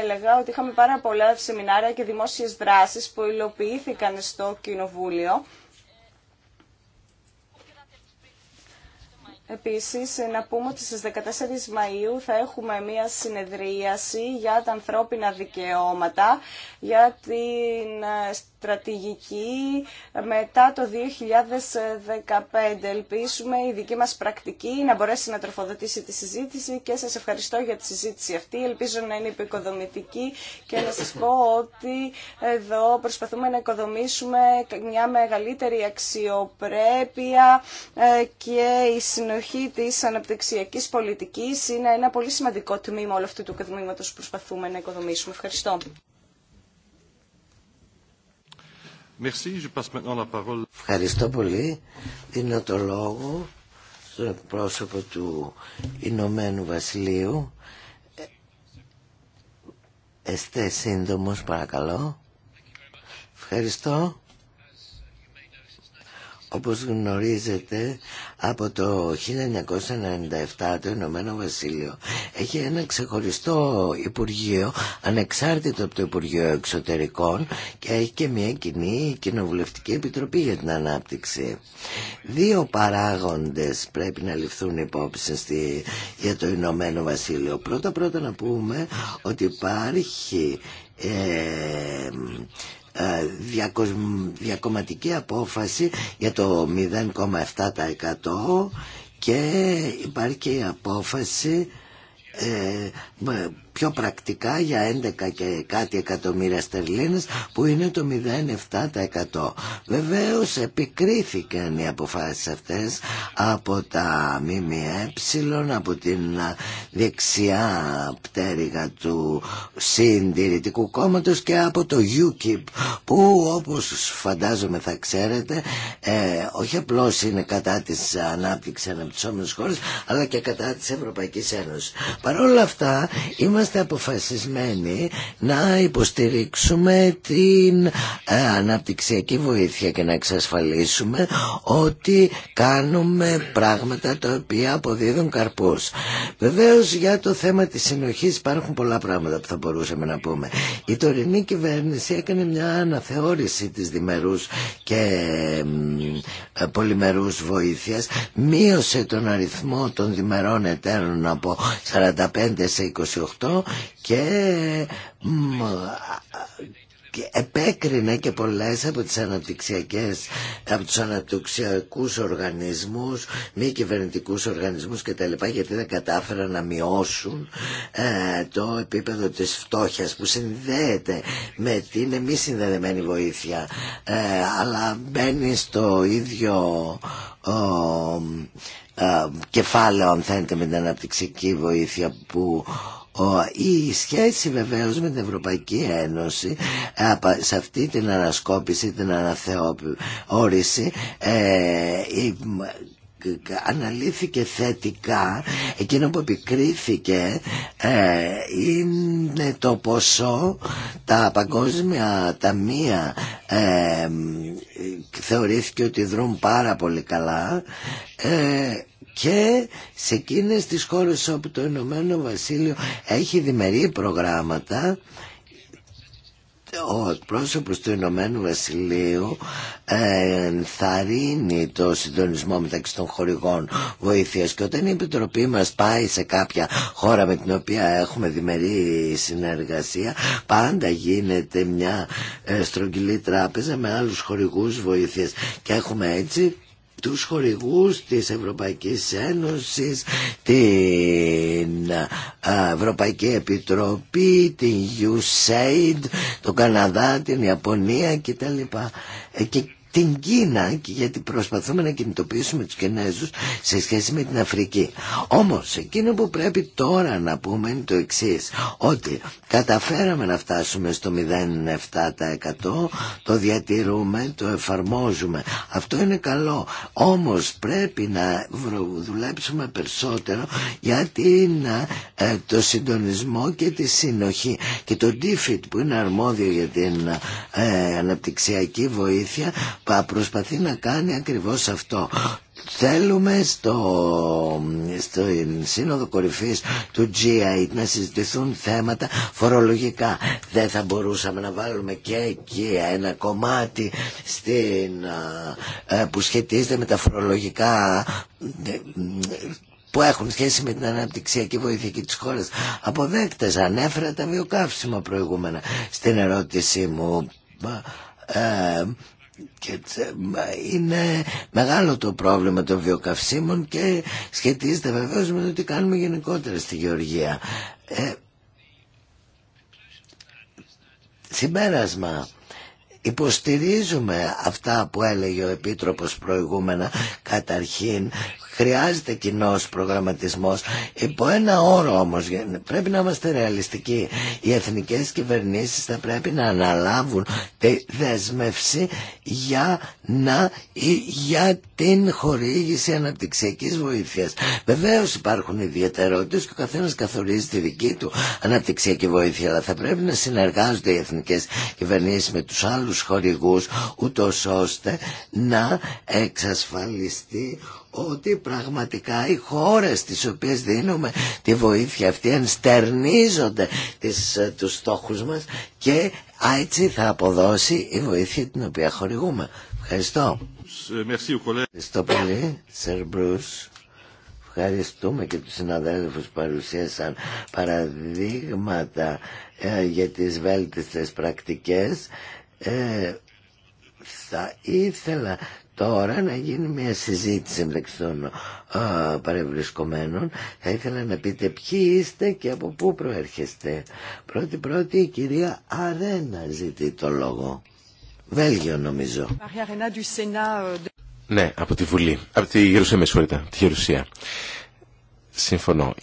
Έλεγα ότι είχαμε πάρα πολλά σεμινάρια και δημόσιες δράσεις που υλοποιήθηκαν στο Κοινοβούλιο. Επίσης, να πούμε ότι στις 14 Μαΐου θα έχουμε μία συνεδρίαση για τα ανθρώπινα δικαιώματα, για την ε, στρατηγική μετά το 2015. Ελπίσουμε η δική μας πρακτική να μπορέσει να τροφοδοτήσει τη συζήτηση και σας ευχαριστώ για τη συζήτηση αυτή. Ελπίζω να είναι υποοικοδομητική και να σας πω ότι εδώ προσπαθούμε να οικοδομήσουμε μια μεγαλύτερη αξιοπρέπεια ε, και η συνοχή της αναπτυξιακής πολιτικής είναι ένα πολύ σημαντικό τμήμα όλου αυτού του καθημήματος που προσπαθούμε να οικοδομήσουμε. Ευχαριστώ. Ευχαριστώ πολύ. Δίνω το λόγο στον πρόσωπο του Ηνωμένου Βασιλείου. Εστέ σύντομος παρακαλώ. Ευχαριστώ. Όπως γνωρίζετε από το 1997 το Ηνωμένο Βασίλειο έχει ένα ξεχωριστό Υπουργείο ανεξάρτητο από το Υπουργείο Εξωτερικών και έχει και μια κοινή κοινοβουλευτική επιτροπή για την ανάπτυξη. Δύο παράγοντες πρέπει να ληφθούν υπόψη στη, για το Ηνωμένο Βασίλειο. Πρώτα πρώτα να πούμε ότι υπάρχει ε, ε, διακομματική απόφαση για το 0,7% και υπάρχει και η απόφαση ε, πιο πρακτικά για 11 και κάτι εκατομμύρια στερλίνες που είναι το 0,7%. Βεβαίως επικρίθηκαν οι αποφάσεις αυτές από τα ΜΜΕ, από την δεξιά πτέρυγα του Συντηρητικού Κόμματος και από το UKIP που όπως φαντάζομαι θα ξέρετε ε, όχι απλώς είναι κατά της ανάπτυξης αναπτυσσόμενης χώρες αλλά και κατά της Ευρωπαϊκής Ένωσης. Παρόλα αυτά είμαστε είμαστε αποφασισμένοι να υποστηρίξουμε την ε, αναπτυξιακή βοήθεια και να εξασφαλίσουμε ότι κάνουμε πράγματα τα οποία αποδίδουν καρπούς. Βεβαίως για το θέμα της συνοχής υπάρχουν πολλά πράγματα που θα μπορούσαμε να πούμε. Η τωρινή κυβέρνηση έκανε μια αναθεώρηση της διμερούς και ε, πολυμερούς βοήθειας, μείωσε τον αριθμό των διμερών εταίρων από 45 σε 28 και επέκρινε και πολλές από τις αναπτυξιακές από τους αναπτυξιακούς οργανισμούς μη κυβερνητικούς οργανισμούς και γιατί δεν κατάφεραν να μειώσουν ε, το επίπεδο της φτώχειας που συνδέεται με την μη συνδεδεμένη βοήθεια ε, αλλά μπαίνει στο ίδιο ο, ε, κεφάλαιο αν θέλετε με την αναπτυξιακή βοήθεια που η σχέση βεβαίως με την Ευρωπαϊκή Ένωση ε, σε αυτή την ανασκόπηση, την αναθεώρηση ε, αναλύθηκε θετικά εκείνο που επικρίθηκε ε, είναι το ποσό τα παγκόσμια ταμεία ε, θεωρήθηκε ότι δρούν πάρα πολύ καλά ε, και σε εκείνες τις χώρες όπου το Ηνωμένο Βασίλειο έχει διμερεί προγράμματα ο πρόσωπος του Ηνωμένου Βασιλείου ε, θαρρύνει το συντονισμό μεταξύ των χορηγών βοήθειας και όταν η Επιτροπή μας πάει σε κάποια χώρα με την οποία έχουμε διμερή συνεργασία πάντα γίνεται μια ε, στρογγυλή τράπεζα με άλλους χορηγούς βοήθειας και έχουμε έτσι τους χορηγούς της Ευρωπαϊκής Ένωσης, την Ευρωπαϊκή Επιτροπή, την USAID, το Καναδά, την Ιαπωνία κτλ. Ε, και την Κίνα και γιατί προσπαθούμε να κινητοποιήσουμε τους Κινέζους σε σχέση με την Αφρική. Όμως εκείνο που πρέπει τώρα να πούμε είναι το εξή ότι καταφέραμε να φτάσουμε στο 0,7% το διατηρούμε, το εφαρμόζουμε. Αυτό είναι καλό. Όμως πρέπει να δουλέψουμε περισσότερο για είναι το συντονισμό και τη συνοχή. Και το DFID που είναι αρμόδιο για την ε, αναπτυξιακή βοήθεια προσπαθεί να κάνει ακριβώς αυτό. Θέλουμε στο, σύνοδο κορυφής του G8 να συζητηθούν θέματα φορολογικά. Δεν θα μπορούσαμε να βάλουμε και εκεί ένα κομμάτι στην, ε, που σχετίζεται με τα φορολογικά ε, που έχουν σχέση με την αναπτυξιακή και της χώρας. Αποδέκτες ανέφερα τα βιοκαύσιμα προηγούμενα στην ερώτησή μου. Ε, και είναι μεγάλο το πρόβλημα των βιοκαυσίμων και σχετίζεται βεβαίως με το τι κάνουμε γενικότερα στη Γεωργία. Ε, συμπέρασμα. Υποστηρίζουμε αυτά που έλεγε ο Επίτροπος προηγούμενα καταρχήν Χρειάζεται κοινό προγραμματισμό. Υπό ένα όρο όμω, πρέπει να είμαστε ρεαλιστικοί. Οι εθνικέ κυβερνήσει θα πρέπει να αναλάβουν τη δεσμεύση για, να, για την χορήγηση αναπτυξιακή βοήθεια. Βεβαίω υπάρχουν ιδιαιτερότητε και ο καθένα καθορίζει τη δική του αναπτυξιακή βοήθεια, αλλά θα πρέπει να συνεργάζονται οι εθνικέ κυβερνήσει με του άλλου χορηγού, ούτω ώστε να εξασφαλιστεί ότι πραγματικά οι χώρες τις οποίες δίνουμε τη βοήθεια αυτή ενστερνίζονται τις, ε, τους στόχους μας και έτσι θα αποδώσει η βοήθεια την οποία χορηγούμε. Ευχαριστώ. Ευχαριστώ πολύ, Σερ Μπρούς. Ευχαριστούμε και τους συναδέλφους που παρουσίασαν παραδείγματα ε, για τις βέλτιστες πρακτικές. Ε, θα ήθελα τώρα να γίνει μια συζήτηση μεταξύ των α, παρευρισκομένων. Θα ήθελα να πείτε ποιοι είστε και από πού προέρχεστε. Πρώτη πρώτη η κυρία Αρένα ζητεί το λόγο. Βέλγιο νομίζω. Euh, ναι, από τη Βουλή. Από τη Γερουσία με συγχωρείτε. Τη Γερουσία. Σύμφωνο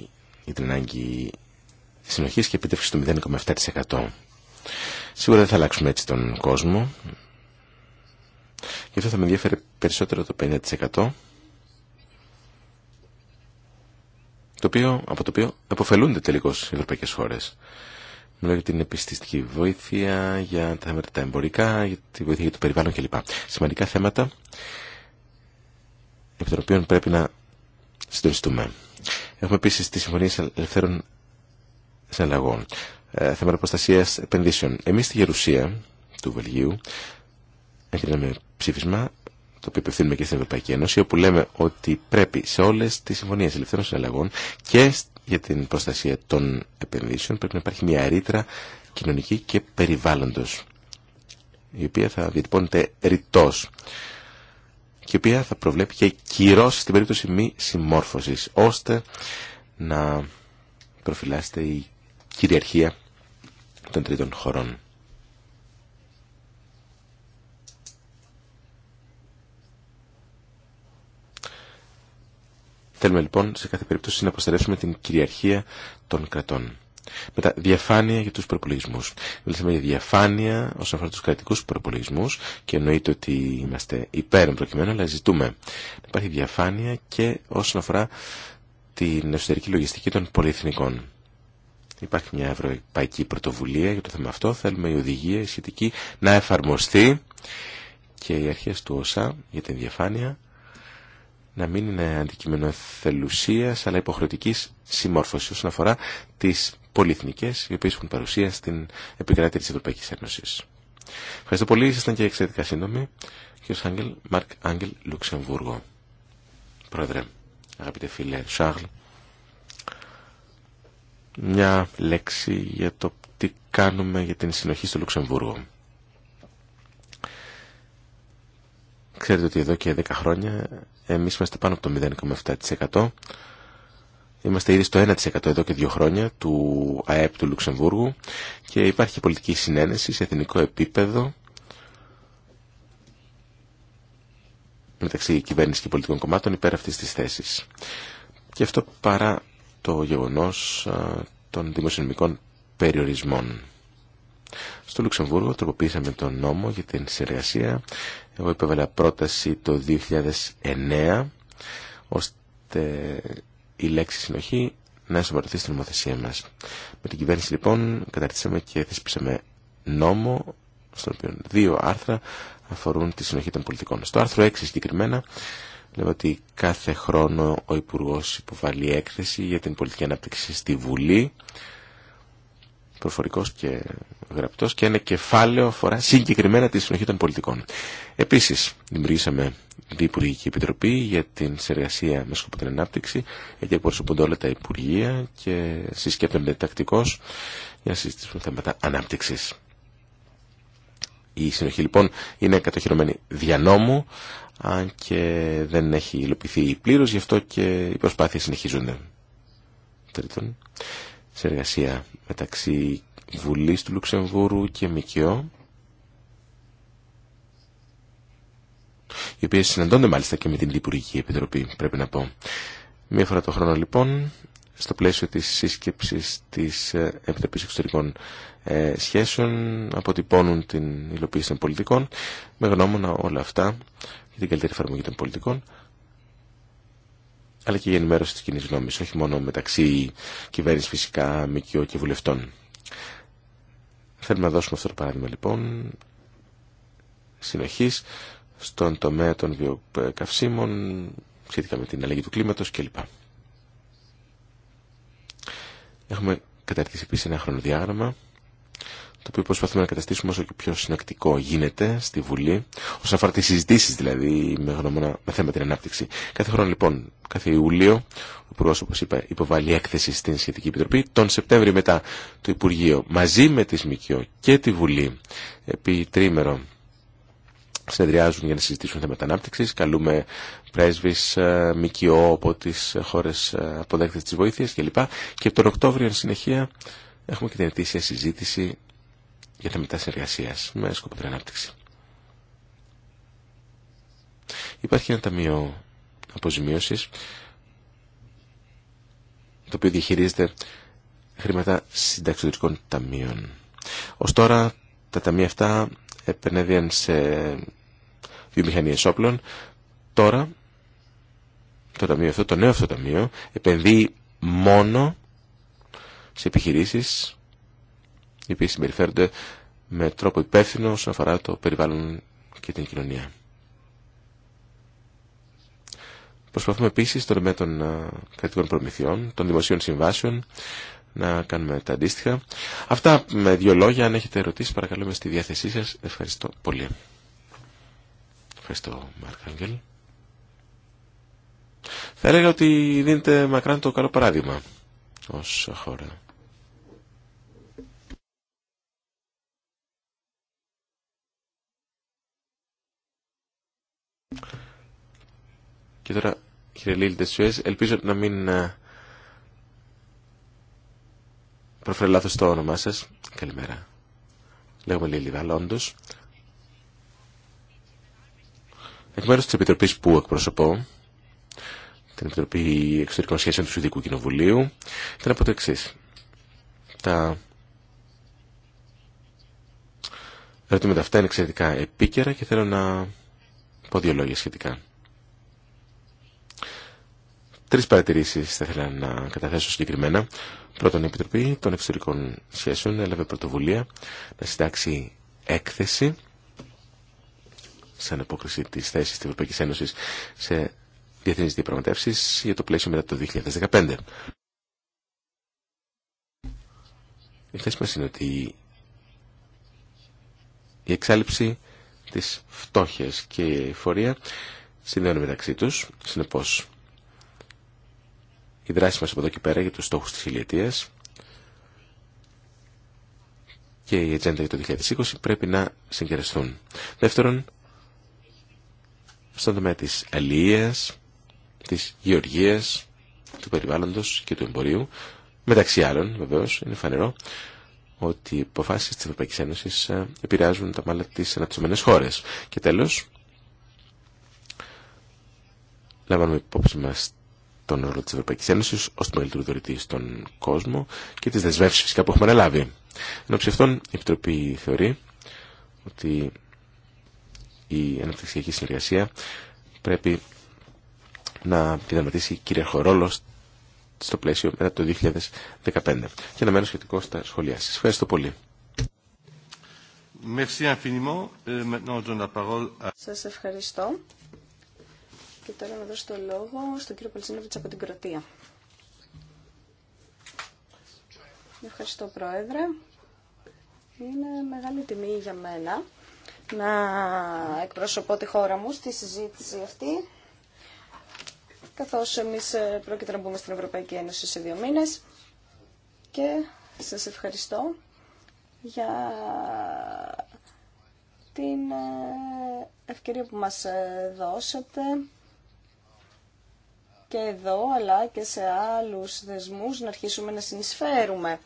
για την ανάγκη συνοχής και επίτευξη του 0,7%. Σίγουρα δεν θα αλλάξουμε έτσι τον κόσμο. Γι' αυτό θα με ενδιαφέρει περισσότερο το 50% το οποίο, από το οποίο αποφελούνται τελικώς οι ευρωπαϊκές χώρες. Μιλάω για την επιστηστική βοήθεια, για τα θέματα τα εμπορικά, για τη βοήθεια για το περιβάλλον κλπ. Σημαντικά θέματα επί των οποίων πρέπει να συντονιστούμε. Έχουμε επίσης τις συμφωνίες ελευθέρων συναλλαγών, ε, θέματα προστασίας επενδύσεων. Εμείς στη Γερουσία του Βελγίου έγιναμε ψήφισμα το οποίο υπευθύνουμε και στην Ευρωπαϊκή Ένωση, όπου λέμε ότι πρέπει σε όλε τι συμφωνίε ελευθέρων συναλλαγών και για την προστασία των επενδύσεων πρέπει να υπάρχει μια ρήτρα κοινωνική και περιβάλλοντο, η οποία θα διατυπώνεται ρητό και η οποία θα προβλέπει και κυρώσει στην περίπτωση μη συμμόρφωση, ώστε να προφυλάσσεται η κυριαρχία των τρίτων χωρών. Θέλουμε λοιπόν σε κάθε περίπτωση να προστατεύσουμε την κυριαρχία των κρατών. Μετά, διαφάνεια για του προπολογισμού. Μιλήσαμε για διαφάνεια όσον αφορά του κρατικού προπολογισμού και εννοείται ότι είμαστε υπέρ προκειμένου, αλλά ζητούμε να υπάρχει διαφάνεια και όσον αφορά την εσωτερική λογιστική των πολυεθνικών. Υπάρχει μια ευρωπαϊκή πρωτοβουλία για το θέμα αυτό. Θέλουμε η οδηγία η σχετική να εφαρμοστεί και οι αρχέ του ΩΣΑ για την διαφάνεια να μην είναι αντικείμενο αλλά υποχρεωτικής συμμόρφωση όσον αφορά τις πολυεθνικές οι οποίες έχουν παρουσία στην επικράτεια της Ευρωπαϊκή Ένωση. Ευχαριστώ πολύ, ήσασταν και εξαιρετικά σύντομοι. Κύριος Άγγελ, Μαρκ Άγγελ Λουξεμβούργο. Πρόεδρε, αγαπητέ φίλε Σάγλ, μια λέξη για το τι κάνουμε για την συνοχή στο Λουξεμβούργο. Ξέρετε ότι εδώ και 10 χρόνια εμείς είμαστε πάνω από το 0,7%. Είμαστε ήδη στο 1% εδώ και δύο χρόνια του ΑΕΠ του Λουξεμβούργου και υπάρχει πολιτική συνένεση σε εθνικό επίπεδο μεταξύ κυβέρνηση και πολιτικών κομμάτων υπέρ αυτής της θέσης. Και αυτό παρά το γεγονός των δημοσιονομικών περιορισμών. Στο Λουξεμβούργο τροποποιήσαμε τον νόμο για την συνεργασία εγώ υπέβαλα πρόταση το 2009 ώστε η λέξη συνοχή να ενσωματωθεί στην νομοθεσία μας. Με την κυβέρνηση λοιπόν καταρτήσαμε και θεσπίσαμε νόμο στον οποίο δύο άρθρα αφορούν τη συνοχή των πολιτικών. Στο άρθρο 6 συγκεκριμένα λέμε ότι κάθε χρόνο ο Υπουργός υποβάλλει έκθεση για την πολιτική ανάπτυξη στη Βουλή προφορικός και γραπτός και ένα κεφάλαιο αφορά συγκεκριμένα τη συνοχή των πολιτικών. Επίσης, δημιουργήσαμε Διπουργική Επιτροπή για την συνεργασία με σκοπό την ανάπτυξη, γιατί εκπροσωπούνται όλα τα Υπουργεία και συσκέπτονται τακτικώς για να συζητήσουμε θέματα ανάπτυξης. Η συνοχή λοιπόν είναι κατοχυρωμένη δια νόμου, αν και δεν έχει υλοποιηθεί πλήρως, γι' αυτό και οι προσπάθειες συνεχίζονται. Τρίτον, σε εργασία μεταξύ Βουλής του Λουξεμβούρου και ΜΚΟ οι οποίες συναντώνται μάλιστα και με την Υπουργική Επιτροπή, πρέπει να πω. Μία φορά το χρόνο λοιπόν, στο πλαίσιο της σύσκεψης της ε, Επιτροπής Εξωτερικών ε, Σχέσεων, αποτυπώνουν την υλοποίηση των πολιτικών, με γνώμονα όλα αυτά για την καλύτερη εφαρμογή των πολιτικών, αλλά και η ενημέρωση της κοινή γνώμη, όχι μόνο μεταξύ κυβέρνηση φυσικά, ΜΚΟ και βουλευτών. Θέλουμε να δώσουμε αυτό το παράδειγμα λοιπόν Συνοχή στον τομέα των βιοκαυσίμων σχετικά με την αλλαγή του κλίματος κλπ. Έχουμε καταρτήσει επίσης ένα χρονοδιάγραμμα το οποίο προσπαθούμε να καταστήσουμε όσο και πιο συνακτικό γίνεται στη Βουλή, όσον αφορά τι συζητήσει δηλαδή με γνωμόνα με θέμα την ανάπτυξη. Κάθε χρόνο λοιπόν, κάθε Ιούλιο, ο Υπουργό, όπω είπα, υποβάλλει έκθεση στην Σχετική Επιτροπή. Τον Σεπτέμβριο μετά το Υπουργείο, μαζί με τη ΣΜΚΙΟ και τη Βουλή, επί τρίμερο, συνεδριάζουν για να συζητήσουν θέματα ανάπτυξη. Καλούμε πρέσβει, ε, ΜΚΙΟ, από τι χώρε αποδέκτε τη βοήθεια κλπ. Και, και τον Οκτώβριο, εν συνεχεία, έχουμε και την ετήσια συζήτηση για τα μετά συνεργασία με σκοπό την ανάπτυξη. Υπάρχει ένα ταμείο αποζημίωση το οποίο διαχειρίζεται χρήματα συνταξιδοτικών ταμείων. Ω τώρα τα ταμεία αυτά επενέβαιναν σε βιομηχανίε όπλων. Τώρα το ταμείο αυτό, το νέο αυτό ταμείο, επενδύει μόνο σε επιχειρήσεις οι οποίοι συμπεριφέρονται με τρόπο υπεύθυνο όσον αφορά το περιβάλλον και την κοινωνία. Προσπαθούμε επίση στον με των κρατικών προμηθειών, των δημοσίων συμβάσεων, να κάνουμε τα αντίστοιχα. Αυτά με δύο λόγια. Αν έχετε ερωτήσει, παρακαλώ στη διάθεσή σα. Ευχαριστώ πολύ. Ευχαριστώ, Μάρκ Άγγελ. Θα έλεγα ότι δίνετε μακράν το καλό παράδειγμα ως χώρα. Και τώρα, κύριε Λίλη Τεσουές, ελπίζω να μην ε, προφέρω λάθος το όνομά σας. Καλημέρα. Λέγομαι Λίλι Βαλόντος. Εκ μέρους της Επιτροπής που εκπροσωπώ, την Επιτροπή Εξωτερικών Σχέσεων του Σουηδικού Κοινοβουλίου, ήταν από το εξή. Τα ερωτήματα αυτά είναι εξαιρετικά επίκαιρα και θέλω να Πω δύο λόγια σχετικά. Τρεις παρατηρήσεις θα ήθελα να καταθέσω συγκεκριμένα. Πρώτον, η Επιτροπή των Εξωτερικών Σχέσεων έλαβε πρωτοβουλία να συντάξει έκθεση σαν απόκριση της θέσης της Ευρωπαϊκής Ένωσης σε διεθνείς διαπραγματεύσεις για το πλαίσιο μετά το 2015. Η θέση μας είναι ότι η εξάλληψη της φτώχειας και η φορεία συνδέουν μεταξύ τους. Συνεπώς, η δράση μας από εδώ και πέρα για τους στόχους της χιλιετίας και η ατζέντα για το 2020 πρέπει να συγκεραστούν. Δεύτερον, στον τομέα της αλληλείας, της γεωργίας, του περιβάλλοντος και του εμπορίου, μεταξύ άλλων βεβαίως, είναι φανερό ότι οι αποφάσει τη Ευρωπαϊκή Ένωση ε, επηρεάζουν τα μάλλα τη αναπτυσσόμενες χώρες. Και τέλο, λαμβάνουμε υπόψη μα τον ρόλο τη Ευρωπαϊκή Ένωση ω το μεγαλύτερο δωρητή στον κόσμο και τις δεσμεύσει φυσικά που έχουμε αναλάβει. Εν αυτών, η Επιτροπή θεωρεί ότι η αναπτυξιακή συνεργασία πρέπει να διδαματίσει κυρίαρχο ρόλο στο πλαίσιο μετά το 2015. Και αναμένω σχετικό στα σχολεία σας. Ευχαριστώ πολύ. Euh, σας ευχαριστώ. Και τώρα να δώσω το λόγο στον κύριο Πολσίνοβιτς από την Κροτία. Ευχαριστώ Πρόεδρε. Είναι μεγάλη τιμή για μένα να εκπροσωπώ τη χώρα μου στη συζήτηση αυτή καθώς εμείς ε, πρόκειται να μπούμε στην Ευρωπαϊκή Ένωση σε δύο μήνες και σας ευχαριστώ για την ε, ευκαιρία που μας ε, δώσατε και εδώ αλλά και σε άλλους δεσμούς να αρχίσουμε να συνεισφέρουμε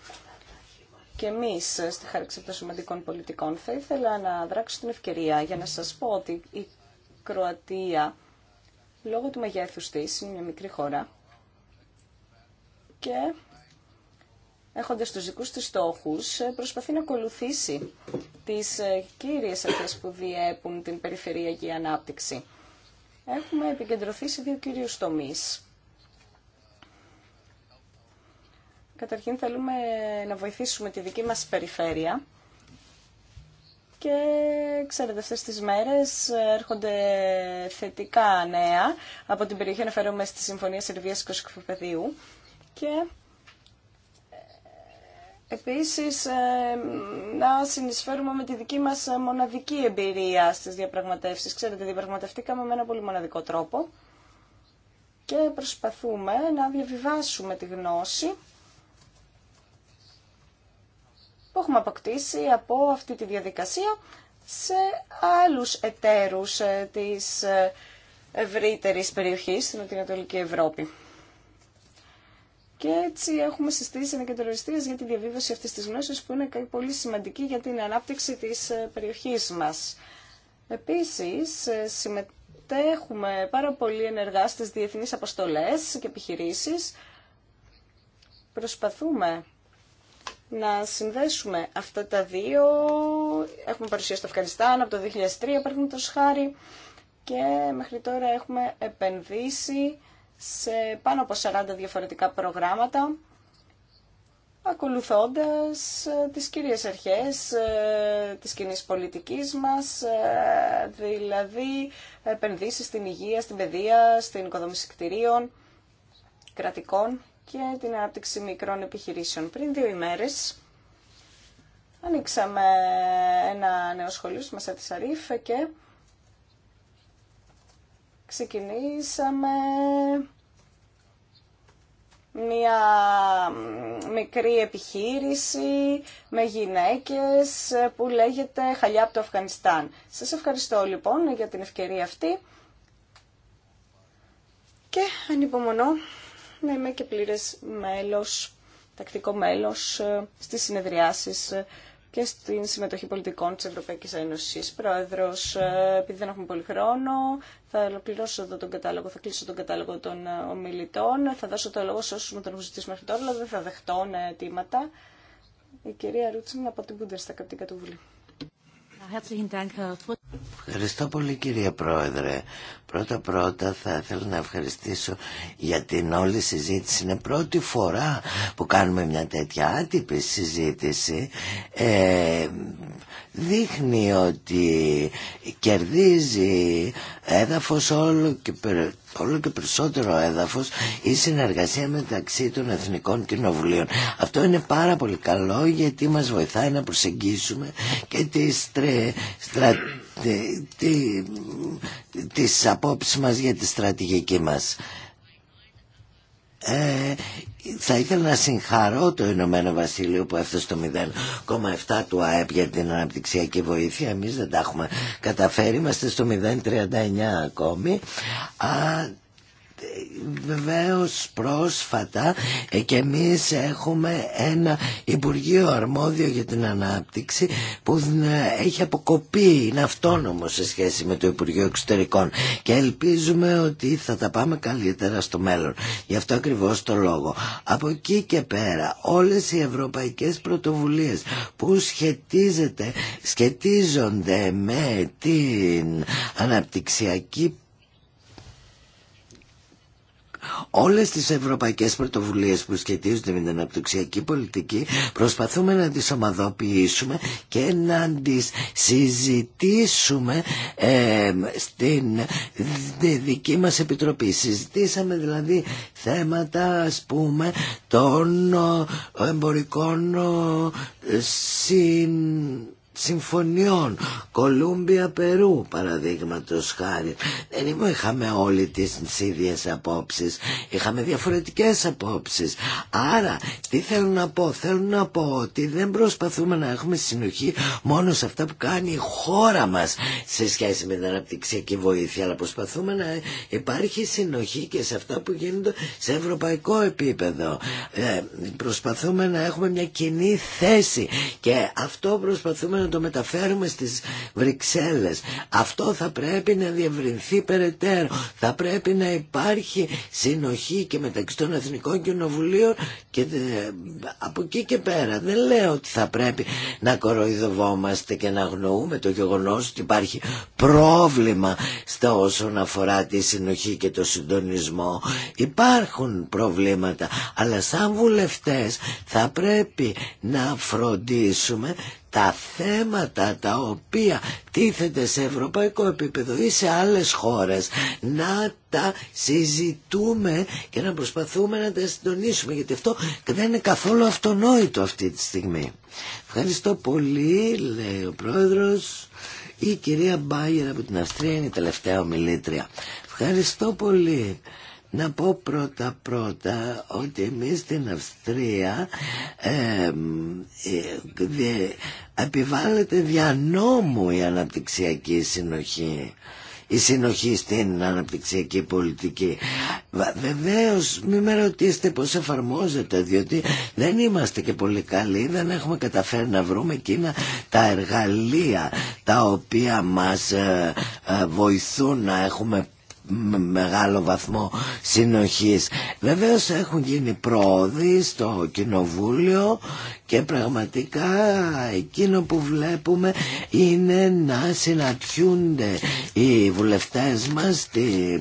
και εμείς στη χάραξη των σημαντικών πολιτικών. Θα ήθελα να δράξω την ευκαιρία για να σας πω ότι η Κροατία λόγω του μεγέθους της, είναι μια μικρή χώρα και έχοντας τους δικούς της στόχους ε, προσπαθεί να ακολουθήσει τις ε, κύριες αυτές που διέπουν την περιφερειακή ανάπτυξη. Έχουμε επικεντρωθεί σε δύο κυρίους τομείς. Καταρχήν θέλουμε να βοηθήσουμε τη δική μας περιφέρεια και ξέρετε αυτές τις μέρες έρχονται θετικά νέα από την περιοχή αναφέρομαι στη Συμφωνία Σερβίας Σερβίας-Κοσικοπεδίου και ε, Επίσης, ε, να συνεισφέρουμε με τη δική μας μοναδική εμπειρία στις διαπραγματεύσεις. Ξέρετε, διαπραγματευτήκαμε με ένα πολύ μοναδικό τρόπο και προσπαθούμε να διαβιβάσουμε τη γνώση που έχουμε αποκτήσει από αυτή τη διαδικασία σε άλλους εταίρους ε, της ε, ευρύτερης περιοχής στην Ανατολική Ευρώπη. Και έτσι έχουμε συστήσει ανακεντρωριστίες για τη διαβίβαση αυτής της γνώσης που είναι πολύ σημαντική για την ανάπτυξη της ε, περιοχής μας. Επίσης, συμμετέχουμε πάρα πολύ ενεργά στις διεθνείς αποστολές και επιχειρήσεις. Προσπαθούμε να συνδέσουμε αυτά τα δύο. Έχουμε παρουσία στο Αφγανιστάν από το 2003, το χάρη, και μέχρι τώρα έχουμε επενδύσει σε πάνω από 40 διαφορετικά προγράμματα, ακολουθώντας ε, τις κυρίες αρχές ε, της κοινή πολιτικής μας, ε, δηλαδή επενδύσεις στην υγεία, στην παιδεία, στην οικοδόμηση κτηρίων, κρατικών και την ανάπτυξη μικρών επιχειρήσεων. Πριν δύο ημέρες ανοίξαμε ένα νέο σχολείο στη τη Σαρίφ και ξεκινήσαμε μια μικρή επιχείρηση με γυναίκες που λέγεται Χαλιά από το Αφγανιστάν. Σας ευχαριστώ λοιπόν για την ευκαιρία αυτή και ανυπομονώ να είμαι και πλήρες μέλος, τακτικό μέλος ε, στις συνεδριάσεις ε, και στην συμμετοχή πολιτικών της Ευρωπαϊκής Ένωσης. Πρόεδρος, ε, επειδή δεν έχουμε πολύ χρόνο, θα ολοκληρώσω τον κατάλογο, θα κλείσω τον κατάλογο των ομιλητών, θα δώσω το λόγο σε όσους μου τον έχουν ζητήσει μέχρι τώρα, αλλά δεν θα δεχτώ αιτήματα. Η κυρία Ρούτσιν από την Πούντερστακ, από την Κατούβουλη. Ευχαριστώ πολύ κύριε Πρόεδρε. Πρώτα πρώτα θα ήθελα να ευχαριστήσω για την όλη συζήτηση. Είναι πρώτη φορά που κάνουμε μια τέτοια άτυπη συζήτηση. Ε, δείχνει ότι κερδίζει έδαφος όλο και, όλο και περισσότερο έδαφος η συνεργασία μεταξύ των Εθνικών Κοινοβουλίων. Αυτό είναι πάρα πολύ καλό γιατί μας βοηθάει να προσεγγίσουμε και τις, τρε, απόψεις μας για τη στρατηγική μας. Ε, θα ήθελα να συγχαρώ το Ηνωμένο Βασίλειο που έφτασε στο 0,7 του ΑΕΠ για την αναπτυξιακή βοήθεια. Εμείς δεν τα έχουμε καταφέρει, είμαστε στο 0,39 ακόμη βεβαίως πρόσφατα ε, και εμείς έχουμε ένα Υπουργείο Αρμόδιο για την Ανάπτυξη που ε, έχει αποκοπεί, είναι αυτόνομο σε σχέση με το Υπουργείο Εξωτερικών και ελπίζουμε ότι θα τα πάμε καλύτερα στο μέλλον. Γι' αυτό ακριβώς το λόγο. Από εκεί και πέρα όλες οι ευρωπαϊκές πρωτοβουλίες που σχετίζονται με την αναπτυξιακή όλες τις ευρωπαϊκές πρωτοβουλίες που σχετίζονται με την αναπτυξιακή πολιτική προσπαθούμε να τις ομαδοποιήσουμε και να τις συζητήσουμε ε, στην δική μας επιτροπή. Συζητήσαμε δηλαδή θέματα ας πούμε των ε, εμπορικών ε, συν συμφωνιών Κολούμπια Περού παραδείγματος χάρη δεν είχαμε όλοι τις ίδιες απόψεις είχαμε διαφορετικές απόψεις άρα τι θέλω να πω θέλω να πω ότι δεν προσπαθούμε να έχουμε συνοχή μόνο σε αυτά που κάνει η χώρα μας σε σχέση με την αναπτυξιακή βοήθεια αλλά προσπαθούμε να υπάρχει συνοχή και σε αυτά που γίνονται σε ευρωπαϊκό επίπεδο ε, προσπαθούμε να έχουμε μια κοινή θέση και αυτό προσπαθούμε να το μεταφέρουμε στις Βρυξέλλες. Αυτό θα πρέπει να διευρυνθεί περαιτέρω. Θα πρέπει να υπάρχει συνοχή και μεταξύ των Εθνικών Κοινοβουλίων και από εκεί και πέρα. Δεν λέω ότι θα πρέπει να κοροϊδευόμαστε και να αγνοούμε το γεγονός ότι υπάρχει πρόβλημα στα όσον αφορά τη συνοχή και το συντονισμό. Υπάρχουν προβλήματα, αλλά σαν βουλευτές θα πρέπει να φροντίσουμε τα θέματα τα οποία τίθεται σε ευρωπαϊκό επίπεδο ή σε άλλες χώρες να τα συζητούμε και να προσπαθούμε να τα συντονίσουμε γιατί αυτό δεν είναι καθόλου αυτονόητο αυτή τη στιγμή. Ευχαριστώ πολύ λέει ο πρόεδρος η κυρία Μπάγερ από την Αυστρία είναι η τελευταία ομιλήτρια. Ευχαριστώ πολύ. Να πω πρώτα πρώτα ότι εμείς στην Αυστρία ε, επιβάλλεται δια νόμου η αναπτυξιακή συνοχή η συνοχή στην αναπτυξιακή πολιτική. Βεβαίω, μην με ρωτήσετε πώς εφαρμόζεται, διότι δεν είμαστε και πολύ καλοί, δεν έχουμε καταφέρει να βρούμε εκείνα τα εργαλεία τα οποία μας ε, ε, βοηθούν να έχουμε με μεγάλο βαθμό συνοχής. Βεβαίως έχουν γίνει πρόοδοι στο κοινοβούλιο και πραγματικά εκείνο που βλέπουμε είναι να συναντιούνται οι βουλευτές μας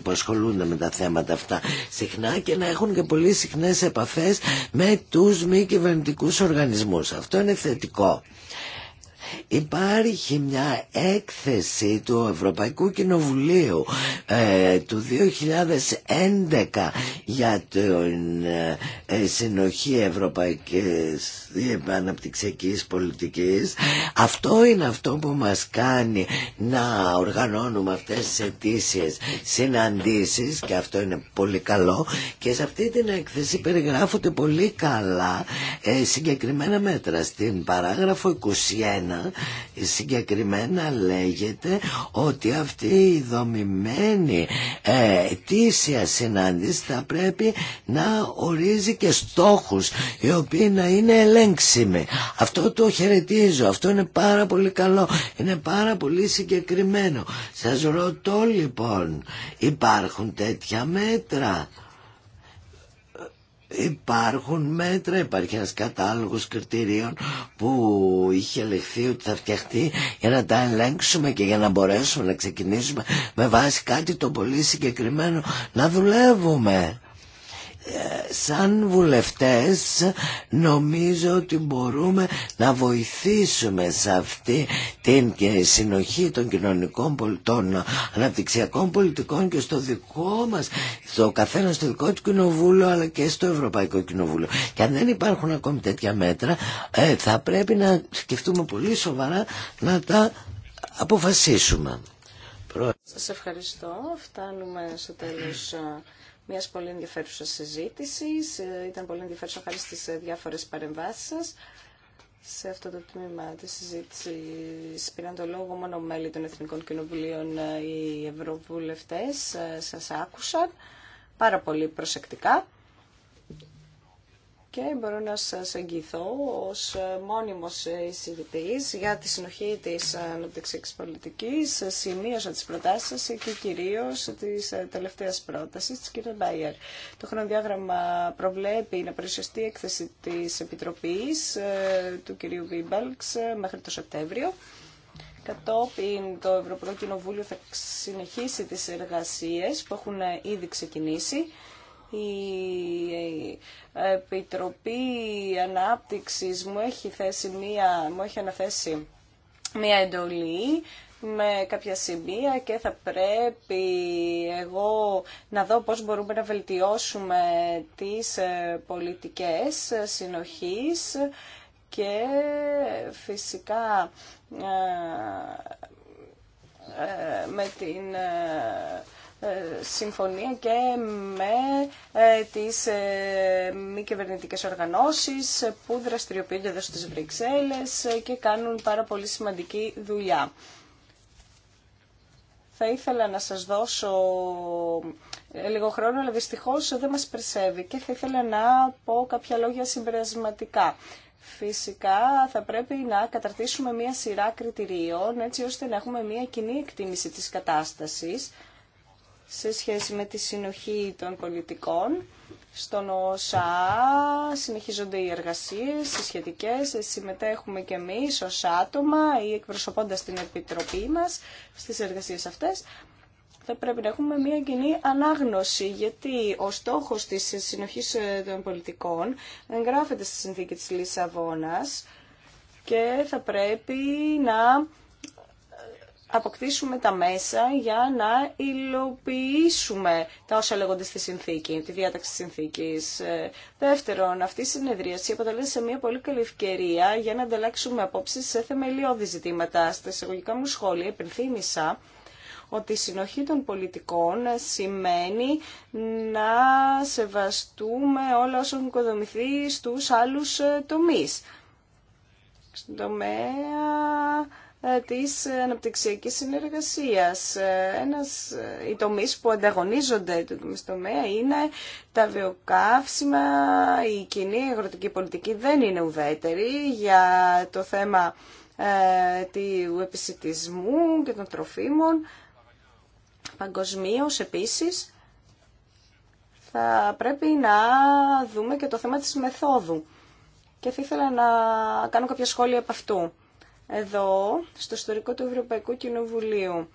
που ασχολούνται με τα θέματα αυτά συχνά και να έχουν και πολύ συχνές επαφές με τους μη κυβερνητικού οργανισμούς. Αυτό είναι θετικό. Υπάρχει μια έκθεση του Ευρωπαϊκού Κοινοβουλίου ε, του 2011 για την ε, συνοχή ευρωπαϊκής ε, αναπτυξιακής πολιτικής. Αυτό είναι αυτό που μας κάνει να οργανώνουμε αυτές τις αιτήσει συναντήσεις και αυτό είναι πολύ καλό και σε αυτή την έκθεση περιγράφονται πολύ καλά συγκεκριμένα μέτρα στην παράγραφο 21 συγκεκριμένα λέγεται ότι αυτή η δομημένη ε, συνάντηση θα πρέπει να ορίζει και στόχους οι οποίοι να είναι ελέγξιμοι. Αυτό το χαιρετίζω, αυτό είναι πάρα πολύ καλό, είναι πάρα πολύ συγκεκριμένο. Σας ρωτώ λοιπόν, υπάρχουν τέτοια μέτρα. Υπάρχουν μέτρα, υπάρχει ένα κατάλογο κριτηρίων που είχε λεχθεί ότι θα φτιαχτεί για να τα ελέγξουμε και για να μπορέσουμε να ξεκινήσουμε με βάση κάτι το πολύ συγκεκριμένο να δουλεύουμε. Ε, σαν βουλευτές νομίζω ότι μπορούμε να βοηθήσουμε σε αυτή την συνοχή των κοινωνικών πολιτών αναπτυξιακών πολιτικών και στο δικό μας στο καθένα στο δικό του κοινοβούλιο αλλά και στο Ευρωπαϊκό Κοινοβούλιο και αν δεν υπάρχουν ακόμη τέτοια μέτρα ε, θα πρέπει να σκεφτούμε πολύ σοβαρά να τα αποφασίσουμε Σας ευχαριστώ. Φτάνουμε στο τέλος μιας πολύ ενδιαφέρουσα συζήτηση. Ε, ήταν πολύ ενδιαφέρουσα χάρη στι ε, διάφορες παρεμβάσει Σε αυτό το τμήμα τη συζήτηση. πήραν το λόγο μόνο μέλη των Εθνικών Κοινοβουλίων ε, οι Ευρωβουλευτέ, Σας άκουσαν πάρα πολύ προσεκτικά και μπορώ να σας εγγυηθώ ως μόνιμος εισηγητής για τη συνοχή της αναπτυξιακής πολιτικής. Σημείωσα τις προτάσεις σας και κυρίως ε, της τελευταίας πρότασης της κ. Μπάιερ. Το χρονοδιάγραμμα προβλέπει να παρουσιαστεί η έκθεση της Επιτροπής ε, του κ. Βίμπαλξ ε, μέχρι το Σεπτέμβριο. Κατόπιν το Ευρωπαϊκό Κοινοβούλιο θα συνεχίσει τις εργασίες που έχουν ήδη ξεκινήσει ε, η Επιτροπή Ανάπτυξης μου έχει, θέσει μία, μου έχει αναθέσει μία εντολή με κάποια σημεία και θα πρέπει εγώ να δω πώς μπορούμε να βελτιώσουμε τις ε, πολιτικές συνοχής και φυσικά ε, με την ε, συμφωνία και με ε, τις ε, μη κυβερνητικέ οργανώσεις που δραστηριοποιούνται εδώ στις Βρυξέλλες και κάνουν πάρα πολύ σημαντική δουλειά. Θα ήθελα να σας δώσω λίγο χρόνο, αλλά δυστυχώς δεν μας περισσεύει και θα ήθελα να πω κάποια λόγια συμπερασματικά. Φυσικά θα πρέπει να καταρτήσουμε μία σειρά κριτηρίων έτσι ώστε να έχουμε μία κοινή εκτίμηση της κατάστασης σε σχέση με τη συνοχή των πολιτικών. Στον ΟΣΑ συνεχίζονται οι εργασίες, οι σχετικές, συμμετέχουμε και εμείς ως άτομα ή εκπροσωπώντας την Επιτροπή μας στις εργασίες αυτές. Θα πρέπει να έχουμε μια κοινή ανάγνωση, γιατί ο στόχος της συνοχής ε, των πολιτικών εγγράφεται στη συνθήκη της Λισαβόνας και θα πρέπει να αποκτήσουμε τα μέσα για να υλοποιήσουμε τα όσα λέγονται στη συνθήκη, τη διάταξη της συνθήκης. Ε, δεύτερον, αυτή η συνεδρίαση αποτελεί σε μια πολύ καλή ευκαιρία για να ανταλλάξουμε απόψεις σε θεμελιώδη ζητήματα. Στα εισαγωγικά μου σχόλια υπενθύμησα ότι η συνοχή των πολιτικών σημαίνει να σεβαστούμε όλα όσα έχουν οικοδομηθεί στους άλλους ε, τομείς. τομέα ε, της αναπτυξιακής συνεργασίας. Ε, ένας, ε, οι τομείς που ανταγωνίζονται το τομέα είναι τα βιοκαύσιμα, η κοινή αγροτική πολιτική δεν είναι ουδέτερη για το θέμα ε, του επισητισμού και των τροφίμων. Παγκοσμίως, επίσης θα πρέπει να δούμε και το θέμα της μεθόδου. Και θα ήθελα να κάνω κάποια σχόλια από αυτού εδώ, στο ιστορικό του Ευρωπαϊκού Κοινοβουλίου.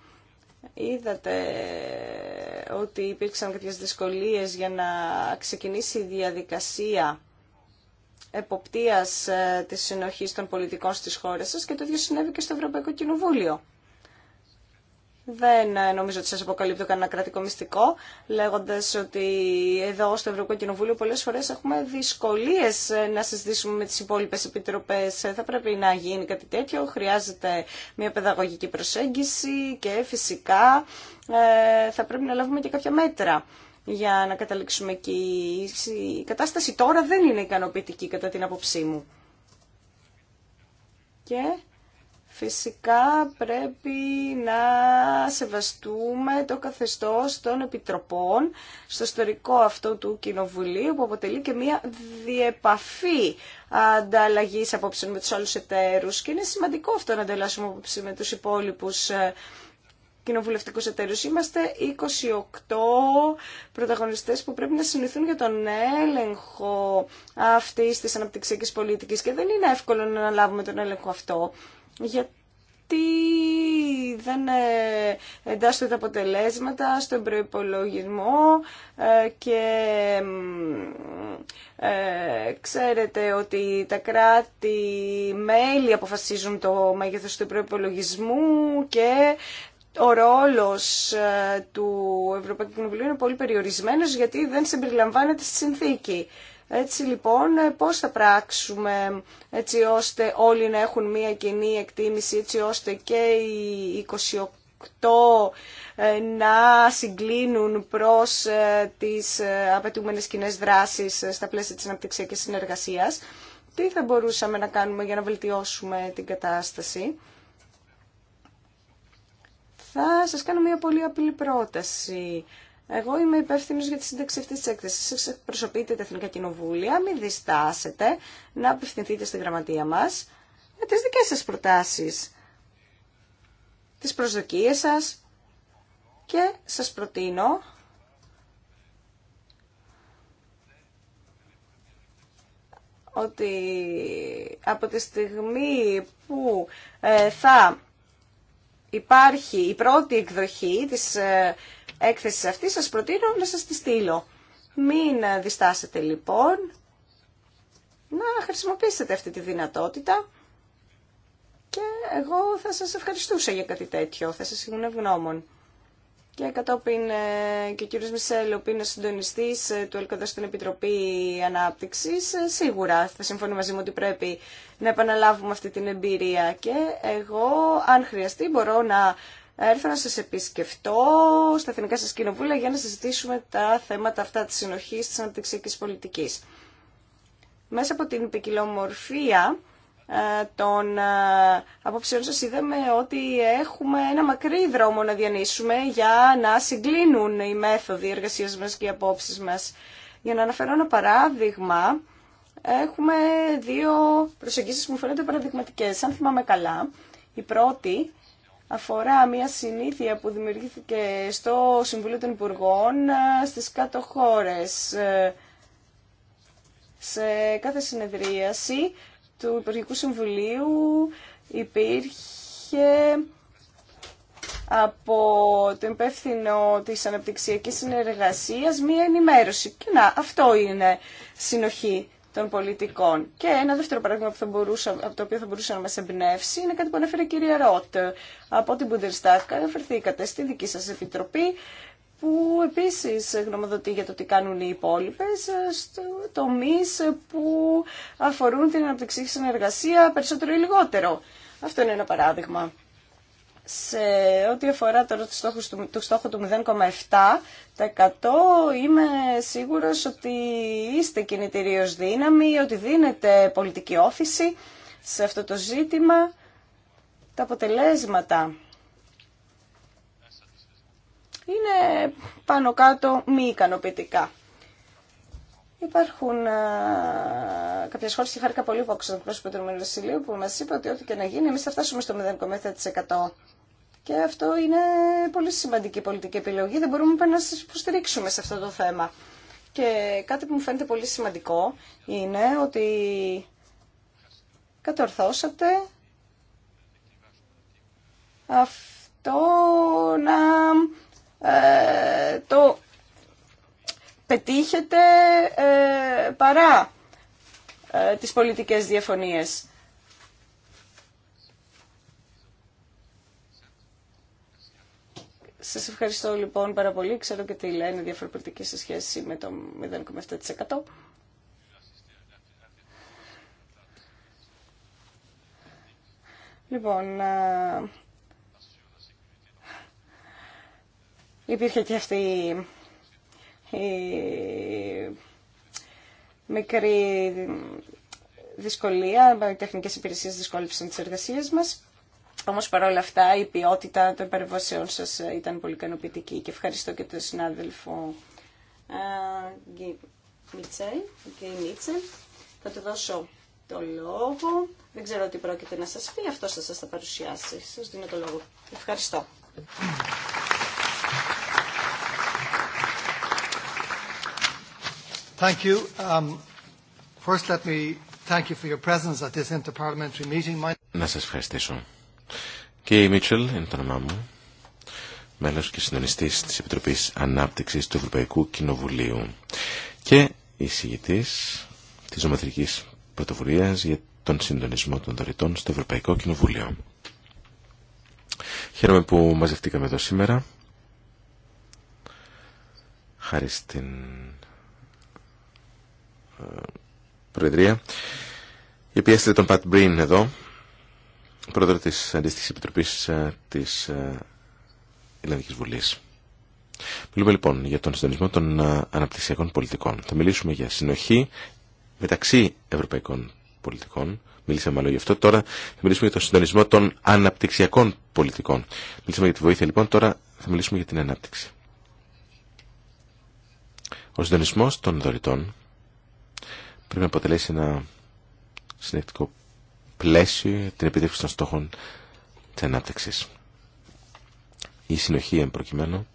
Είδατε ότι υπήρξαν κάποιες δυσκολίες για να ξεκινήσει η διαδικασία εποπτείας ε, της συνοχής των πολιτικών στις χώρες σας και το ίδιο συνέβη και στο Ευρωπαϊκό Κοινοβούλιο. Δεν ε, νομίζω ότι σα αποκαλύπτω κανένα κρατικό μυστικό, λέγοντας ότι εδώ στο Ευρωπαϊκό Κοινοβούλιο πολλές φορές έχουμε δυσκολίες ε, να συζητήσουμε με τις υπόλοιπε επιτροπές. Ε, θα πρέπει να γίνει κάτι τέτοιο, χρειάζεται μια παιδαγωγική προσέγγιση και φυσικά θα πρέπει να λάβουμε και κάποια μέτρα για να καταλήξουμε εκεί. Η κατάσταση τώρα δεν είναι ικανοποιητική κατά την άποψή μου. Και Φυσικά πρέπει να σεβαστούμε το καθεστώς των επιτροπών στο ιστορικό αυτό του Κοινοβουλίου που αποτελεί και μια διεπαφή ανταλλαγή απόψεων με τους άλλους εταίρους και είναι σημαντικό αυτό να ανταλλάσσουμε απόψη με τους υπόλοιπους ε, κοινοβουλευτικούς εταίρους. Είμαστε 28 πρωταγωνιστές που πρέπει να συνηθούν για τον έλεγχο αυτής της αναπτυξιακής πολιτικής και δεν είναι εύκολο να αναλάβουμε τον έλεγχο αυτό. Γιατί δεν ε, εντάσσονται τα αποτελέσματα στον προϋπολογισμό ε, και ε, ξέρετε ότι τα κράτη-μέλη αποφασίζουν το μέγεθος του προϋπολογισμού και ο ρόλος του Ευρωπαϊκού Κοινοβουλίου είναι πολύ περιορισμένος γιατί δεν συμπεριλαμβάνεται στη συνθήκη. Έτσι λοιπόν πώς θα πράξουμε έτσι ώστε όλοι να έχουν μία κοινή εκτίμηση έτσι ώστε και οι 28 ε, να συγκλίνουν προς ε, τις ε, απαιτούμενες κοινέ δράσεις στα πλαίσια της αναπτυξιακής συνεργασίας. Τι θα μπορούσαμε να κάνουμε για να βελτιώσουμε την κατάσταση. Θα σας κάνω μια πολύ απλή πρόταση. Εγώ είμαι υπεύθυνο για τη σύνταξη αυτή τη έκθεση. Εκπροσωπείτε τα Εθνικά Κοινοβούλια. Μην διστάσετε να απευθυνθείτε στη γραμματεία μα με τι δικέ σα προτάσει, τι προσδοκίε σα και σας προτείνω ότι από τη στιγμή που ε, θα υπάρχει η πρώτη εκδοχή της ε, Έκθεση αυτή σας προτείνω να σας τη στείλω. Μην διστάσετε λοιπόν να χρησιμοποιήσετε αυτή τη δυνατότητα και εγώ θα σας ευχαριστούσα για κάτι τέτοιο, θα σας ήμουν ευγνώμων. Και κατόπιν ε, και ο κ. Μισελ, ο οποίος είναι συντονιστή ε, του ΕΛΚΟΔΑ στην Επιτροπή Ανάπτυξης, ε, σίγουρα θα συμφωνεί μαζί μου ότι πρέπει να επαναλάβουμε αυτή την εμπειρία. Και εγώ, αν χρειαστεί, μπορώ να έρθω να σας επισκεφτώ στα εθνικά σας κοινοβούλια για να συζητήσουμε τα θέματα αυτά της συνοχής της αναπτυξιακής πολιτικής. Μέσα από την ποικιλομορφία ε, των ε, απόψεων σας είδαμε ότι έχουμε ένα μακρύ δρόμο να διανύσουμε για να συγκλίνουν οι μέθοδοι εργασίας μας και οι απόψεις μας. Για να αναφέρω ένα παράδειγμα, έχουμε δύο προσεγγίσεις που μου φαίνονται παραδειγματικές. Αν θυμάμαι καλά, η πρώτη αφορά μια συνήθεια που δημιουργήθηκε στο Συμβουλίο των Υπουργών ε, στις κάτω χώρες. Ε, σε κάθε συνεδρίαση του Υπουργικού Συμβουλίου υπήρχε από το υπεύθυνο της αναπτυξιακής συνεργασίας μία ενημέρωση. Και να, αυτό είναι συνοχή των πολιτικών. Και ένα δεύτερο παράδειγμα που θα μπορούσα, από το οποίο θα μπορούσα να μα εμπνεύσει είναι κάτι που ανέφερε η κυρία Ρότ από την Bundestag. Αναφερθήκατε στη δική σα επιτροπή που επίση γνωμοδοτεί για το τι κάνουν οι στο τομείς που αφορούν την αναπτυξή συνεργασία περισσότερο ή λιγότερο. Αυτό είναι ένα παράδειγμα σε ό,τι αφορά τώρα το στόχο του, το στόχο του 0,7% είμαι σίγουρος ότι είστε κινητηρίως δύναμη, ότι δίνετε πολιτική όφηση σε αυτό το ζήτημα τα αποτελέσματα είναι πάνω κάτω μη ικανοποιητικά. Υπάρχουν α, κάποιες χώρες και χάρηκα πολύ άκουσα τον πρόσωπο του που μας είπε ότι ό,τι και να γίνει Εμεί θα φτάσουμε στο 0,7%. Και αυτό είναι πολύ σημαντική πολιτική επιλογή. Δεν μπορούμε να σα υποστηρίξουμε σε αυτό το θέμα. Και κάτι που μου φαίνεται πολύ σημαντικό είναι ότι κατορθώσατε αυτό να ε, το πετύχετε ε, παρά ε, τις πολιτικές διαφωνίες. Σας ευχαριστώ λοιπόν πάρα πολύ. Ξέρω και τι λένε διαφορετική σε σχέση με το 0,7%. Λοιπόν, ε, υπήρχε και αυτή μικρή δυσκολία, οι τεχνικές υπηρεσίες δυσκόλεψαν τις εργασίες μας. Όμως παρόλα αυτά η ποιότητα των παρεμβάσεων σας ε, ήταν πολύ ικανοποιητική και ευχαριστώ και τον συνάδελφο ε, Μίτσελ, Μίτσελ. Θα του δώσω το λόγο. Δεν ξέρω τι πρόκειται να σας πει, αυτό θα σας τα παρουσιάσει. Σας δίνω το λόγο. Ευχαριστώ. Thank you. Um, First, let me thank you for your presence at this interparliamentary meeting. Να σας ευχαριστήσω. Και η Μίτσελ είναι το όνομά μου, μέλος και συντονιστής της Επιτροπής Ανάπτυξης του Ευρωπαϊκού Κοινοβουλίου και εισηγητής της νομοθετικής πρωτοβουλίας για τον συντονισμό των δωρητών στο Ευρωπαϊκό Κοινοβούλιο. Χαίρομαι που μαζευτήκαμε εδώ σήμερα, χάρη στην Προεδρία η οποία έστειλε τον Πατ Μπριν εδώ πρόεδρο της αντίστοιχης επιτροπής ε, της ε, Ελληνικής Βουλής. Μιλούμε λοιπόν για τον συντονισμό των ε, αναπτυξιακών πολιτικών. Θα μιλήσουμε για συνοχή μεταξύ ευρωπαϊκών πολιτικών. Μιλήσαμε μάλλον γι' αυτό. Τώρα θα μιλήσουμε για τον συντονισμό των αναπτυξιακών πολιτικών. Μιλήσαμε για τη βοήθεια λοιπόν. Τώρα θα μιλήσουμε για την ανάπτυξη. Ο συντονισμό των δωρητών πρέπει να αποτελέσει ένα συνεκτικό πλαίσιο την επιτεύξη των στόχων της ανάπτυξης. Η συνοχή εν προκειμένου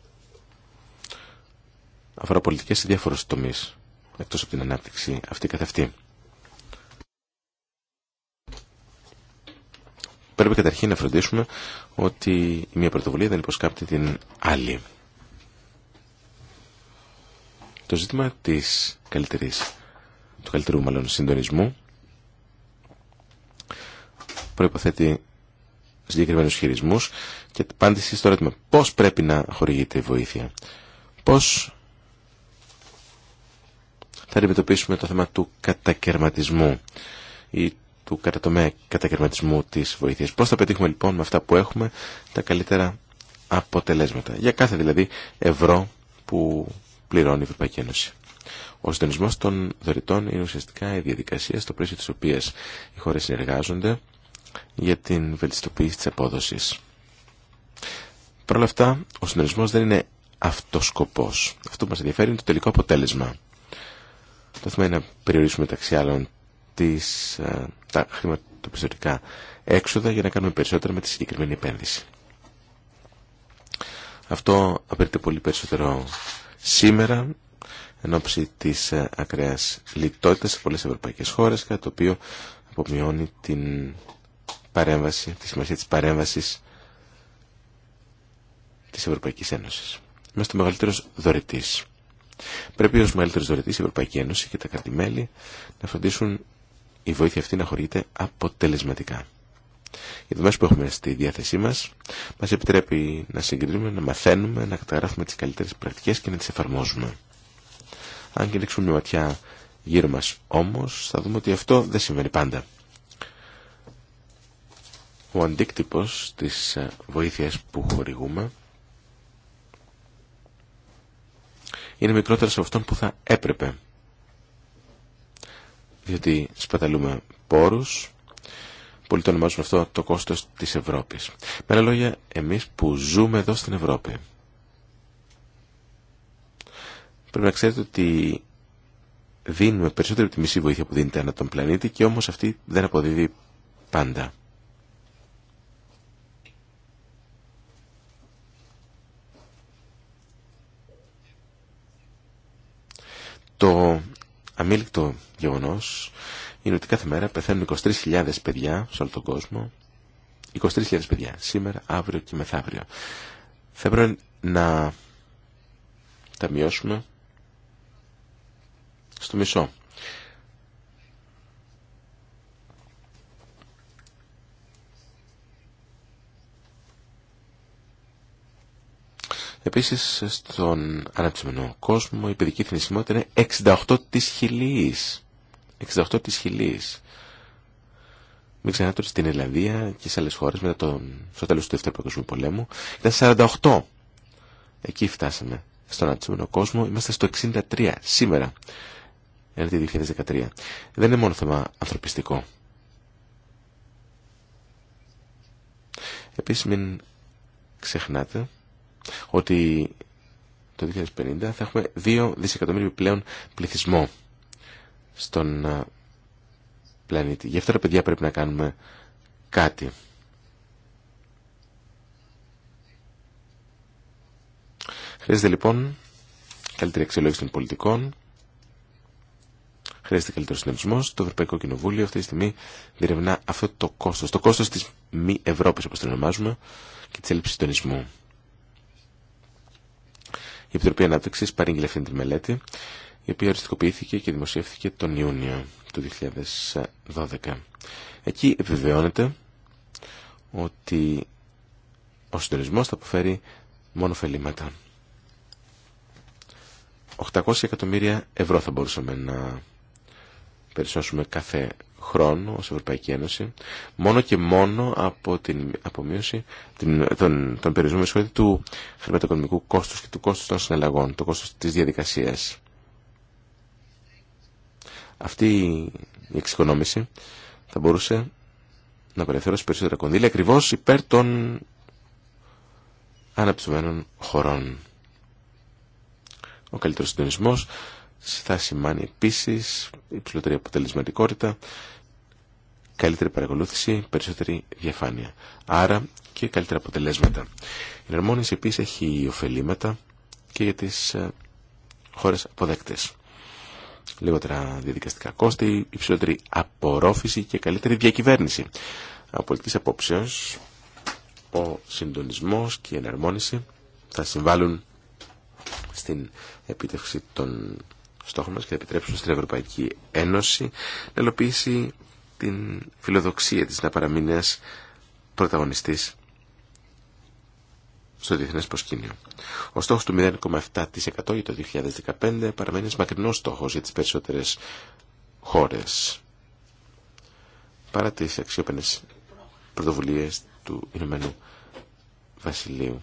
αφορά πολιτικές σε διάφορους τομείς εκτός από την ανάπτυξη αυτή καθ' Πρέπει καταρχήν να φροντίσουμε ότι η μία πρωτοβουλία δεν υποσκάπτει την άλλη. Το ζήτημα της καλύτερης του καλύτερου μάλλον συντονισμού προϋποθέτει συγκεκριμένου χειρισμού και απάντηση στο ρώτημα πώς πρέπει να χορηγείται η βοήθεια. Πώς θα αντιμετωπίσουμε το θέμα του κατακαιρματισμού ή του κατατομέα κατακαιρματισμού της βοήθειας. Πώς θα πετύχουμε λοιπόν με αυτά που έχουμε τα καλύτερα αποτελέσματα. Για κάθε δηλαδή ευρώ που πληρώνει η Ευρωπαϊκή Ένωση. Ο συντονισμό των δωρητών είναι ουσιαστικά η διαδικασία στο πλαίσιο τη οποία οι χώρε συνεργάζονται για την βελτιστοποίηση τη απόδοση. Παρ' όλα αυτά, ο συντονισμό δεν είναι αυτό σκοπό. Αυτό που μα ενδιαφέρει είναι το τελικό αποτέλεσμα. Το θέμα είναι να περιορίσουμε μεταξύ άλλων τις, ε, τα χρηματοπιστωτικά έξοδα για να κάνουμε περισσότερα με τη συγκεκριμένη επένδυση. Αυτό απαιτείται πολύ περισσότερο σήμερα εν ώψη της ε, ακραίας λιτότητας σε πολλές ευρωπαϊκές χώρες, κατά το οποίο απομειώνει την παρέμβαση, τη σημασία της παρέμβασης της Ευρωπαϊκής Ένωσης. Είμαστε ο μεγαλύτερος δωρητής. Πρέπει ως μεγαλύτερος δωρητή, η Ευρωπαϊκή Ένωση και τα κρατημέλη να φροντίσουν η βοήθεια αυτή να χορηγείται αποτελεσματικά. Οι δομέ που έχουμε στη διάθεσή μα, μα επιτρέπει να συγκρίνουμε, να μαθαίνουμε, να καταγράφουμε τι καλύτερε πρακτικέ και να τι εφαρμόζουμε. Αν ρίξουμε μια ματιά γύρω μας όμως, θα δούμε ότι αυτό δεν συμβαίνει πάντα. Ο αντίκτυπος της ε, βοήθειας που χορηγούμε είναι μικρότερο από αυτόν που θα έπρεπε. Διότι σπαταλούμε πόρους, πολλοί το ονομάζουν αυτό το κόστος της Ευρώπης. Με άλλα λόγια, εμείς που ζούμε εδώ στην Ευρώπη, Πρέπει να ξέρετε ότι δίνουμε περισσότερη από τη μισή βοήθεια που δίνεται ανά τον πλανήτη και όμως αυτή δεν αποδίδει πάντα. Το αμήλικτο γεγονός είναι ότι κάθε μέρα πεθαίνουν 23.000 παιδιά σε όλο τον κόσμο. 23.000 παιδιά σήμερα, αύριο και μεθαύριο. Θα πρέπει να τα μειώσουμε στο μισό. Επίσης, στον αναπτυσμένο κόσμο η παιδική θνησιμότητα είναι 68 της χιλής. 68 της χιλής. Μην ξεχνάτε ότι στην Ελλανδία και σε άλλες χώρες μετά τον, στο τέλος του Δεύτερου Παγκοσμίου Πολέμου ήταν 48. Εκεί φτάσαμε. Στον αναπτυσμένο κόσμο είμαστε στο 63 σήμερα έναντι 2013. Δεν είναι μόνο θέμα ανθρωπιστικό. Επίσης μην ξεχνάτε ότι το 2050 θα έχουμε 2 δισεκατομμύρια πλέον πληθυσμό στον ε, πλανήτη. Γι' αυτό τα παιδιά πρέπει να κάνουμε κάτι. Χρειάζεται λοιπόν καλύτερη εξελόγηση των πολιτικών, Χρειάζεται καλύτερο συντονισμό. Το Ευρωπαϊκό Κοινοβούλιο αυτή τη στιγμή διερευνά αυτό το κόστο. Το κόστο τη μη Ευρώπη, όπω το ονομάζουμε, και τη έλλειψη συντονισμού. Η Επιτροπή Ανάπτυξη παρήγγειλε αυτή τη μελέτη, η οποία οριστικοποιήθηκε και δημοσιεύθηκε τον Ιούνιο του 2012. Εκεί επιβεβαιώνεται ότι ο συντονισμό θα αποφέρει μόνο φελήματα. 800 εκατομμύρια ευρώ θα μπορούσαμε να περισσώσουμε κάθε χρόνο ως Ευρωπαϊκή Ένωση μόνο και μόνο από την απομείωση την, τον, τον περιορισμό του χρηματοοικονομικού κόστους και του κόστους των συναλλαγών, του κόστος της διαδικασίας. Αυτή η εξοικονόμηση θα μπορούσε να απελευθερώσει περισσότερα κονδύλια ακριβώς υπέρ των αναπτυσσομένων χωρών. Ο καλύτερος συντονισμός θα σημάνει επίση υψηλότερη αποτελεσματικότητα, καλύτερη παρακολούθηση, περισσότερη διαφάνεια. Άρα και καλύτερα αποτελέσματα. Η εναρμόνιση επίση έχει ωφελήματα και για τις ε, χώρε αποδέκτες. Λιγότερα διαδικαστικά κόστη, υψηλότερη απορρόφηση και καλύτερη διακυβέρνηση. Από πολιτικής απόψεως, ο συντονισμό και η εναρμόνιση θα συμβάλλουν στην επίτευξη των στόχο μας και θα επιτρέψουν στην Ευρωπαϊκή Ένωση να ελοπίσει την φιλοδοξία της να παραμείνει ένας πρωταγωνιστής στο διεθνέ προσκήνιο. Ο στόχο του 0,7% για το 2015 παραμένει ένα μακρινό στόχο για τι περισσότερε χώρε. Παρά τι αξιόπαινε πρωτοβουλίε του Ηνωμένου Βασιλείου.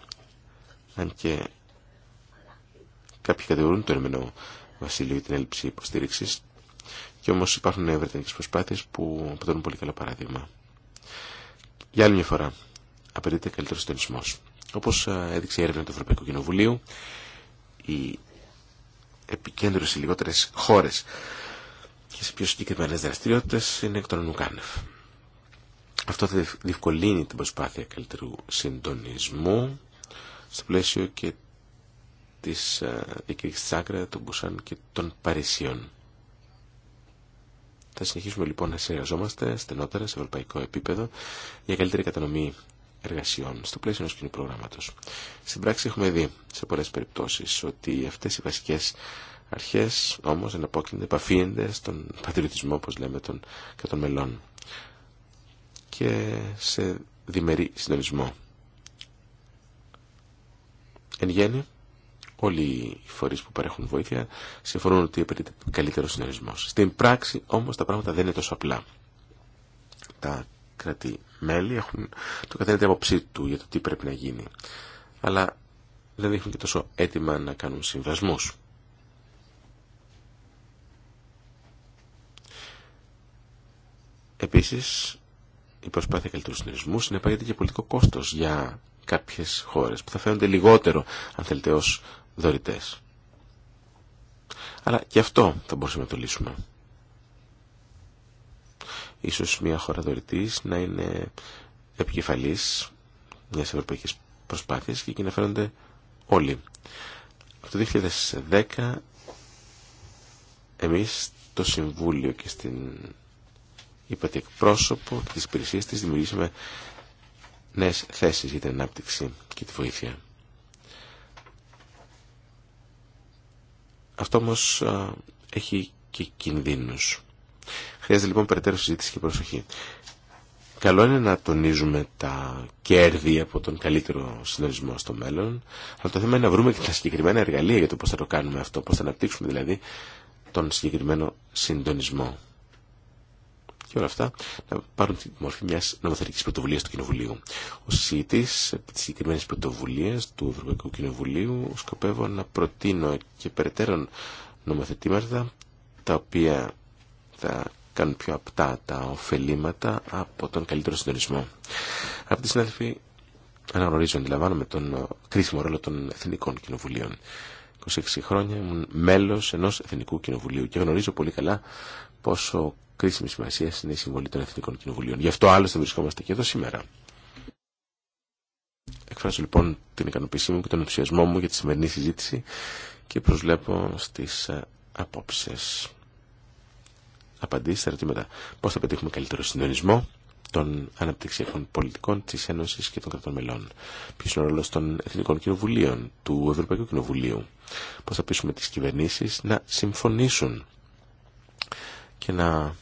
Αν και κάποιοι κατηγορούν το Ηνωμένο Βασιλείου την έλλειψη υποστήριξη. Και όμω υπάρχουν ευρετανικέ προσπάθειε που αποτελούν πολύ καλό παράδειγμα. Για άλλη μια φορά, απαιτείται καλύτερο συντονισμό. Όπω ε, έδειξε η έρευνα του Ευρωπαϊκού Κοινοβουλίου, η επικέντρωση λιγότερε χώρε και σε πιο συγκεκριμένε δραστηριότητε είναι εκ των νουκάνευ. Αυτό θα διευκολύνει την προσπάθεια καλύτερου συντονισμού στο πλαίσιο και της ε, Εκρήξης άκρα των Μπουσάν και των Παρισιών. Θα συνεχίσουμε λοιπόν να συνεργαζόμαστε στενότερα σε ευρωπαϊκό επίπεδο για καλύτερη κατανομή εργασιών στο πλαίσιο ενός κοινού προγράμματος. Στην πράξη έχουμε δει σε πολλές περιπτώσεις ότι αυτές οι βασικές αρχές όμως εναπόκεινται, επαφίενται στον πατριωτισμό, όπως λέμε, των των μελών και σε διμερή συντονισμό. Εν γέννη, Όλοι οι φορεί που παρέχουν βοήθεια συμφωνούν ότι απαιτείται καλύτερο συνερισμό. Στην πράξη όμω τα πράγματα δεν είναι τόσο απλά. Τα κράτη-μέλη έχουν το καθένα την άποψή του για το τι πρέπει να γίνει. Αλλά δεν δείχνουν και τόσο έτοιμα να κάνουν συμβασμού. Επίση, η προσπάθεια καλύτερου συνερισμού συνεπάγεται και πολιτικό κόστο για κάποιε χώρε που θα φαίνονται λιγότερο, αν θέλετε, ω δωρητές. Αλλά και αυτό θα μπορούσαμε να το λύσουμε. Ίσως μια χώρα δωρητής να είναι επικεφαλής μιας ευρωπαϊκής προσπάθειας και εκεί να φαίνονται όλοι. Από το 2010 εμείς το Συμβούλιο και στην είπατε εκπρόσωπο και τις υπηρεσίες της δημιουργήσαμε νέες θέσεις για την ανάπτυξη και τη βοήθεια. Αυτό όμω έχει και κινδύνους. Χρειάζεται λοιπόν περαιτέρω συζήτηση και προσοχή. Καλό είναι να τονίζουμε τα κέρδη από τον καλύτερο συντονισμό στο μέλλον, αλλά το θέμα είναι να βρούμε και τα συγκεκριμένα εργαλεία για το πώς θα το κάνουμε αυτό, πώς θα αναπτύξουμε δηλαδή τον συγκεκριμένο συντονισμό και όλα αυτά να πάρουν τη μορφή μια νομοθετική πρωτοβουλία του Κοινοβουλίου. Ω συζητητή τη συγκεκριμένη πρωτοβουλία του Ευρωπαϊκού Κοινοβουλίου, σκοπεύω να προτείνω και περαιτέρω νομοθετήματα τα οποία θα κάνουν πιο απτά τα ωφελήματα από τον καλύτερο συντονισμό. τη συνάδελφη αναγνωρίζω, αντιλαμβάνομαι τον κρίσιμο ρόλο των εθνικών κοινοβουλίων. 26 χρόνια ήμουν μέλο ενό εθνικού κοινοβουλίου και γνωρίζω πολύ καλά πόσο κρίσιμη σημασία είναι η συμβολή των Εθνικών Κοινοβουλίων. Γι' αυτό άλλωστε βρισκόμαστε και εδώ σήμερα. Εκφράζω λοιπόν την ικανοποίησή μου και τον ενθουσιασμό μου για τη σημερινή συζήτηση και προσβλέπω στις ε, απόψει. Απαντήσει στα ερωτήματα Πώ θα πετύχουμε καλύτερο συντονισμό των αναπτυξιακών πολιτικών τη Ένωση και των κρατών μελών. Ποιο είναι ο ρόλο των Εθνικών Κοινοβουλίων, του Ευρωπαϊκού Κοινοβουλίου. Πώ θα πείσουμε τι κυβερνήσει να συμφωνήσουν και να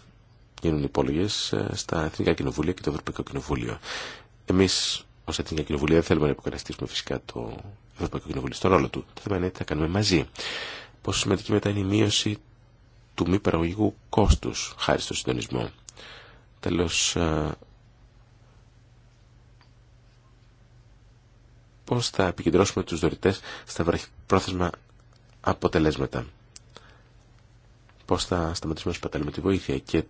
γίνουν υπόλογε στα Εθνικά Κοινοβούλια και το Ευρωπαϊκό Κοινοβούλιο. Εμεί ω Εθνικά Κοινοβούλια δεν θέλουμε να υποκαταστήσουμε φυσικά το Ευρωπαϊκό Κοινοβούλιο στον ρόλο του. Το θέμα είναι τι θα κάνουμε μαζί. Πόσο σημαντική μετά είναι η μείωση του μη παραγωγικού κόστου χάρη στο συντονισμό. Τέλο, ε, πώ θα επικεντρώσουμε του δωρητέ στα βραχυπρόθεσμα αποτελέσματα. Πώ θα σταματήσουμε να σπαταλούμε τη βοήθεια. Και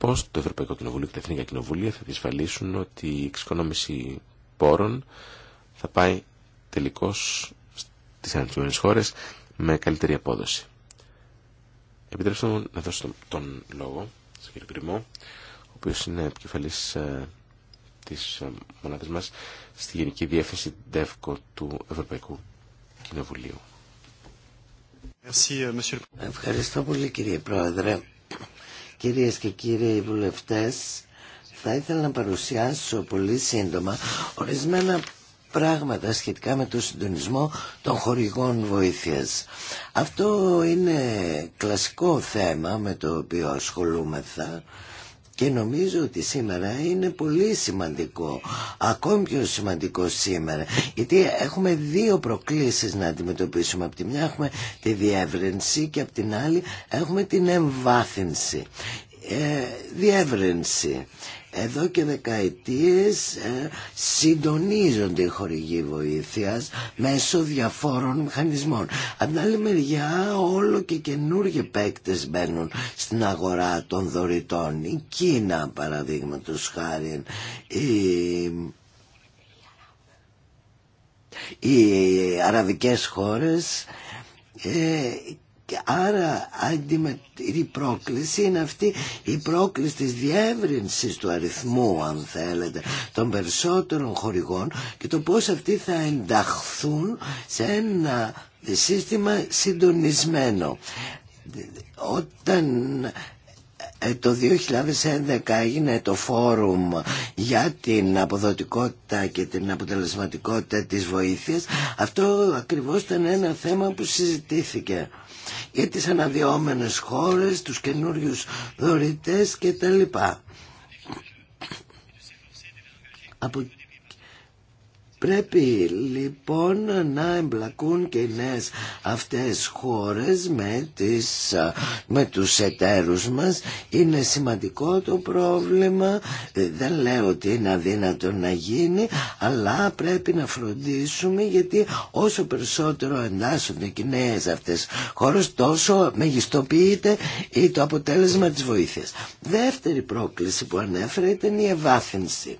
πώς το Ευρωπαϊκό Κοινοβούλιο και τα Εθνικά Κοινοβούλια θα διασφαλίσουν ότι η εξοικονόμηση πόρων θα πάει τελικώς στις αναπτυγμένες χώρες με καλύτερη απόδοση. Επιτρέψτε μου να δώσω τον λόγο στον κύριο Κρυμό, ο οποίος είναι επικεφαλής ε, της ε, μονάδας μας στη Γενική Διεύθυνση ΔΕΦΚΟ του Ευρωπαϊκού Κοινοβουλίου. Ε, Ευχαριστώ πολύ κύριε Πρόεδρε. Κυρίες και κύριοι βουλευτές, θα ήθελα να παρουσιάσω πολύ σύντομα ορισμένα πράγματα σχετικά με το συντονισμό των χορηγών βοήθειας. Αυτό είναι κλασικό θέμα με το οποίο ασχολούμεθα και νομίζω ότι σήμερα είναι πολύ σημαντικό, ακόμη πιο σημαντικό σήμερα, γιατί έχουμε δύο προκλήσεις να αντιμετωπίσουμε. Από τη μια έχουμε τη διεύρυνση και από την άλλη έχουμε την εμβάθυνση. Ε, διεύρυνση. Εδώ και δεκαετίες ε, συντονίζονται οι χορηγοί βοήθειας μέσω διαφόρων μηχανισμών. Από την άλλη μεριά όλο και καινούργιοι παίκτες μπαίνουν στην αγορά των δωρητών. Η Κίνα παραδείγματος χάρη, οι αραβικές χώρες ε, και άρα η πρόκληση είναι αυτή η πρόκληση της διεύρυνσης του αριθμού αν θέλετε των περισσότερων χορηγών και το πώς αυτοί θα ενταχθούν σε ένα σύστημα συντονισμένο. Όταν ε, το 2011 έγινε το φόρουμ για την αποδοτικότητα και την αποτελεσματικότητα της βοήθειας. Αυτό ακριβώς ήταν ένα θέμα που συζητήθηκε για τις αναδυόμενες χώρες, τους καινούριους δωρητές κτλ. Από Πρέπει λοιπόν να εμπλακούν και οι νέες αυτές χώρες με, τις, με τους εταίρους μας. Είναι σημαντικό το πρόβλημα, ε, δεν λέω ότι είναι αδύνατο να γίνει, αλλά πρέπει να φροντίσουμε γιατί όσο περισσότερο εντάσσονται και οι νέες αυτές χώρες τόσο μεγιστοποιείται ή το αποτέλεσμα της βοήθειας. Δεύτερη πρόκληση που ανέφερε ήταν η ευάθυνση.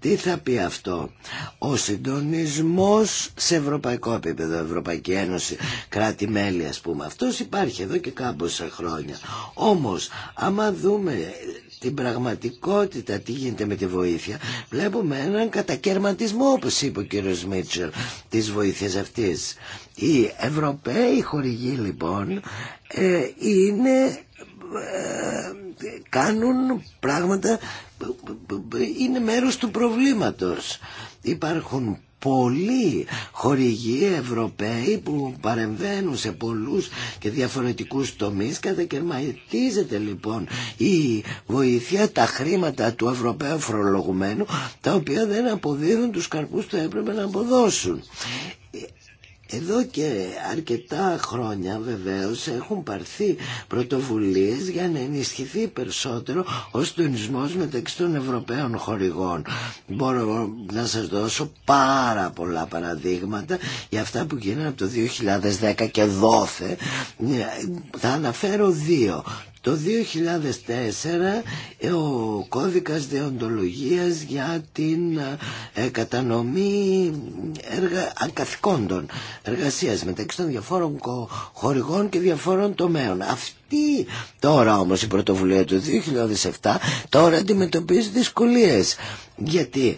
Τι θα πει αυτό. Ο συντονισμός σε ευρωπαϊκό επίπεδο, Ευρωπαϊκή Ένωση, κράτη-μέλη ας πούμε. Αυτός υπάρχει εδώ και κάμποσα χρόνια. Όμως, άμα δούμε την πραγματικότητα τι γίνεται με τη βοήθεια βλέπουμε έναν κατακαιρματισμό όπως είπε ο κύριος Μίτσελ της βοήθειας αυτής οι Ευρωπαίοι χορηγοί λοιπόν ε, είναι ε, κάνουν πράγματα είναι μέρος του προβλήματος. Υπάρχουν πολλοί χορηγοί Ευρωπαίοι που παρεμβαίνουν σε πολλούς και διαφορετικούς τομείς κατακαιρματίζεται λοιπόν η βοήθεια τα χρήματα του Ευρωπαίου φορολογουμένου τα οποία δεν αποδίδουν τους καρπούς που έπρεπε να αποδώσουν εδώ και αρκετά χρόνια βεβαίως έχουν παρθεί πρωτοβουλίες για να ενισχυθεί περισσότερο ο συντονισμός μεταξύ των Ευρωπαίων χορηγών. Μπορώ να σας δώσω πάρα πολλά παραδείγματα για αυτά που γίνανε από το 2010 και δόθε. Ε, θα αναφέρω δύο. Το 2004 ε, ο κώδικας δεοντολογίας για την ε, ε, κατανομή εργα... καθηκόντων εργασίας μεταξύ των διαφόρων χορηγών και διαφόρων τομέων. Αυτή τώρα όμως η πρωτοβουλία του 2007 τώρα αντιμετωπίζει δυσκολίες γιατί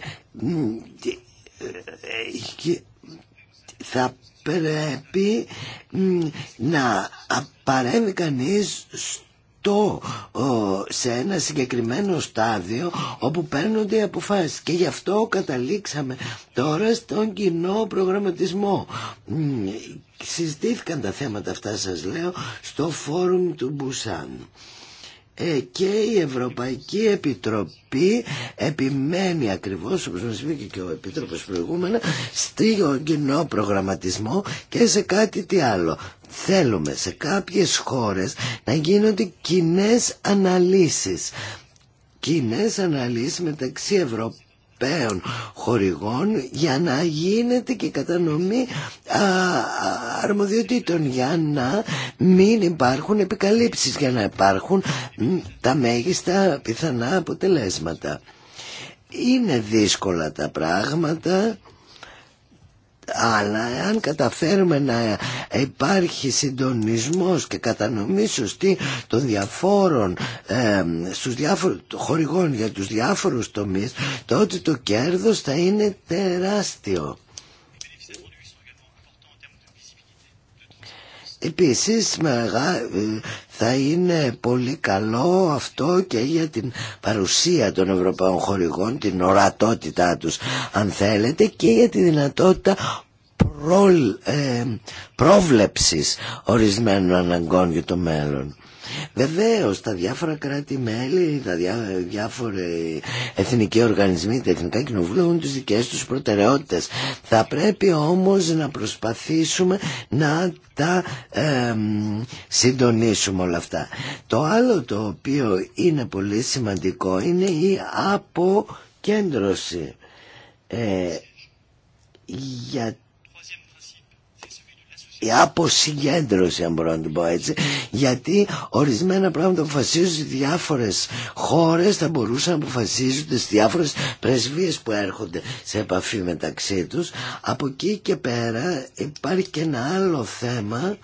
θα πρέπει να παρέμει κανείς αυτό σε ένα συγκεκριμένο στάδιο όπου παίρνονται οι αποφάσεις και γι' αυτό καταλήξαμε τώρα στον κοινό προγραμματισμό συζητήθηκαν τα θέματα αυτά σας λέω στο φόρουμ του Μπουσάν ε, και η Ευρωπαϊκή Επιτροπή επιμένει ακριβώς όπως μας είπε και ο Επίτροπος προηγούμενα στο κοινό προγραμματισμό και σε κάτι τι άλλο θέλουμε σε κάποιες χώρες να γίνονται κοινέ αναλύσεις κοινέ αναλύσεις μεταξύ Ευρωπαϊκών Ευρωπαίων χορηγών για να γίνεται και κατανομή α, αρμοδιοτήτων για να μην υπάρχουν επικαλύψεις για να υπάρχουν τα μέγιστα πιθανά αποτελέσματα. Είναι δύσκολα τα πράγματα αλλά αν καταφέρουμε να υπάρχει συντονισμός και κατανομή σωστή των διαφόρων ε, στους διάφορους χορηγών για τους διάφορους τομείς τότε το κέρδος θα είναι τεράστιο Επίσης θα είναι πολύ καλό αυτό και για την παρουσία των Ευρωπαίων χορηγών, την ορατότητά τους αν θέλετε και για τη δυνατότητα προ, ε, πρόβλεψης ορισμένων αναγκών για το μέλλον. Βεβαίω, τα διάφορα κράτη-μέλη, τα διά, διάφοροι εθνικοί οργανισμοί, τα εθνικά κοινοβούλια έχουν τι δικές τους προτεραιότητε. Θα πρέπει όμω να προσπαθήσουμε να τα συντονίσουμε όλα αυτά. Το άλλο το οποίο είναι πολύ σημαντικό είναι η αποκέντρωση. Ε, γιατί αποσυγκέντρωση αν μπορώ να το πω έτσι γιατί ορισμένα πράγματα αποφασίζονται σε διάφορες χώρες θα μπορούσαν να αποφασίζονται σε διάφορες πρεσβείες που έρχονται σε επαφή μεταξύ τους από εκεί και πέρα υπάρχει και ένα άλλο θέμα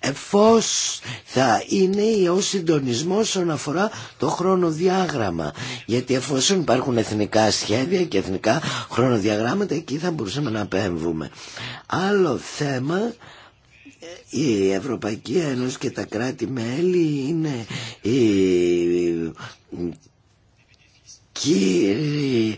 εφόσον θα είναι ο συντονισμό όσον αφορά το χρονοδιάγραμμα. Γιατί εφόσον υπάρχουν εθνικά σχέδια και εθνικά χρονοδιαγράμματα, εκεί θα μπορούσαμε να πέμβουμε Άλλο θέμα. Η Ευρωπαϊκή Ένωση και τα κράτη-μέλη είναι οι κύριοι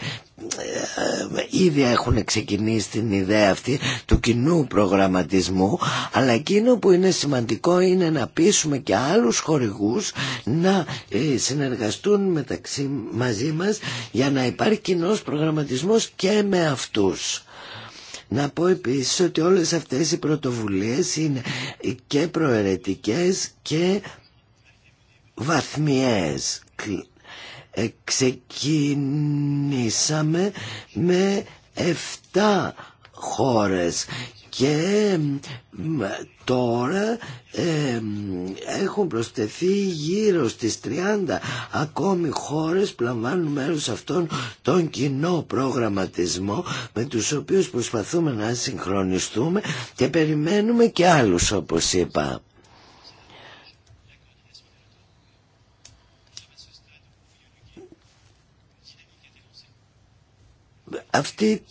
ε, ε, ήδη έχουν ξεκινήσει την ιδέα αυτή του κοινού προγραμματισμού αλλά εκείνο που είναι σημαντικό είναι να πείσουμε και άλλους χορηγούς να ε, συνεργαστούν μεταξύ μαζί μας για να υπάρχει κοινό προγραμματισμός και με αυτούς. Να πω επίσης ότι όλες αυτές οι πρωτοβουλίες είναι και προαιρετικές και βαθμιές ε, ξεκινήσαμε με 7 χώρες και τώρα ε, έχουν προσθεθεί γύρω στις 30 ακόμη χώρες που λαμβάνουν μέρος αυτόν τον κοινό προγραμματισμό με τους οποίους προσπαθούμε να συγχρονιστούμε και περιμένουμε και άλλους όπως είπα. Αυτή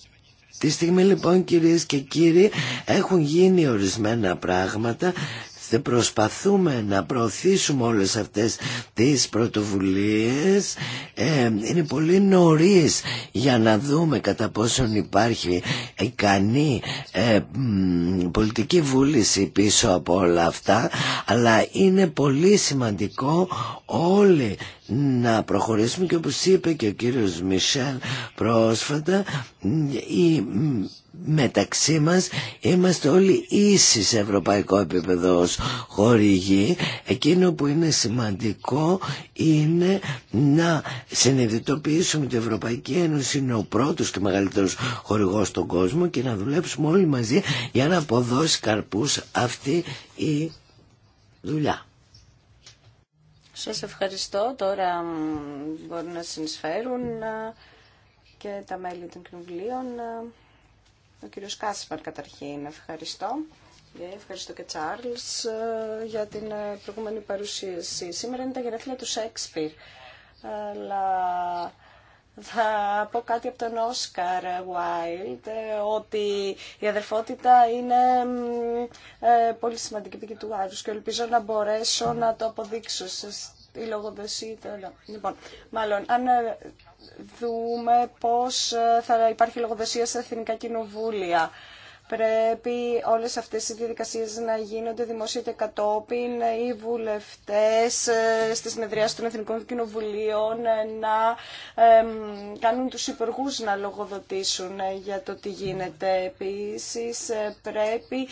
τη στιγμή λοιπόν κυρίες και κύριοι έχουν γίνει ορισμένα πράγματα προσπαθούμε να προωθήσουμε όλες αυτές τις πρωτοβουλίες ε, είναι πολύ νωρίς για να δούμε κατά πόσον υπάρχει ικανή ε, πολιτική βούληση πίσω από όλα αυτά αλλά είναι πολύ σημαντικό όλοι να προχωρήσουμε και όπως είπε και ο κύριος Μισελ πρόσφατα η μεταξύ μας είμαστε όλοι ίσοι σε ευρωπαϊκό επίπεδο ως χορηγοί εκείνο που είναι σημαντικό είναι να συνειδητοποιήσουμε ότι η Ευρωπαϊκή Ένωση είναι ο πρώτος και μεγαλύτερος χορηγός στον κόσμο και να δουλέψουμε όλοι μαζί για να αποδώσει καρπούς αυτή η δουλειά Σας ευχαριστώ τώρα μπορούν να συνεισφέρουν ε, και τα μέλη των κοινοβουλίων ε, ο κύριος Κάσπαρ καταρχήν. Ευχαριστώ. Ευχαριστώ και Τσάρλς ε, για την ε, προηγούμενη παρουσίαση. Σήμερα είναι τα γενέθλια του Σέξπιρ. Αλλά θα πω κάτι από τον Όσκαρ Βάιλτ, ότι η αδερφότητα είναι ε, πολύ σημαντική δική του Άρους και ελπίζω να μπορέσω να το αποδείξω στη λογοδοσία. Λοιπόν, μάλλον, αν δούμε πώς ε, θα υπάρχει λογοδοσία σε εθνικά κοινοβούλια πρέπει όλες αυτές οι διαδικασίες να γίνονται δημόσια και κατόπιν οι βουλευτές ε, στις συνεδριάσεις των Εθνικών Κοινοβουλίων ε, να κάνουν τους υπουργού να λογοδοτήσουν ε, για το τι γίνεται. Επίσης πρέπει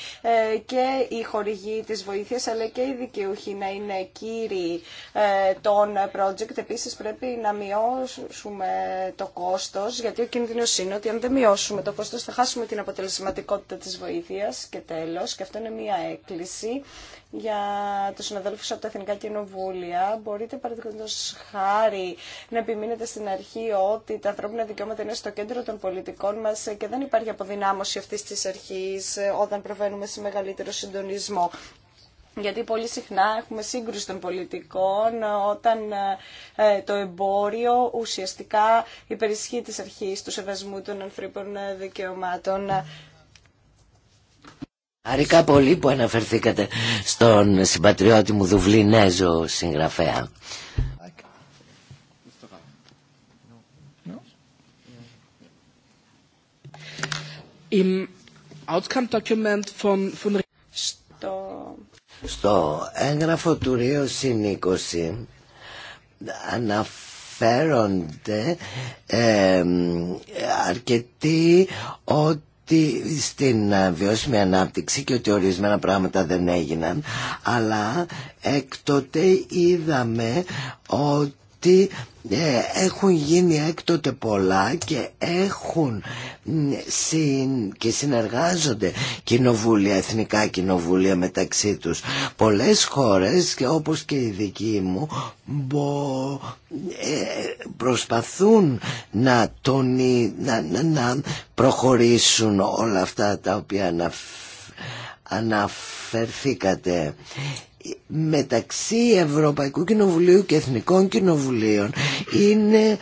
και οι χορηγοί της βοήθειας αλλά και οι δικαιούχοι να είναι κύριοι των project. Επίσης πρέπει να μειώσουμε το κόστος γιατί ο κίνδυνος είναι ότι αν δεν μειώσουμε το κόστος θα χάσουμε την αποτελεσματικότητα ποιότητα της βοήθειας και τέλος, και αυτό είναι μία έκκληση για τους συναδέλφους από τα Εθνικά Κοινοβούλια. Μπορείτε παραδείγματο χάρη να επιμείνετε στην αρχή ότι τα ανθρώπινα δικαιώματα είναι στο κέντρο των πολιτικών μας και δεν υπάρχει αποδυνάμωση αυτής της αρχής όταν προβαίνουμε σε μεγαλύτερο συντονισμό γιατί πολύ συχνά έχουμε σύγκρουση των πολιτικών όταν ε, το εμπόριο ουσιαστικά υπερισχύει τη αρχής του σεβασμού των ανθρώπων δικαιωμάτων. Αρικά πολύ που αναφερθήκατε στον συμπατριώτη μου Δουβλινέζο συγγραφέα. Στο... Στο έγγραφο του Ρίου Συνήκωση αναφέρονται ε, αρκετοί ότι στην ε, βιώσιμη ανάπτυξη και ότι ορισμένα πράγματα δεν έγιναν αλλά έκτοτε είδαμε ότι ότι ε, έχουν γίνει έκτοτε πολλά και έχουν συν, και συνεργάζονται κοινοβούλια, εθνικά κοινοβούλια μεταξύ τους. Πολλές χώρες και όπως και η δική μου μπο, ε, προσπαθούν να, τονί, να, να, προχωρήσουν όλα αυτά τα οποία αναφερθήκατε μεταξύ Ευρωπαϊκού Κοινοβουλίου και Εθνικών Κοινοβουλίων είναι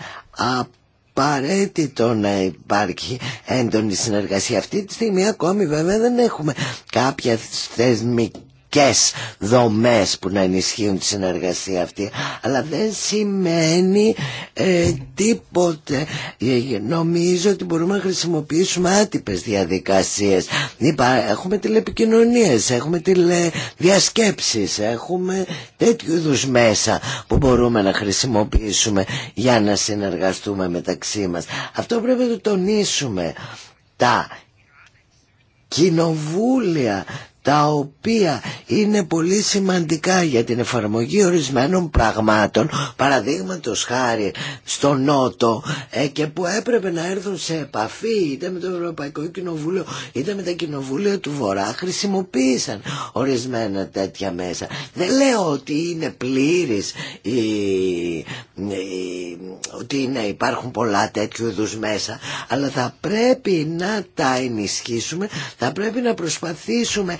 απαραίτητο να υπάρχει έντονη συνεργασία. Αυτή τη στιγμή ακόμη βέβαια δεν έχουμε κάποια θεσμική δομές που να ενισχύουν τη συνεργασία αυτή αλλά δεν σημαίνει ε, τίποτε ε, νομίζω ότι μπορούμε να χρησιμοποιήσουμε άτυπες διαδικασίες έχουμε τηλεπικοινωνίες έχουμε τηλεδιασκέψεις έχουμε τέτοιου είδους μέσα που μπορούμε να χρησιμοποιήσουμε για να συνεργαστούμε μεταξύ μας αυτό πρέπει να το τονίσουμε τα κοινοβούλια τα οποία είναι πολύ σημαντικά για την εφαρμογή ορισμένων πραγμάτων παραδείγματο χάρη στο Νότο ε, και που έπρεπε να έρθουν σε επαφή είτε με το Ευρωπαϊκό Κοινοβούλιο είτε με τα Κοινοβούλια του Βορρά χρησιμοποίησαν ορισμένα τέτοια μέσα. Δεν λέω ότι είναι πλήρης ότι υπάρχουν πολλά τέτοιου είδου μέσα αλλά θα πρέπει να τα ενισχύσουμε θα πρέπει να προσπαθήσουμε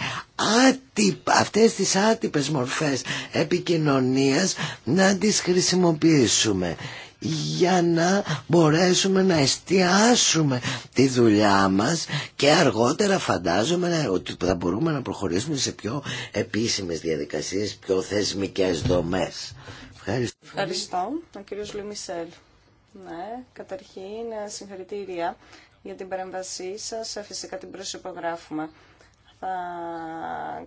άτυπ, αυτές τις άτυπες μορφές επικοινωνίας να τις χρησιμοποιήσουμε για να μπορέσουμε να εστιάσουμε τη δουλειά μας και αργότερα φαντάζομαι ότι θα μπορούμε να προχωρήσουμε σε πιο επίσημες διαδικασίες, πιο θεσμικές δομές. Ευχαριστώ. Ευχαριστώ, ο κύριος Λουμισελ. Ναι, καταρχήν συγχαρητήρια για την παρέμβασή σας, φυσικά την προσυπογράφουμε θα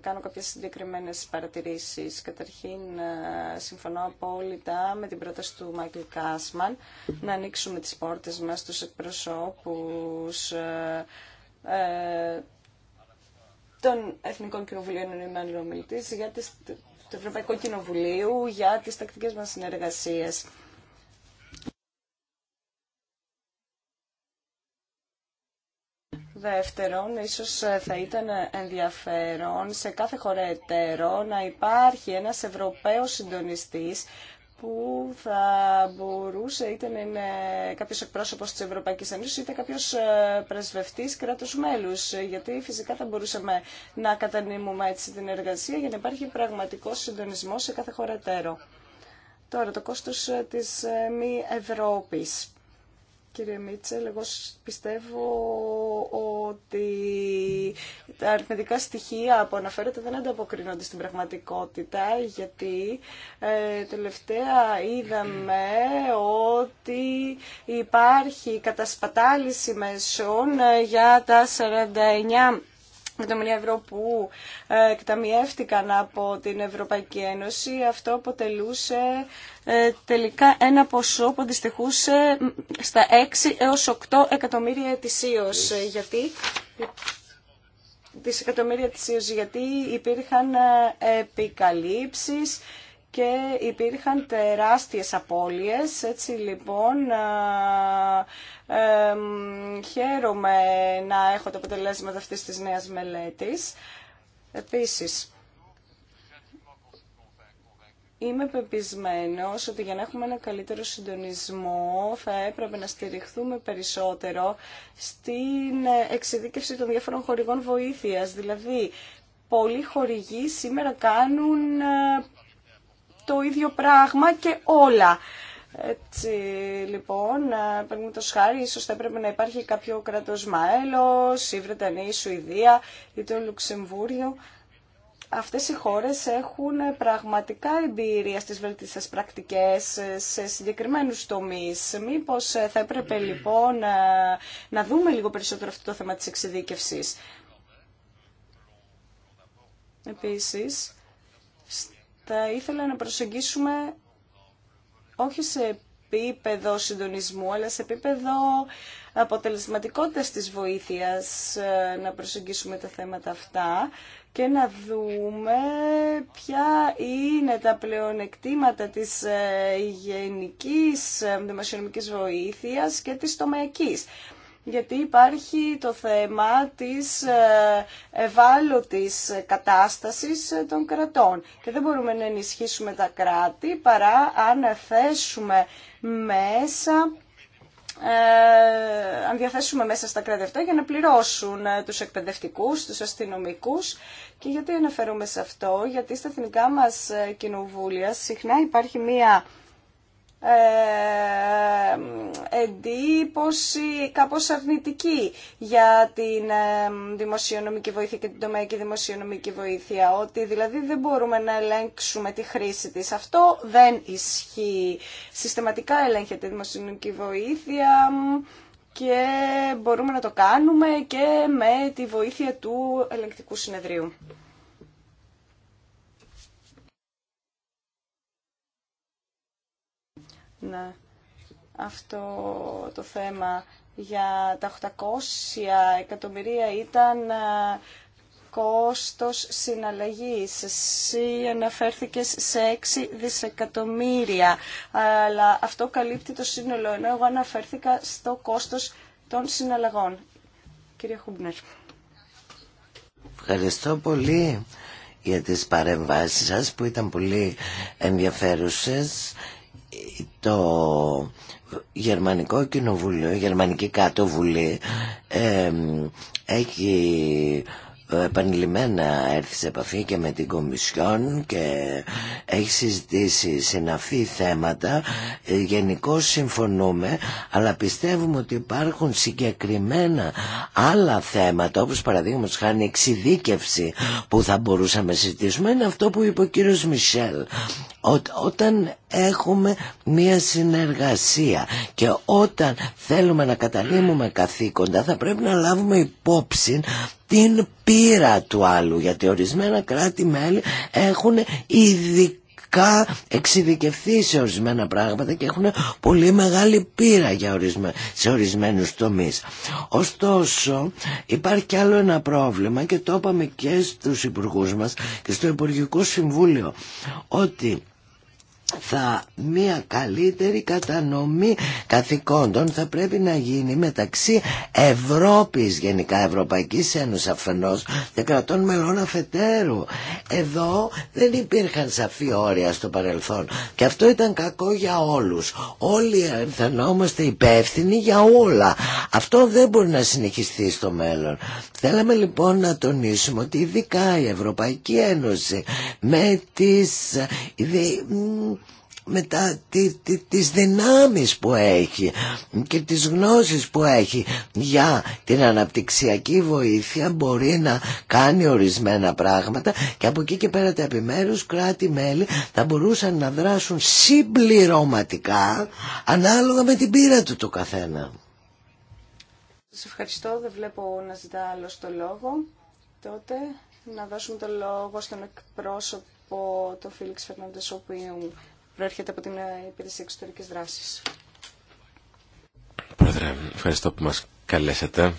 κάνω κάποιες συγκεκριμένες παρατηρήσεις. Καταρχήν, ε, συμφωνώ απόλυτα με την πρόταση του Μάικλ Κάσμαν να ανοίξουμε τις πόρτες μας στους εκπροσώπους ε, ε, των Εθνικών Κοινοβουλίων Ενωμένων Ομιλητής για τις, του Ευρωπαϊκού Κοινοβουλίου για τις τακτικές μας συνεργασίες. Δεύτερον, ίσως ε, θα ήταν ενδιαφέρον σε κάθε χώρα να υπάρχει ένας Ευρωπαίος συντονιστής που θα μπορούσε είτε να είναι κάποιο εκπρόσωπο τη Ευρωπαϊκή Ένωση είτε κάποιο ε, πρεσβευτής κράτους μέλου. Γιατί φυσικά θα μπορούσαμε να κατανείμουμε έτσι την εργασία για να υπάρχει πραγματικός συντονισμός σε κάθε χώρα Τώρα, το κόστος ε, της μη Ευρώπης. Κύριε Μίτσελ, εγώ πιστεύω ότι τα αριθμητικά στοιχεία που αναφέρετε δεν ανταποκρίνονται στην πραγματικότητα, γιατί ε, τελευταία είδαμε ότι υπάρχει κατασπατάληση μέσων ε, για τα 49 το ευρώ που ε, εκταμιεύτηκαν από την Ευρωπαϊκή Ένωση, αυτό αποτελούσε ε, τελικά ένα ποσό που αντιστοιχούσε στα 6 έως 8 εκατομμύρια ετησίω. γιατί εκατομμύρια ετησίως, γιατί υπήρχαν ε, επικαλύψεις και υπήρχαν τεράστιες απώλειες. Έτσι λοιπόν χαίρομαι να έχω το αποτελέσμα αυτή της νέας μελέτης. Επίσης, Είμαι πεπισμένος ότι για να έχουμε ένα καλύτερο συντονισμό θα έπρεπε να στηριχθούμε περισσότερο στην εξειδίκευση των διάφορων χορηγών βοήθειας. Δηλαδή, πολλοί χορηγοί σήμερα κάνουν ε, το ίδιο πράγμα και όλα. Έτσι λοιπόν, παραδείγματο χάρη, ίσω θα έπρεπε να υπάρχει κάποιο κράτο μέλο, η Βρετανία, η Σουηδία ή το Λουξεμβούργιο. Αυτέ οι χώρε έχουν πραγματικά εμπειρία στι βελτιστέ πρακτικέ σε συγκεκριμένου τομεί. Μήπω θα έπρεπε λοιπόν να δούμε λίγο περισσότερο αυτό το θέμα τη εξειδίκευση. Επίση θα ήθελα να προσεγγίσουμε όχι σε επίπεδο συντονισμού, αλλά σε επίπεδο αποτελεσματικότητας της βοήθειας ε, να προσεγγίσουμε τα θέματα αυτά και να δούμε ποια είναι τα πλεονεκτήματα της ε, γενικής ε, δημοσιονομικής βοήθειας και της τομεακής γιατί υπάρχει το θέμα της ε, ευάλωτης κατάστασης ε, των κρατών και δεν μπορούμε να ενισχύσουμε τα κράτη παρά αν μέσα ε, αν διαθέσουμε μέσα στα κράτη αυτά για να πληρώσουν τους εκπαιδευτικούς, τους αστυνομικούς και γιατί αναφέρομαι σε αυτό, γιατί στα εθνικά μας κοινοβούλια συχνά υπάρχει μία ε, ε, εντύπωση κάπως αρνητική για την ε, δημοσιονομική βοήθεια και την τομεακή δημοσιονομική βοήθεια ότι δηλαδή δεν μπορούμε να ελέγξουμε τη χρήση της. Αυτό δεν ισχύει. Συστηματικά ελέγχεται η δημοσιονομική βοήθεια και μπορούμε να το κάνουμε και με τη βοήθεια του ελεγκτικού συνεδρίου. Ναι. Αυτό το θέμα για τα 800 εκατομμυρία ήταν ε, κόστος συναλλαγής. Εσύ αναφέρθηκες σε 6 δισεκατομμύρια, αλλά αυτό καλύπτει το σύνολο, ενώ εγώ αναφέρθηκα στο κόστος των συναλλαγών. Κύριε Χούμπνερ. Ευχαριστώ πολύ για τις παρεμβάσεις σας που ήταν πολύ ενδιαφέρουσες το Γερμανικό Κοινοβούλιο, η Γερμανική Κάτω Βουλή έχει ε, επανειλημμένα έρθει σε επαφή και με την Κομισιόν και έχει συζητήσει συναφή θέματα. Ε, γενικώ συμφωνούμε, αλλά πιστεύουμε ότι υπάρχουν συγκεκριμένα άλλα θέματα, όπως παραδείγματος χάνει εξειδίκευση που θα μπορούσαμε να συζητήσουμε. Είναι αυτό που είπε ο κύριο Μισελ. όταν έχουμε μία συνεργασία και όταν θέλουμε να καταλήμουμε καθήκοντα θα πρέπει να λάβουμε υπόψη την πείρα του άλλου γιατί ορισμένα κράτη-μέλη έχουν ειδικά εξειδικευθεί σε ορισμένα πράγματα και έχουν πολύ μεγάλη πείρα για σε ορισμένους τομείς. Ωστόσο υπάρχει κι άλλο ένα πρόβλημα και το είπαμε και στους υπουργούς μας και στο Υπουργικό Συμβούλιο ότι θα μια καλύτερη κατανομή καθηκόντων θα πρέπει να γίνει μεταξύ Ευρώπης γενικά Ευρωπαϊκής Ένωσης αφενός και κρατών μελών αφετέρου εδώ δεν υπήρχαν σαφή όρια στο παρελθόν και αυτό ήταν κακό για όλους όλοι αισθανόμαστε υπεύθυνοι για όλα αυτό δεν μπορεί να συνεχιστεί στο μέλλον θέλαμε λοιπόν να τονίσουμε ότι ειδικά η Ευρωπαϊκή Ένωση με τις ε, με τα, τι, τις δυνάμεις που έχει και τις γνώσεις που έχει για την αναπτυξιακή βοήθεια μπορεί να κάνει ορισμένα πράγματα και από εκεί και πέρα τα επιμέρους κράτη-μέλη θα μπορούσαν να δράσουν συμπληρωματικά ανάλογα με την πείρα του το καθένα. Σας ευχαριστώ, δεν βλέπω να ζητά άλλο το λόγο. Τότε να δώσουμε το λόγο στον εκπρόσωπο, το Φίλιξ Φερνάντες, ο προέρχεται από την ε, Υπηρεσία Εξωτερικής Δράσης. Πρόεδρε, ευχαριστώ που μας καλέσατε.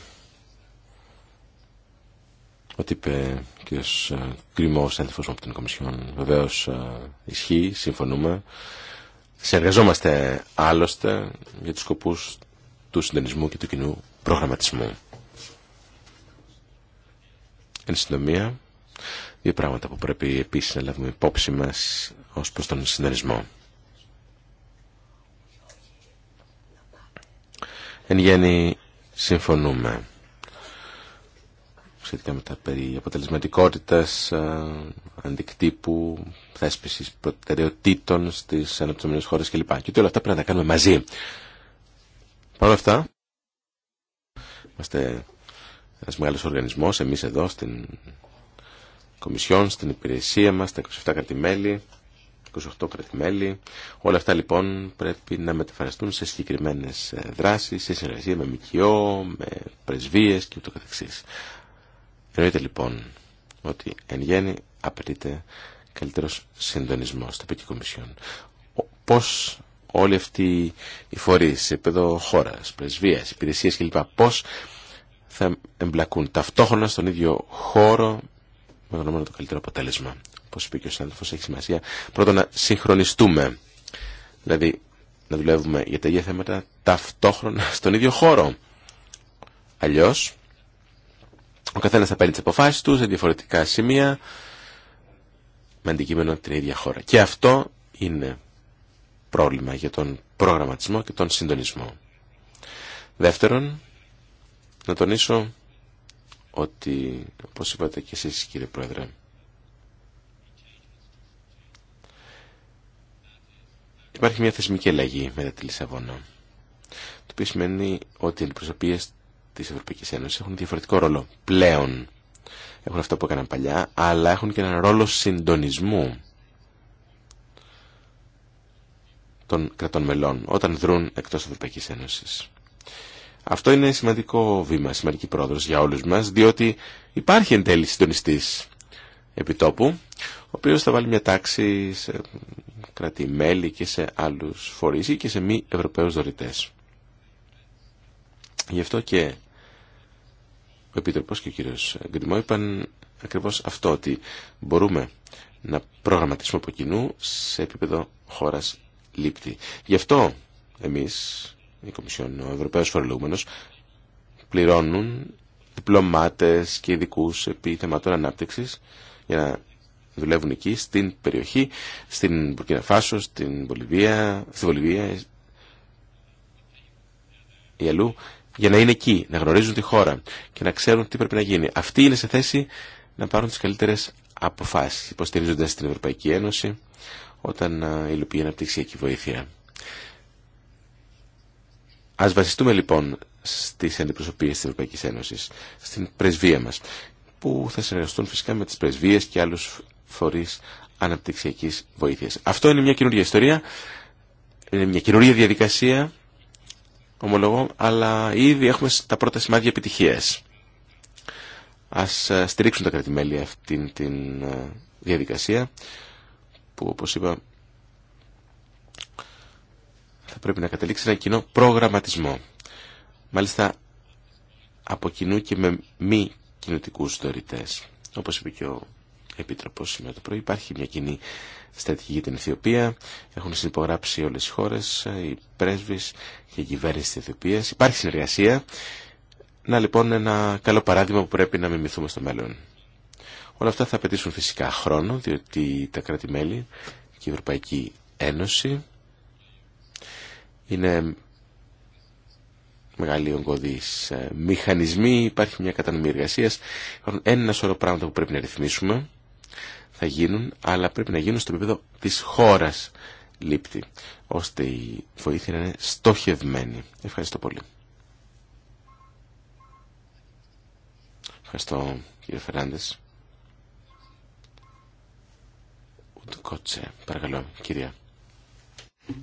Ό,τι είπε ο κ. Ε, Κρυμός, από την Κομισιόν, βεβαίως ε, ισχύει, συμφωνούμε. Συνεργαζόμαστε άλλωστε για τους σκοπούς του συντονισμού και του κοινού προγραμματισμού. Εν συντομία, δύο πράγματα που πρέπει επίσης να λάβουμε υπόψη μας ως προς τον συντονισμό. Εν γέννη συμφωνούμε σχετικά με τα περί αποτελεσματικότητας, ε, αντικτύπου, θέσπισης προτεραιοτήτων στις αναπτυσσόμενες χώρες κλπ. Και ότι όλα αυτά πρέπει να τα κάνουμε μαζί. Παρ' όλα αυτά, είμαστε ένας μεγάλος οργανισμός, εμείς εδώ στην Κομισιόν, στην υπηρεσία μας, τα 27 κρατημέλη, 28 κρατημέλη. Όλα αυτά λοιπόν πρέπει να μεταφραστούν σε συγκεκριμένες ε, δράσεις, σε συνεργασία με ΜΚΟ, με πρεσβείες και ούτω καθεξής. Εννοείται λοιπόν ότι εν γέννη απαιτείται καλύτερος συντονισμός στα πήκη κομισιόν. Πώς όλοι αυτοί οι φορείς σε επίπεδο χώρα, πρεσβείας, υπηρεσίες κλπ. Πώς θα εμπλακούν ταυτόχρονα στον ίδιο χώρο με το καλύτερο αποτέλεσμα όπως είπε και ο συνάδελφος, έχει σημασία πρώτον να συγχρονιστούμε. Δηλαδή να δουλεύουμε για τα ίδια θέματα ταυτόχρονα στον ίδιο χώρο. Αλλιώς, ο καθένας θα παίρνει τις αποφάσεις του σε διαφορετικά σημεία με αντικείμενο την ίδια χώρα. Και αυτό είναι πρόβλημα για τον προγραμματισμό και τον συντονισμό. Δεύτερον, να τονίσω ότι, όπως είπατε και εσείς κύριε Πρόεδρε, Υπάρχει μια θεσμική αλλαγή μετά τη Λισαβόνα. Το οποίο σημαίνει ότι οι αντιπροσωπείε τη Ευρωπαϊκή Ένωση έχουν διαφορετικό ρόλο πλέον. Έχουν αυτό που έκαναν παλιά, αλλά έχουν και έναν ρόλο συντονισμού των κρατών μελών όταν δρούν εκτό Ευρωπαϊκή Ένωση. Αυτό είναι σημαντικό βήμα, σημαντική πρόοδο για όλου μα, διότι υπάρχει εν τέλει συντονιστή επιτόπου, ο οποίο θα βάλει μια τάξη σε κράτη-μέλη και σε άλλους φορείς ή και σε μη Ευρωπαίους δωρητές. Γι' αυτό και ο Επιτροπός και ο κύριος Γκριμό είπαν ακριβώς αυτό, ότι μπορούμε να προγραμματίσουμε από κοινού σε επίπεδο χώρας λήπτη. Γι' αυτό εμείς, η Κομισιόν, ο Ευρωπαίος Φορολογούμενος, πληρώνουν διπλωμάτες και ειδικού επί θεμάτων ανάπτυξης για να δουλεύουν εκεί, στην περιοχή, στην Μπουρκίνα Φάσο, στην Βολιβία, στη Βολιβία ή αλλού, για να είναι εκεί, να γνωρίζουν τη χώρα και να ξέρουν τι πρέπει να γίνει. Αυτοί είναι σε θέση να πάρουν τις καλύτερες αποφάσεις, υποστηρίζοντας την Ευρωπαϊκή Ένωση όταν υλοποιεί αναπτυξιακή βοήθεια. Ας βασιστούμε λοιπόν στις αντιπροσωπείες της Ευρωπαϊκής Ένωσης, στην πρεσβεία μας, που θα συνεργαστούν φυσικά με τις πρεσβείες και άλλους φορείς αναπτυξιακής βοήθειας. Αυτό είναι μια καινούργια ιστορία, είναι μια καινούργια διαδικασία, ομολογώ, αλλά ήδη έχουμε τα πρώτα σημάδια επιτυχία. Ας ε, στηρίξουν τα κρατημέλη αυτήν την ε, διαδικασία που όπως είπα θα πρέπει να καταλήξει ένα κοινό προγραμματισμό. Μάλιστα από κοινού και με μη κοινωτικού δωρητέ, όπως είπε και ο Επίτροπο σήμερα το πρωί. Υπάρχει μια κοινή στρατηγική για την Αιθιοπία. Έχουν συνυπογράψει όλε οι χώρε, οι πρέσβεί και η κυβέρνηση τη Αιθιοπία. Υπάρχει συνεργασία. Να λοιπόν ένα καλό παράδειγμα που πρέπει να μιμηθούμε στο μέλλον. Όλα αυτά θα απαιτήσουν φυσικά χρόνο, διότι τα κράτη-μέλη και η Ευρωπαϊκή Ένωση είναι μεγάλοι ογκώδεις ε, μηχανισμοί, υπάρχει μια κατανομή εργασία, υπάρχουν ένα σωρό πράγματα που πρέπει να ρυθμίσουμε θα γίνουν, αλλά πρέπει να γίνουν στο επίπεδο της χώρας λήπτη, ώστε η βοήθεια να είναι στοχευμένη. Ευχαριστώ πολύ. Ευχαριστώ κύριε Φεράντες. Κότσε, παρακαλώ, κυρία.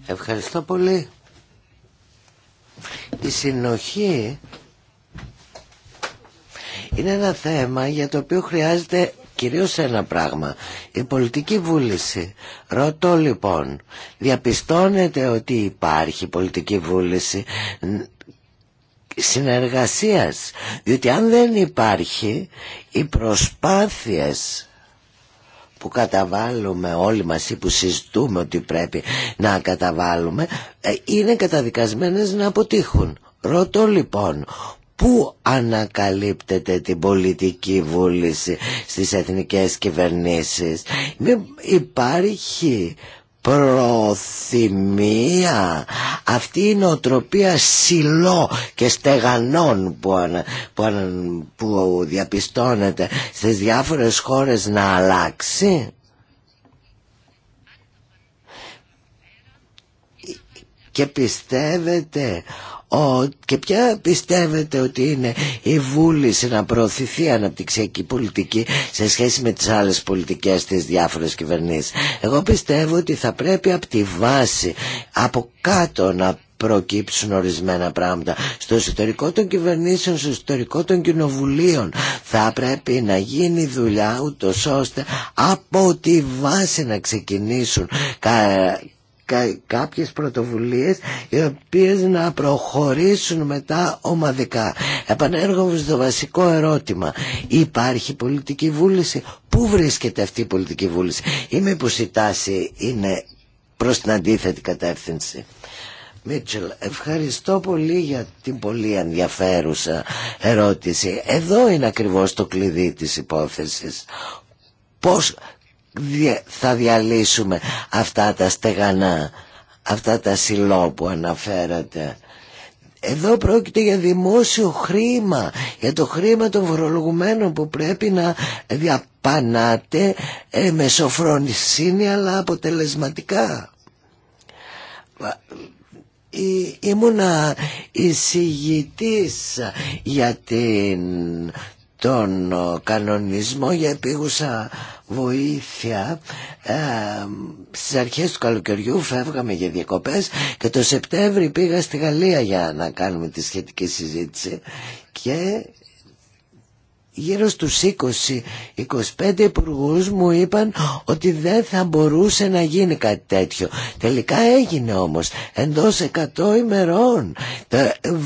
Ευχαριστώ πολύ. Η συνοχή είναι ένα θέμα για το οποίο χρειάζεται κυρίως ένα πράγμα, η πολιτική βούληση. Ρωτώ λοιπόν, διαπιστώνετε ότι υπάρχει πολιτική βούληση συνεργασίας, διότι αν δεν υπάρχει οι προσπάθειες που καταβάλουμε όλοι μας ή που συζητούμε ότι πρέπει να καταβάλουμε ε, είναι καταδικασμένες να αποτύχουν. Ρωτώ λοιπόν, Πού ανακαλύπτεται την πολιτική βούληση στις εθνικές κυβερνήσεις. Υπάρχει προθυμία. Αυτή η νοοτροπία σιλό και στεγανών που, ανα, που, ανα, που διαπιστώνεται στις διάφορες χώρες να αλλάξει. Και πιστεύετε ο, και ποια πιστεύετε ότι είναι η βούληση να προωθηθεί η αναπτυξιακή πολιτική σε σχέση με τις άλλες πολιτικές της διάφορες κυβερνήσεις. Εγώ πιστεύω ότι θα πρέπει από τη βάση, από κάτω να προκύψουν ορισμένα πράγματα στο εσωτερικό των κυβερνήσεων, στο εσωτερικό των κοινοβουλίων. Θα πρέπει να γίνει δουλειά ούτω ώστε από τη βάση να ξεκινήσουν κάποιες πρωτοβουλίες οι οποίες να προχωρήσουν μετά ομαδικά. Επανέργομαι στο βασικό ερώτημα. Υπάρχει πολιτική βούληση. Πού βρίσκεται αυτή η πολιτική βούληση ή μήπως η τάση είναι προς την αντίθετη κατεύθυνση. Μίτσελ, ευχαριστώ πολύ για την πολύ ενδιαφέρουσα ερώτηση. Εδώ είναι ακριβώς το κλειδί της υπόθεσης. Πώς θα διαλύσουμε αυτά τα στεγανά, αυτά τα σιλό που αναφέρατε. Εδώ πρόκειται για δημόσιο χρήμα, για το χρήμα των φορολογουμένων που πρέπει να διαπανάτε ε, με σοφρόνησίνη αλλά αποτελεσματικά. Ή, ήμουνα εισηγητής για την τον κανονισμό για επίγουσα βοήθεια ε, στις αρχές του καλοκαιριού φεύγαμε για διακοπές και το Σεπτέμβρη πήγα στη Γαλλία για να κάνουμε τη σχετική συζήτηση και γύρω στους 20-25 υπουργού μου είπαν ότι δεν θα μπορούσε να γίνει κάτι τέτοιο. Τελικά έγινε όμως εντός 100 ημερών.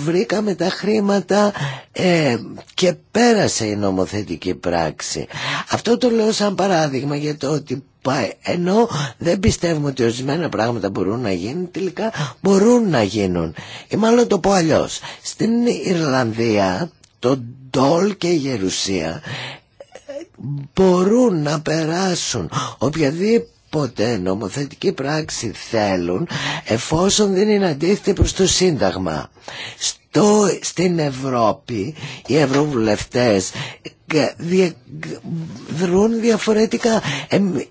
βρήκαμε τα χρήματα ε, και πέρασε η νομοθετική πράξη. Αυτό το λέω σαν παράδειγμα για το ότι ενώ δεν πιστεύουμε ότι ορισμένα πράγματα μπορούν να γίνουν, τελικά μπορούν να γίνουν. Ή μάλλον το πω αλλιώ. Στην Ιρλανδία το Ντόλ και η Γερουσία ε, μπορούν να περάσουν οποιαδήποτε νομοθετική πράξη θέλουν εφόσον δεν είναι αντίθετη προς το Σύνταγμα. Στο, στην Ευρώπη οι Ευρωβουλευτές δρούν διαφορετικά.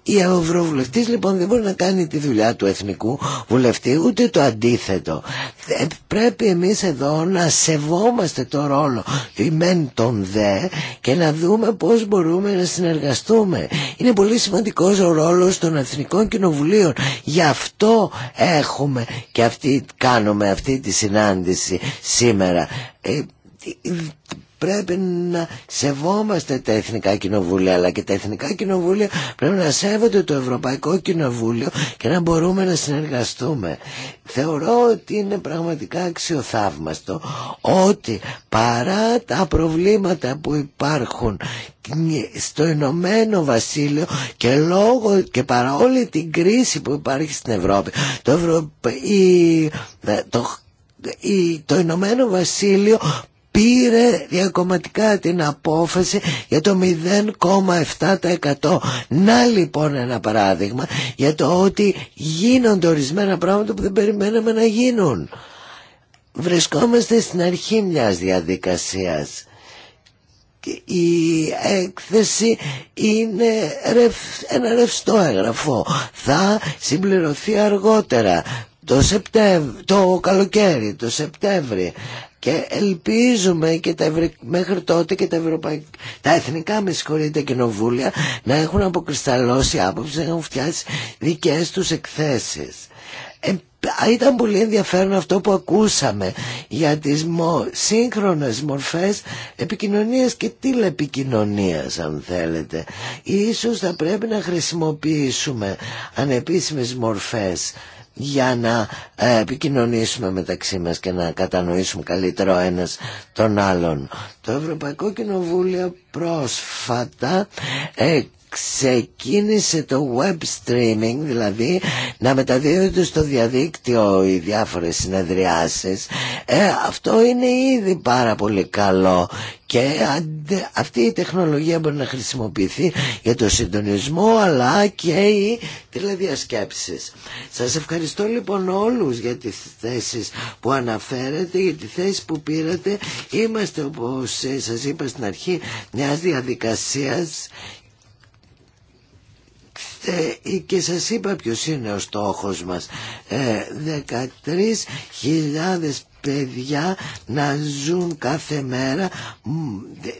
Η ευρωβουλευτής λοιπόν δεν μπορεί να κάνει τη δουλειά του εθνικού βουλευτή ούτε το αντίθετο. Ε, πρέπει εμείς εδώ να σεβόμαστε το ρόλο του ημέν τον δε και να δούμε πώς μπορούμε να συνεργαστούμε. Είναι πολύ σημαντικός ο ρόλος των εθνικών κοινοβουλίων. Γι' αυτό έχουμε και αυτή, κάνουμε αυτή τη συνάντηση σήμερα ε, πρέπει να σεβόμαστε τα εθνικά κοινοβούλια αλλά και τα εθνικά κοινοβούλια πρέπει να σέβονται το Ευρωπαϊκό Κοινοβούλιο και να μπορούμε να συνεργαστούμε. Θεωρώ ότι είναι πραγματικά αξιοθαύμαστο ότι παρά τα προβλήματα που υπάρχουν στο Ηνωμένο Βασίλειο και λόγω και παρά όλη την κρίση που υπάρχει στην Ευρώπη το, το... το Ηνωμένο Βασίλειο πήρε διακομματικά την απόφαση για το 0,7%. Να λοιπόν ένα παράδειγμα για το ότι γίνονται ορισμένα πράγματα που δεν περιμέναμε να γίνουν. Βρισκόμαστε στην αρχή μιας διαδικασίας. Η έκθεση είναι ένα ρευστό έγγραφο. Θα συμπληρωθεί αργότερα το, το καλοκαίρι, το Σεπτέμβρη και ελπίζουμε και τα μέχρι τότε και τα, ευρωπαϊκά, τα εθνικά με συγχωρείτε κοινοβούλια να έχουν αποκρισταλώσει άποψη, να έχουν φτιάξει δικές τους εκθέσεις. Ε, ήταν πολύ ενδιαφέρον αυτό που ακούσαμε για τις μο... σύγχρονες μορφές επικοινωνίας και τηλεπικοινωνίας αν θέλετε. Ίσως θα πρέπει να χρησιμοποιήσουμε ανεπίσημες μορφές για να ε, επικοινωνήσουμε μεταξύ μας και να κατανοήσουμε καλύτερο ένας τον άλλον. Το Ευρωπαϊκό Κοινοβούλιο πρόσφατα ε, ξεκίνησε το web streaming, δηλαδή να μεταδίδονται στο διαδίκτυο οι διάφορες συνεδριάσεις, ε, αυτό είναι ήδη πάρα πολύ καλό και αυτή η τεχνολογία μπορεί να χρησιμοποιηθεί για το συντονισμό αλλά και οι τηλεδιασκέψεις. Σας ευχαριστώ λοιπόν όλους για τις θέσεις που αναφέρετε, για τη θέση που πήρατε. Είμαστε όπως σας είπα στην αρχή μιας διαδικασίας ε, και σας είπα ποιος είναι ο στόχος μας. Ε, 13.000 παιδιά να ζουν κάθε μέρα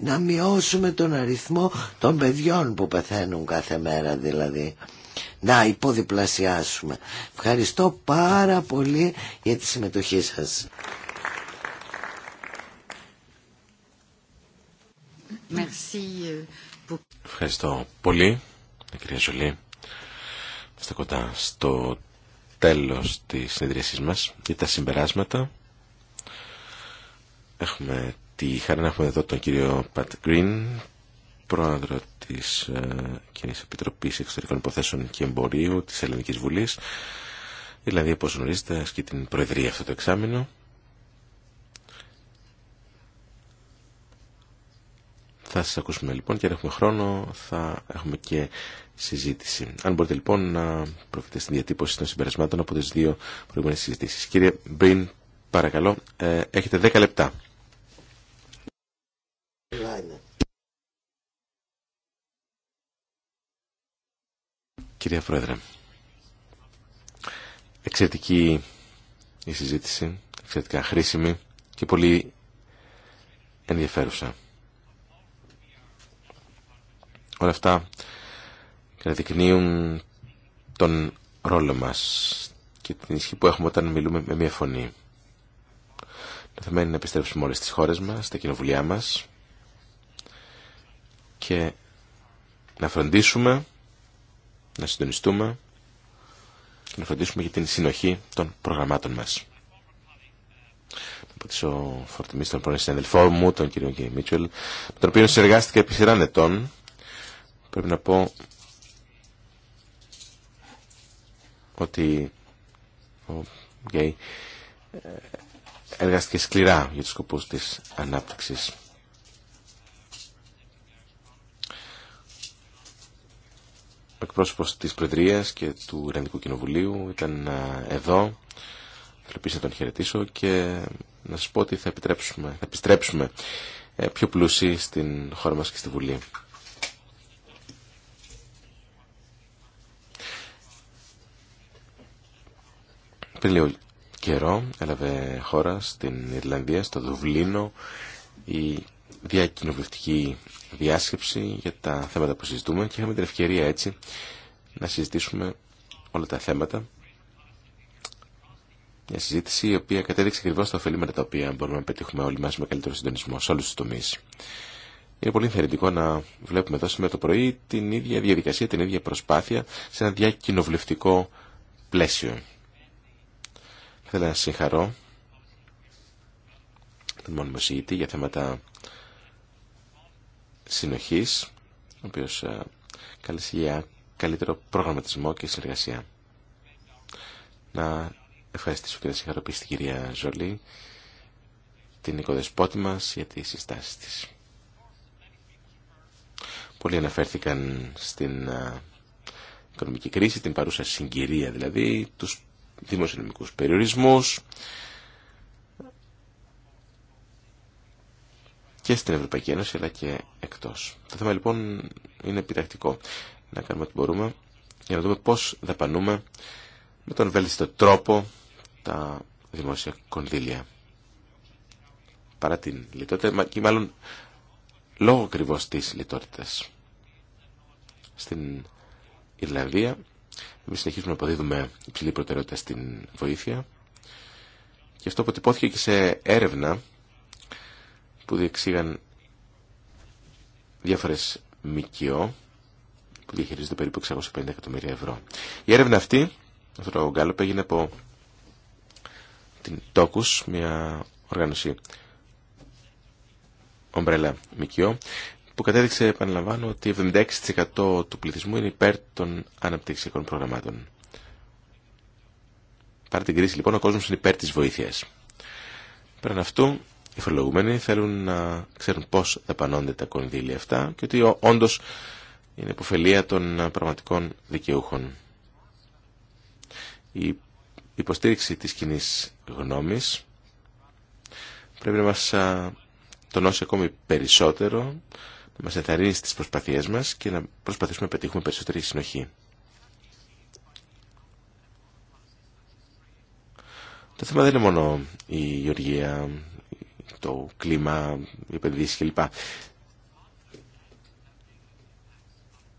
να μειώσουμε τον αριθμό των παιδιών που πεθαίνουν κάθε μέρα δηλαδή να υποδιπλασιάσουμε ευχαριστώ πάρα πολύ για τη συμμετοχή σας ε, Ευχαριστώ πολύ κυρία Ζολή στα κοντά στο τέλος της συνεδρίασής μας για τα συμπεράσματα. Έχουμε τη χαρά να έχουμε εδώ τον κύριο Πατ Γκριν, πρόεδρο της ε, Κοινής Επιτροπής Εξωτερικών Υποθέσεων και Εμπορίου της Ελληνικής Βουλής. Δηλαδή, όπως γνωρίζετε, ασκεί την Προεδρία αυτό το εξάμεινο. Θα σας ακούσουμε λοιπόν και αν έχουμε χρόνο θα έχουμε και συζήτηση. Αν μπορείτε λοιπόν να προφείτε στην διατύπωση των συμπερασμάτων από τις δύο προηγούμενες συζητήσεις. Κύριε Μπριν, παρακαλώ, ε, έχετε 10 λεπτά. Κυρία Πρόεδρε, εξαιρετική η συζήτηση, εξαιρετικά χρήσιμη και πολύ ενδιαφέρουσα. Όλα αυτά να δεικνύουν τον ρόλο μας και την ισχύ που έχουμε όταν μιλούμε με μία φωνή. Το θέμα είναι να επιστρέψουμε όλες τις χώρες μας, τα κοινοβουλιά μας και να φροντίσουμε, να συντονιστούμε και να φροντίσουμε για την συνοχή των προγραμμάτων μας. Να πατήσω φορτιμή στον πρώην συναδελφό μου, τον κύριο Γκέι με τον οποίο συνεργάστηκα επί σειράν ετών. Πρέπει να πω ότι ο Γκέι ε, εργάστηκε σκληρά για τους σκοπούς της ανάπτυξης. Ο εκπρόσωπος της Προεδρίας και του Ιρανικού Κοινοβουλίου ήταν ε, εδώ. Θέλω επίσης να τον χαιρετήσω και να σας πω ότι θα, επιτρέψουμε, θα επιστρέψουμε ε, πιο πλούσιοι στην χώρα μας και στη Βουλή. Πριν λίγο καιρό έλαβε χώρα στην Ιρλανδία, στο Δουβλίνο, η διακοινοβουλευτική διάσκεψη για τα θέματα που συζητούμε και είχαμε την ευκαιρία έτσι να συζητήσουμε όλα τα θέματα. Μια συζήτηση η οποία κατέδειξε ακριβώ τα ωφελήματα τα οποία μπορούμε να πετύχουμε όλοι μα με καλύτερο συντονισμό σε όλου του τομεί. Είναι πολύ ενθαρρυντικό να βλέπουμε εδώ σήμερα το πρωί την ίδια διαδικασία, την ίδια προσπάθεια σε ένα διακοινοβουλευτικό πλαίσιο. Θέλω να συγχαρώ τον μόνιμο συγητή για θέματα συνοχής, ο οποίος ε, καλέσει για καλύτερο προγραμματισμό και συνεργασία. Να ευχαριστήσω και να συγχαρώ την κυρία Ζολή, την οικοδεσπότη μας για τις συστάσεις της. Πολλοί αναφέρθηκαν στην ε, οικονομική κρίση, την παρούσα συγκυρία δηλαδή, τους δημοσιονομικούς περιορισμούς και στην Ευρωπαϊκή Ένωση αλλά και εκτός. Το θέμα λοιπόν είναι επιτακτικό. Να κάνουμε ό,τι μπορούμε για να δούμε πώς δαπανούμε με τον βέλτιστο τρόπο τα δημόσια κονδύλια. Παρά την λιτότητα, και μάλλον λόγω ακριβώ τη λιτότητα. Στην Ιρλανδία Εμεί συνεχίζουμε να αποδίδουμε υψηλή προτεραιότητα στην βοήθεια και αυτό αποτυπώθηκε και σε έρευνα που διεξήγαν διάφορες ΜΚΟ που διαχειρίζονται περίπου 650 εκατομμύρια ευρώ. Η έρευνα αυτή, αυτό το γκάλωπ, έγινε από την TOCUS, μια οργάνωση ομπρέλα ΜΚΟ, που κατέδειξε, επαναλαμβάνω, ότι 76% του πληθυσμού είναι υπέρ των αναπτυξιακών προγραμμάτων. Παρά την κρίση λοιπόν ο κόσμος είναι υπέρ της βοήθειας. Πέραν αυτού, οι φορολογουμένοι θέλουν να ξέρουν πώς δαπανώνται τα κονδύλια αυτά και ότι όντω είναι υποφελία των πραγματικών δικαιούχων. Η υποστήριξη της κοινή γνώμης πρέπει να μας τονώσει ακόμη περισσότερο να μας ενθαρρύνει στις προσπαθίες μας και να προσπαθήσουμε να πετύχουμε περισσότερη συνοχή. Το θέμα δεν είναι μόνο η γεωργία, το κλίμα, οι επενδύσεις κλπ.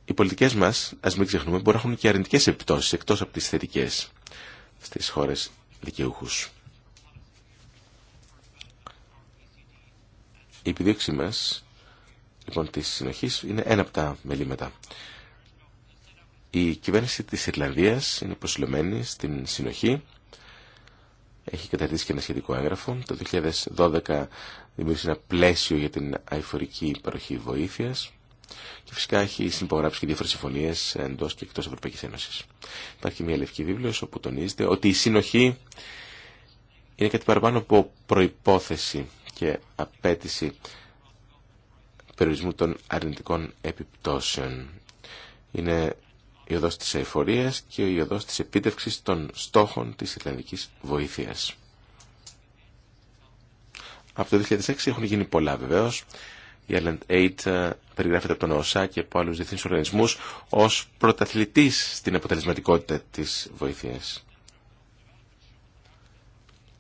Οι πολιτικές μας, ας μην ξεχνούμε, μπορούν να έχουν και αρνητικές επιπτώσεις εκτός από τις θετικές στις χώρες δικαιούχους. Η επιδίωξή μας λοιπόν της συνοχής είναι ένα από τα μελήματα. Η κυβέρνηση της Ιρλανδίας είναι προσυλλομένη στην συνοχή. Έχει καταρτήσει και ένα σχετικό έγγραφο. Το 2012 δημιούργησε ένα πλαίσιο για την αηφορική παροχή βοήθειας και φυσικά έχει συμπογράψει και διάφορε συμφωνίε εντό και εκτό Ευρωπαϊκή Ένωση. Υπάρχει μια λευκή βίβλο όπου τονίζεται ότι η συνοχή είναι κάτι παραπάνω από προπόθεση και απέτηση περιορισμού των αρνητικών επιπτώσεων. Είναι η οδός της αηφορίας... και η οδός της επίτευξης των στόχων της Ιρλανδικής βοήθειας. Από το 2006 έχουν γίνει πολλά βεβαίως. Η Ireland 8 ε, περιγράφεται από τον ΟΣΑ και από άλλους διεθνείς οργανισμούς ως πρωταθλητής στην αποτελεσματικότητα της βοήθειας.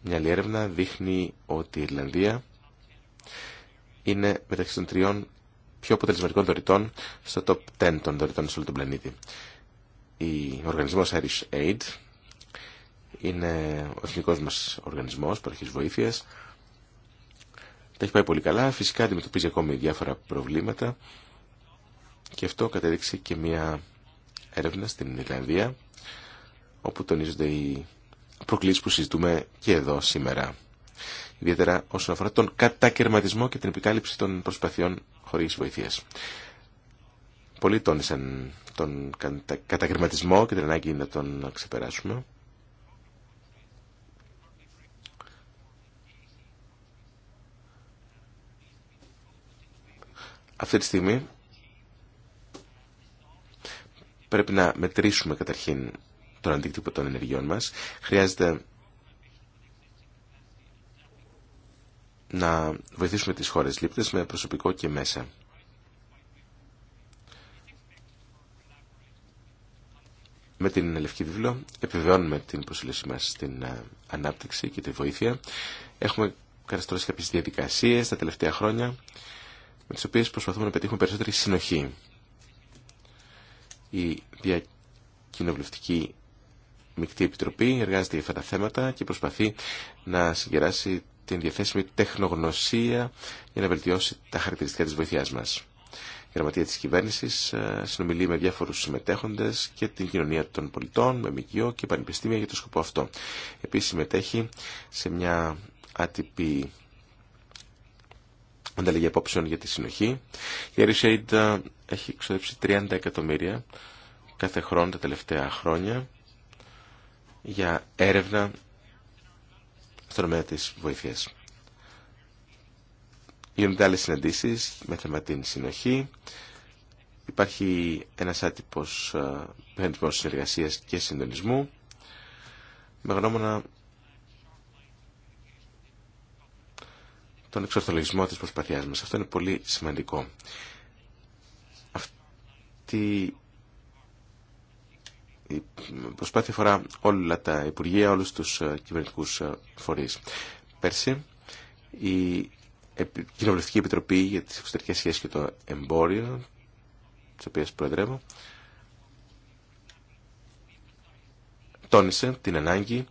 Μια άλλη έρευνα δείχνει ότι η Ιρλανδία είναι μεταξύ των τριών πιο αποτελεσματικών δωρητών στο top 10 των δωρητών σε όλο τον πλανήτη. Ο οργανισμός Irish Aid είναι ο εθνικός μας οργανισμός παροχής βοήθειας. Τα έχει πάει πολύ καλά. Φυσικά αντιμετωπίζει ακόμη διάφορα προβλήματα και αυτό κατέδειξε και μια έρευνα στην Ιρλανδία όπου τονίζονται οι προκλήσεις που συζητούμε και εδώ σήμερα ιδιαίτερα όσον αφορά τον κατακαιρματισμό και την επικάλυψη των προσπαθειών χωρίς βοηθεία. Πολλοί τόνισαν τον κατακαιρματισμό και την ανάγκη να τον ξεπεράσουμε. Αυτή τη στιγμή πρέπει να μετρήσουμε καταρχήν τον αντίκτυπο των ενεργειών μας. Χρειάζεται να βοηθήσουμε τις χώρες λήπτες με προσωπικό και μέσα. Με την Λευκή Βίβλο επιβεβαιώνουμε την προσήλωσή μας στην ε, ανάπτυξη και τη βοήθεια. Έχουμε καταστρώσει κάποιες διαδικασίες τα τελευταία χρόνια με τις οποίες προσπαθούμε να πετύχουμε περισσότερη συνοχή. Η διακοινοβουλευτική μεικτή επιτροπή εργάζεται για αυτά τα θέματα και προσπαθεί να συγκεράσει την διαθέσιμη τεχνογνωσία για να βελτιώσει τα χαρακτηριστικά της βοηθειάς μας. Η γραμματεία της κυβέρνησης ε, συνομιλεί με διάφορους συμμετέχοντες και την κοινωνία των πολιτών, με ΜΚΙΟ και πανεπιστήμια για το σκοπό αυτό. Επίσης συμμετέχει σε μια άτυπη ανταλλαγή απόψεων για τη συνοχή. Η Air ε, έχει εξοδέψει 30 εκατομμύρια κάθε χρόνο τα τελευταία χρόνια για έρευνα στον τομέα τη βοήθειας. Γίνονται άλλε συναντήσει με θέμα την συνοχή. Υπάρχει ένας άτυπο ε, μηχανισμός συνεργασία και συντονισμού με γνώμονα τον εξορθολογισμό της προσπαθειάς μας. Αυτό είναι πολύ σημαντικό. Αυτή η προσπάθεια αφορά όλα τα Υπουργεία, όλους τους ε, κυβερνητικούς ε, φορείς. Πέρσι, η Κοινοβουλευτική Επιτροπή για τις Εξωτερικές Σχέσεις και το Εμπόριο, της οποίας προεδρεύω, τόνισε την ανάγκη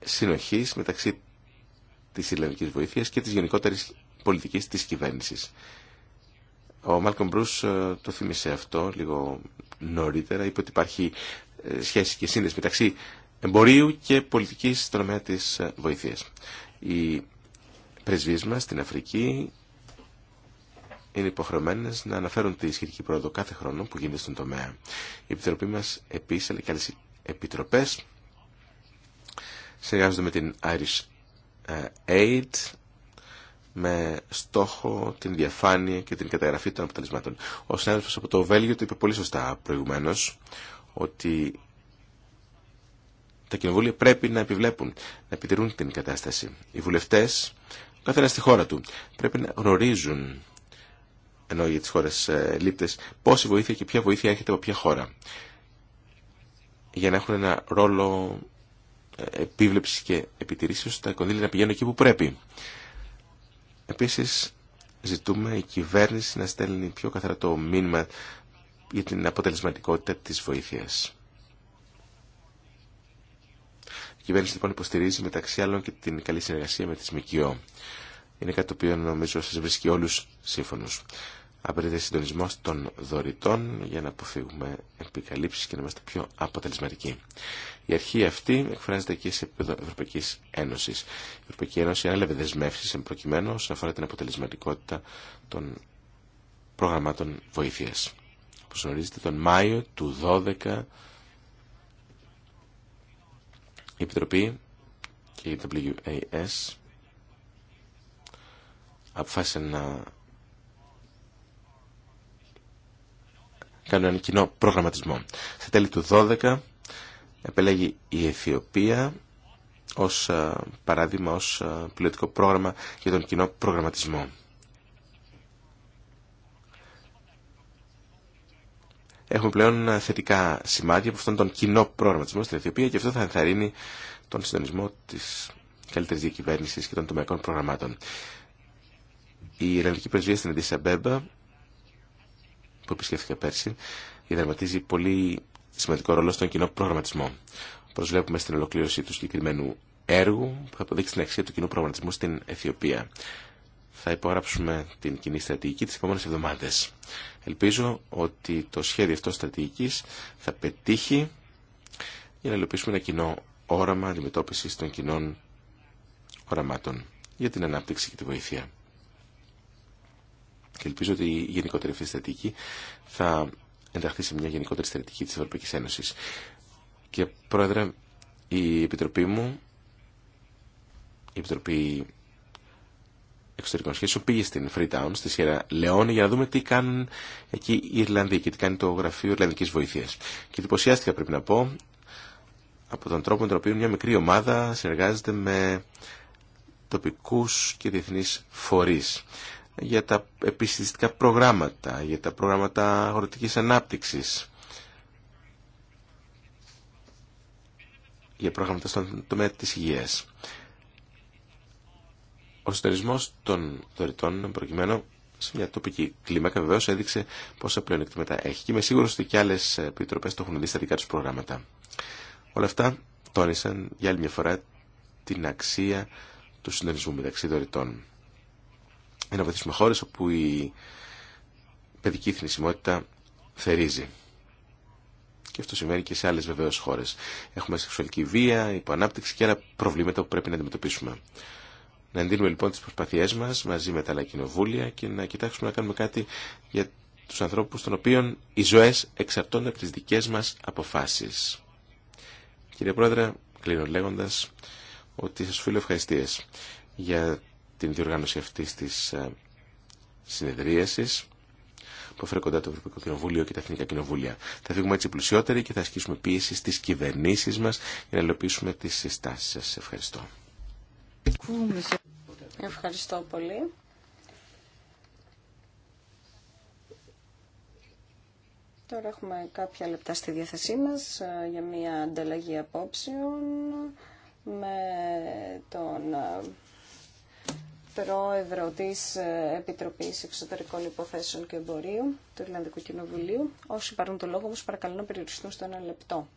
συνοχής μεταξύ της Ιρλανδικής βοήθειας και της γενικότερης πολιτικής της κυβέρνησης. Ο Μάλκομ Μπρούς ε, το θύμισε αυτό λίγο νωρίτερα είπε ότι υπάρχει ε, σχέση και σύνδεση μεταξύ εμπορίου και πολιτικής στον τομέα της ε, βοηθείας. Οι πρεσβείς μας στην Αφρική είναι υποχρεωμένες να αναφέρουν τη σχετική πρόοδο κάθε χρόνο που γίνεται στον τομέα. Η Επιτροπή μα επίση, αλλά και άλλε επιτροπέ, συνεργάζονται με την Irish ε, Aid με στόχο την διαφάνεια και την καταγραφή των αποτελεσμάτων. Ο συνάδελφος από το Βέλγιο το είπε πολύ σωστά προηγουμένως ότι τα κοινοβούλια πρέπει να επιβλέπουν, να επιτηρούν την κατάσταση. Οι βουλευτές, κάθε καθένας στη χώρα του, πρέπει να γνωρίζουν ενώ για τις χώρες ε, λήπτες, πόση βοήθεια και ποια βοήθεια έχετε από ποια χώρα. Για να έχουν ένα ρόλο ε, επιβλέψης και επιτηρήσεως, τα κονδύλια να πηγαίνουν εκεί που πρέπει. Επίσης ζητούμε η κυβέρνηση να στέλνει πιο καθαρά το μήνυμα για την αποτελεσματικότητα της βοήθειας. Η κυβέρνηση λοιπόν υποστηρίζει μεταξύ άλλων και την καλή συνεργασία με τις ΜΚΟ. Είναι κάτι το οποίο νομίζω σας βρίσκει όλους σύμφωνος απαιτείται συντονισμό των δωρητών για να αποφύγουμε επικαλύψει και να είμαστε πιο αποτελεσματικοί. Η αρχή αυτή εκφράζεται και σε επίπεδο Ευρωπαϊκή Ένωση. Η Ευρωπαϊκή Ένωση έλεγε δεσμεύσει εν προκειμένου όσον αφορά την αποτελεσματικότητα των προγραμμάτων βοήθεια. Όπω γνωρίζετε, τον Μάιο του 2012 η Επιτροπή και η WAS αποφάσισαν να έναν κοινό προγραμματισμό. Στα τέλη του 12 επελέγει η Αιθιοπία ως ε, παράδειγμα, ως ε, πιλωτικό πρόγραμμα για τον κοινό προγραμματισμό. Έχουμε πλέον ε, θετικά σημάδια από αυτόν τον κοινό προγραμματισμό στην Αιθιοπία και αυτό θα ενθαρρύνει τον συντονισμό της καλύτερης διακυβέρνησης και των τομεακών προγραμμάτων. Η Ιρανική Πρεσβεία στην Αντίσσα που επισκέφθηκε πέρσι, διαδραματίζει πολύ σημαντικό ρόλο στον κοινό προγραμματισμό. Προσβλέπουμε στην ολοκλήρωση του συγκεκριμένου έργου που θα αποδείξει την αξία του κοινού προγραμματισμού στην Αιθιοπία. Θα υπογράψουμε την κοινή στρατηγική τις επόμενες εβδομάδες. Ελπίζω ότι το σχέδιο αυτό στρατηγική θα πετύχει για να υλοποιήσουμε ένα κοινό όραμα αντιμετώπιση των κοινών οραμάτων για την ανάπτυξη και τη βοήθεια. Και ελπίζω ότι η γενικότερη αυτή στρατηγική θα ενταχθεί σε μια γενικότερη στρατηγική της Ευρωπαϊκής Ένωσης. Και πρόεδρε, η Επιτροπή μου, η Επιτροπή Εξωτερικών Σχέσεων πήγε στην Freetown, στη Σιέρα Λεόνι, για να δούμε τι κάνουν εκεί οι Ιρλανδοί και τι κάνει το Γραφείο Ιρλανδικής Βοηθεία. Και εντυπωσιάστηκα πρέπει να πω από τον τρόπο με τον οποίο μια μικρή ομάδα συνεργάζεται με τοπικούς και διεθνείς φορείς για τα επιστημιστικά προγράμματα, για τα προγράμματα αγροτικής ανάπτυξης, για προγράμματα στον τομέα της υγείας. Ο συντονισμός των δωρητών προκειμένου σε μια τοπική κλίμακα βεβαίως έδειξε πόσα πλεονεκτήματα έχει και είμαι σίγουρος ότι και άλλες επιτροπές το έχουν δει στα δικά τους προγράμματα. Όλα αυτά τόνισαν για άλλη μια φορά την αξία του συντονισμού μεταξύ δωρητών να βοηθήσουμε χώρε όπου η παιδική θνησιμότητα θερίζει. Και αυτό συμβαίνει και σε άλλε βεβαίω χώρε. Έχουμε σεξουαλική βία, υποανάπτυξη και άλλα προβλήματα που πρέπει να αντιμετωπίσουμε. Να εντείνουμε λοιπόν τι προσπαθίε μα μαζί με τα άλλα κοινοβούλια και να κοιτάξουμε να κάνουμε κάτι για του ανθρώπου των οποίων οι ζωέ εξαρτώνται από τι δικέ μα αποφάσει. Κύριε Πρόεδρε, κλείνω λέγοντα ότι σα φίλω ευχαριστίε για την διοργάνωση αυτής της ε, συνεδρίασης που έφερε κοντά το Ευρωπαϊκό Κοινοβούλιο και τα Εθνικά Κοινοβούλια. Θα φύγουμε έτσι πλουσιότεροι και θα ασκήσουμε πίεση στις κυβερνήσεις μας για να ελοπίσουμε τις συστάσεις σας. Ευχαριστώ. Ευχαριστώ πολύ. Τώρα έχουμε κάποια λεπτά στη διάθεσή μας ε, για μια ανταλλαγή απόψεων με τον ε, πρόεδρο της ε, Επιτροπής Εξωτερικών Υποθέσεων και Εμπορίου του Ιρλανδικού Κοινοβουλίου. Όσοι παρούν το λόγο όμως παρακαλώ να περιοριστούν στο ένα λεπτό.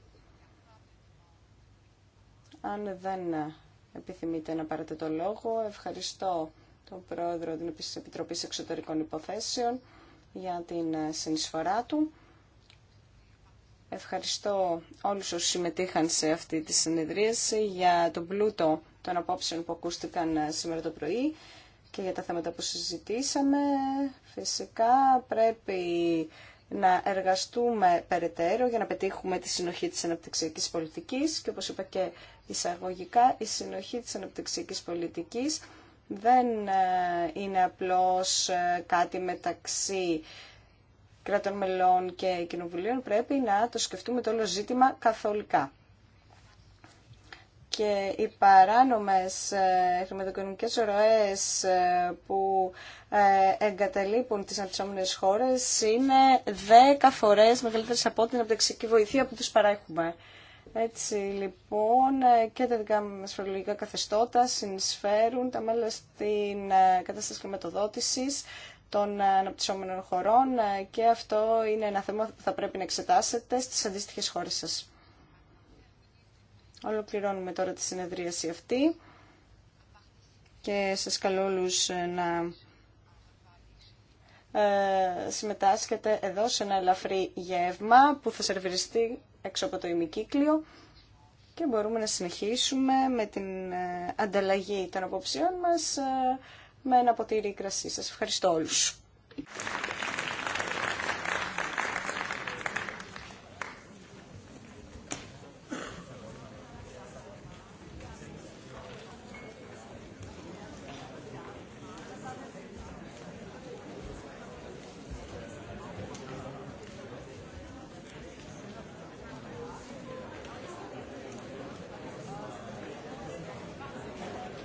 Αν δεν ε, επιθυμείτε να πάρετε το λόγο, ευχαριστώ τον πρόεδρο της Επιτροπής Εξωτερικών Υποθέσεων για την ε, συνεισφορά του. Ευχαριστώ όλους όσους συμμετείχαν σε αυτή τη συνεδρίαση για τον πλούτο των απόψεων που ακούστηκαν ε, σήμερα το πρωί και για τα θέματα που συζητήσαμε. Φυσικά πρέπει να εργαστούμε περαιτέρω για να πετύχουμε τη συνοχή της αναπτυξιακής πολιτικής και όπως είπα και εισαγωγικά η συνοχή της αναπτυξιακής πολιτικής δεν ε, είναι απλώς ε, κάτι μεταξύ κρατών μελών και κοινοβουλίων, πρέπει να το σκεφτούμε το όλο ζήτημα καθολικά και οι παράνομες ε, χρηματοοικονομικές ροές ε, που ε, εγκαταλείπουν τις αντισόμενες χώρες είναι 10 φορές μεγαλύτερες από την απταξική βοηθεία που τους παρέχουμε. Έτσι λοιπόν και τα δικά μας φορολογικά καθεστώτα συνεισφέρουν τα μέλη στην κατάσταση χρηματοδότησης των αναπτυσσόμενων χωρών και αυτό είναι ένα θέμα που θα πρέπει να εξετάσετε στις αντίστοιχες χώρες σας. Ολοκληρώνουμε τώρα τη συνεδρίαση αυτή και σας καλώ όλους να ε, συμμετάσχετε εδώ σε ένα ελαφρύ γεύμα που θα σερβιριστεί έξω από το ημικύκλιο και μπορούμε να συνεχίσουμε με την ε, ανταλλαγή των απόψεών μας ε, με ένα ποτήρι κρασί. Σας ευχαριστώ όλους.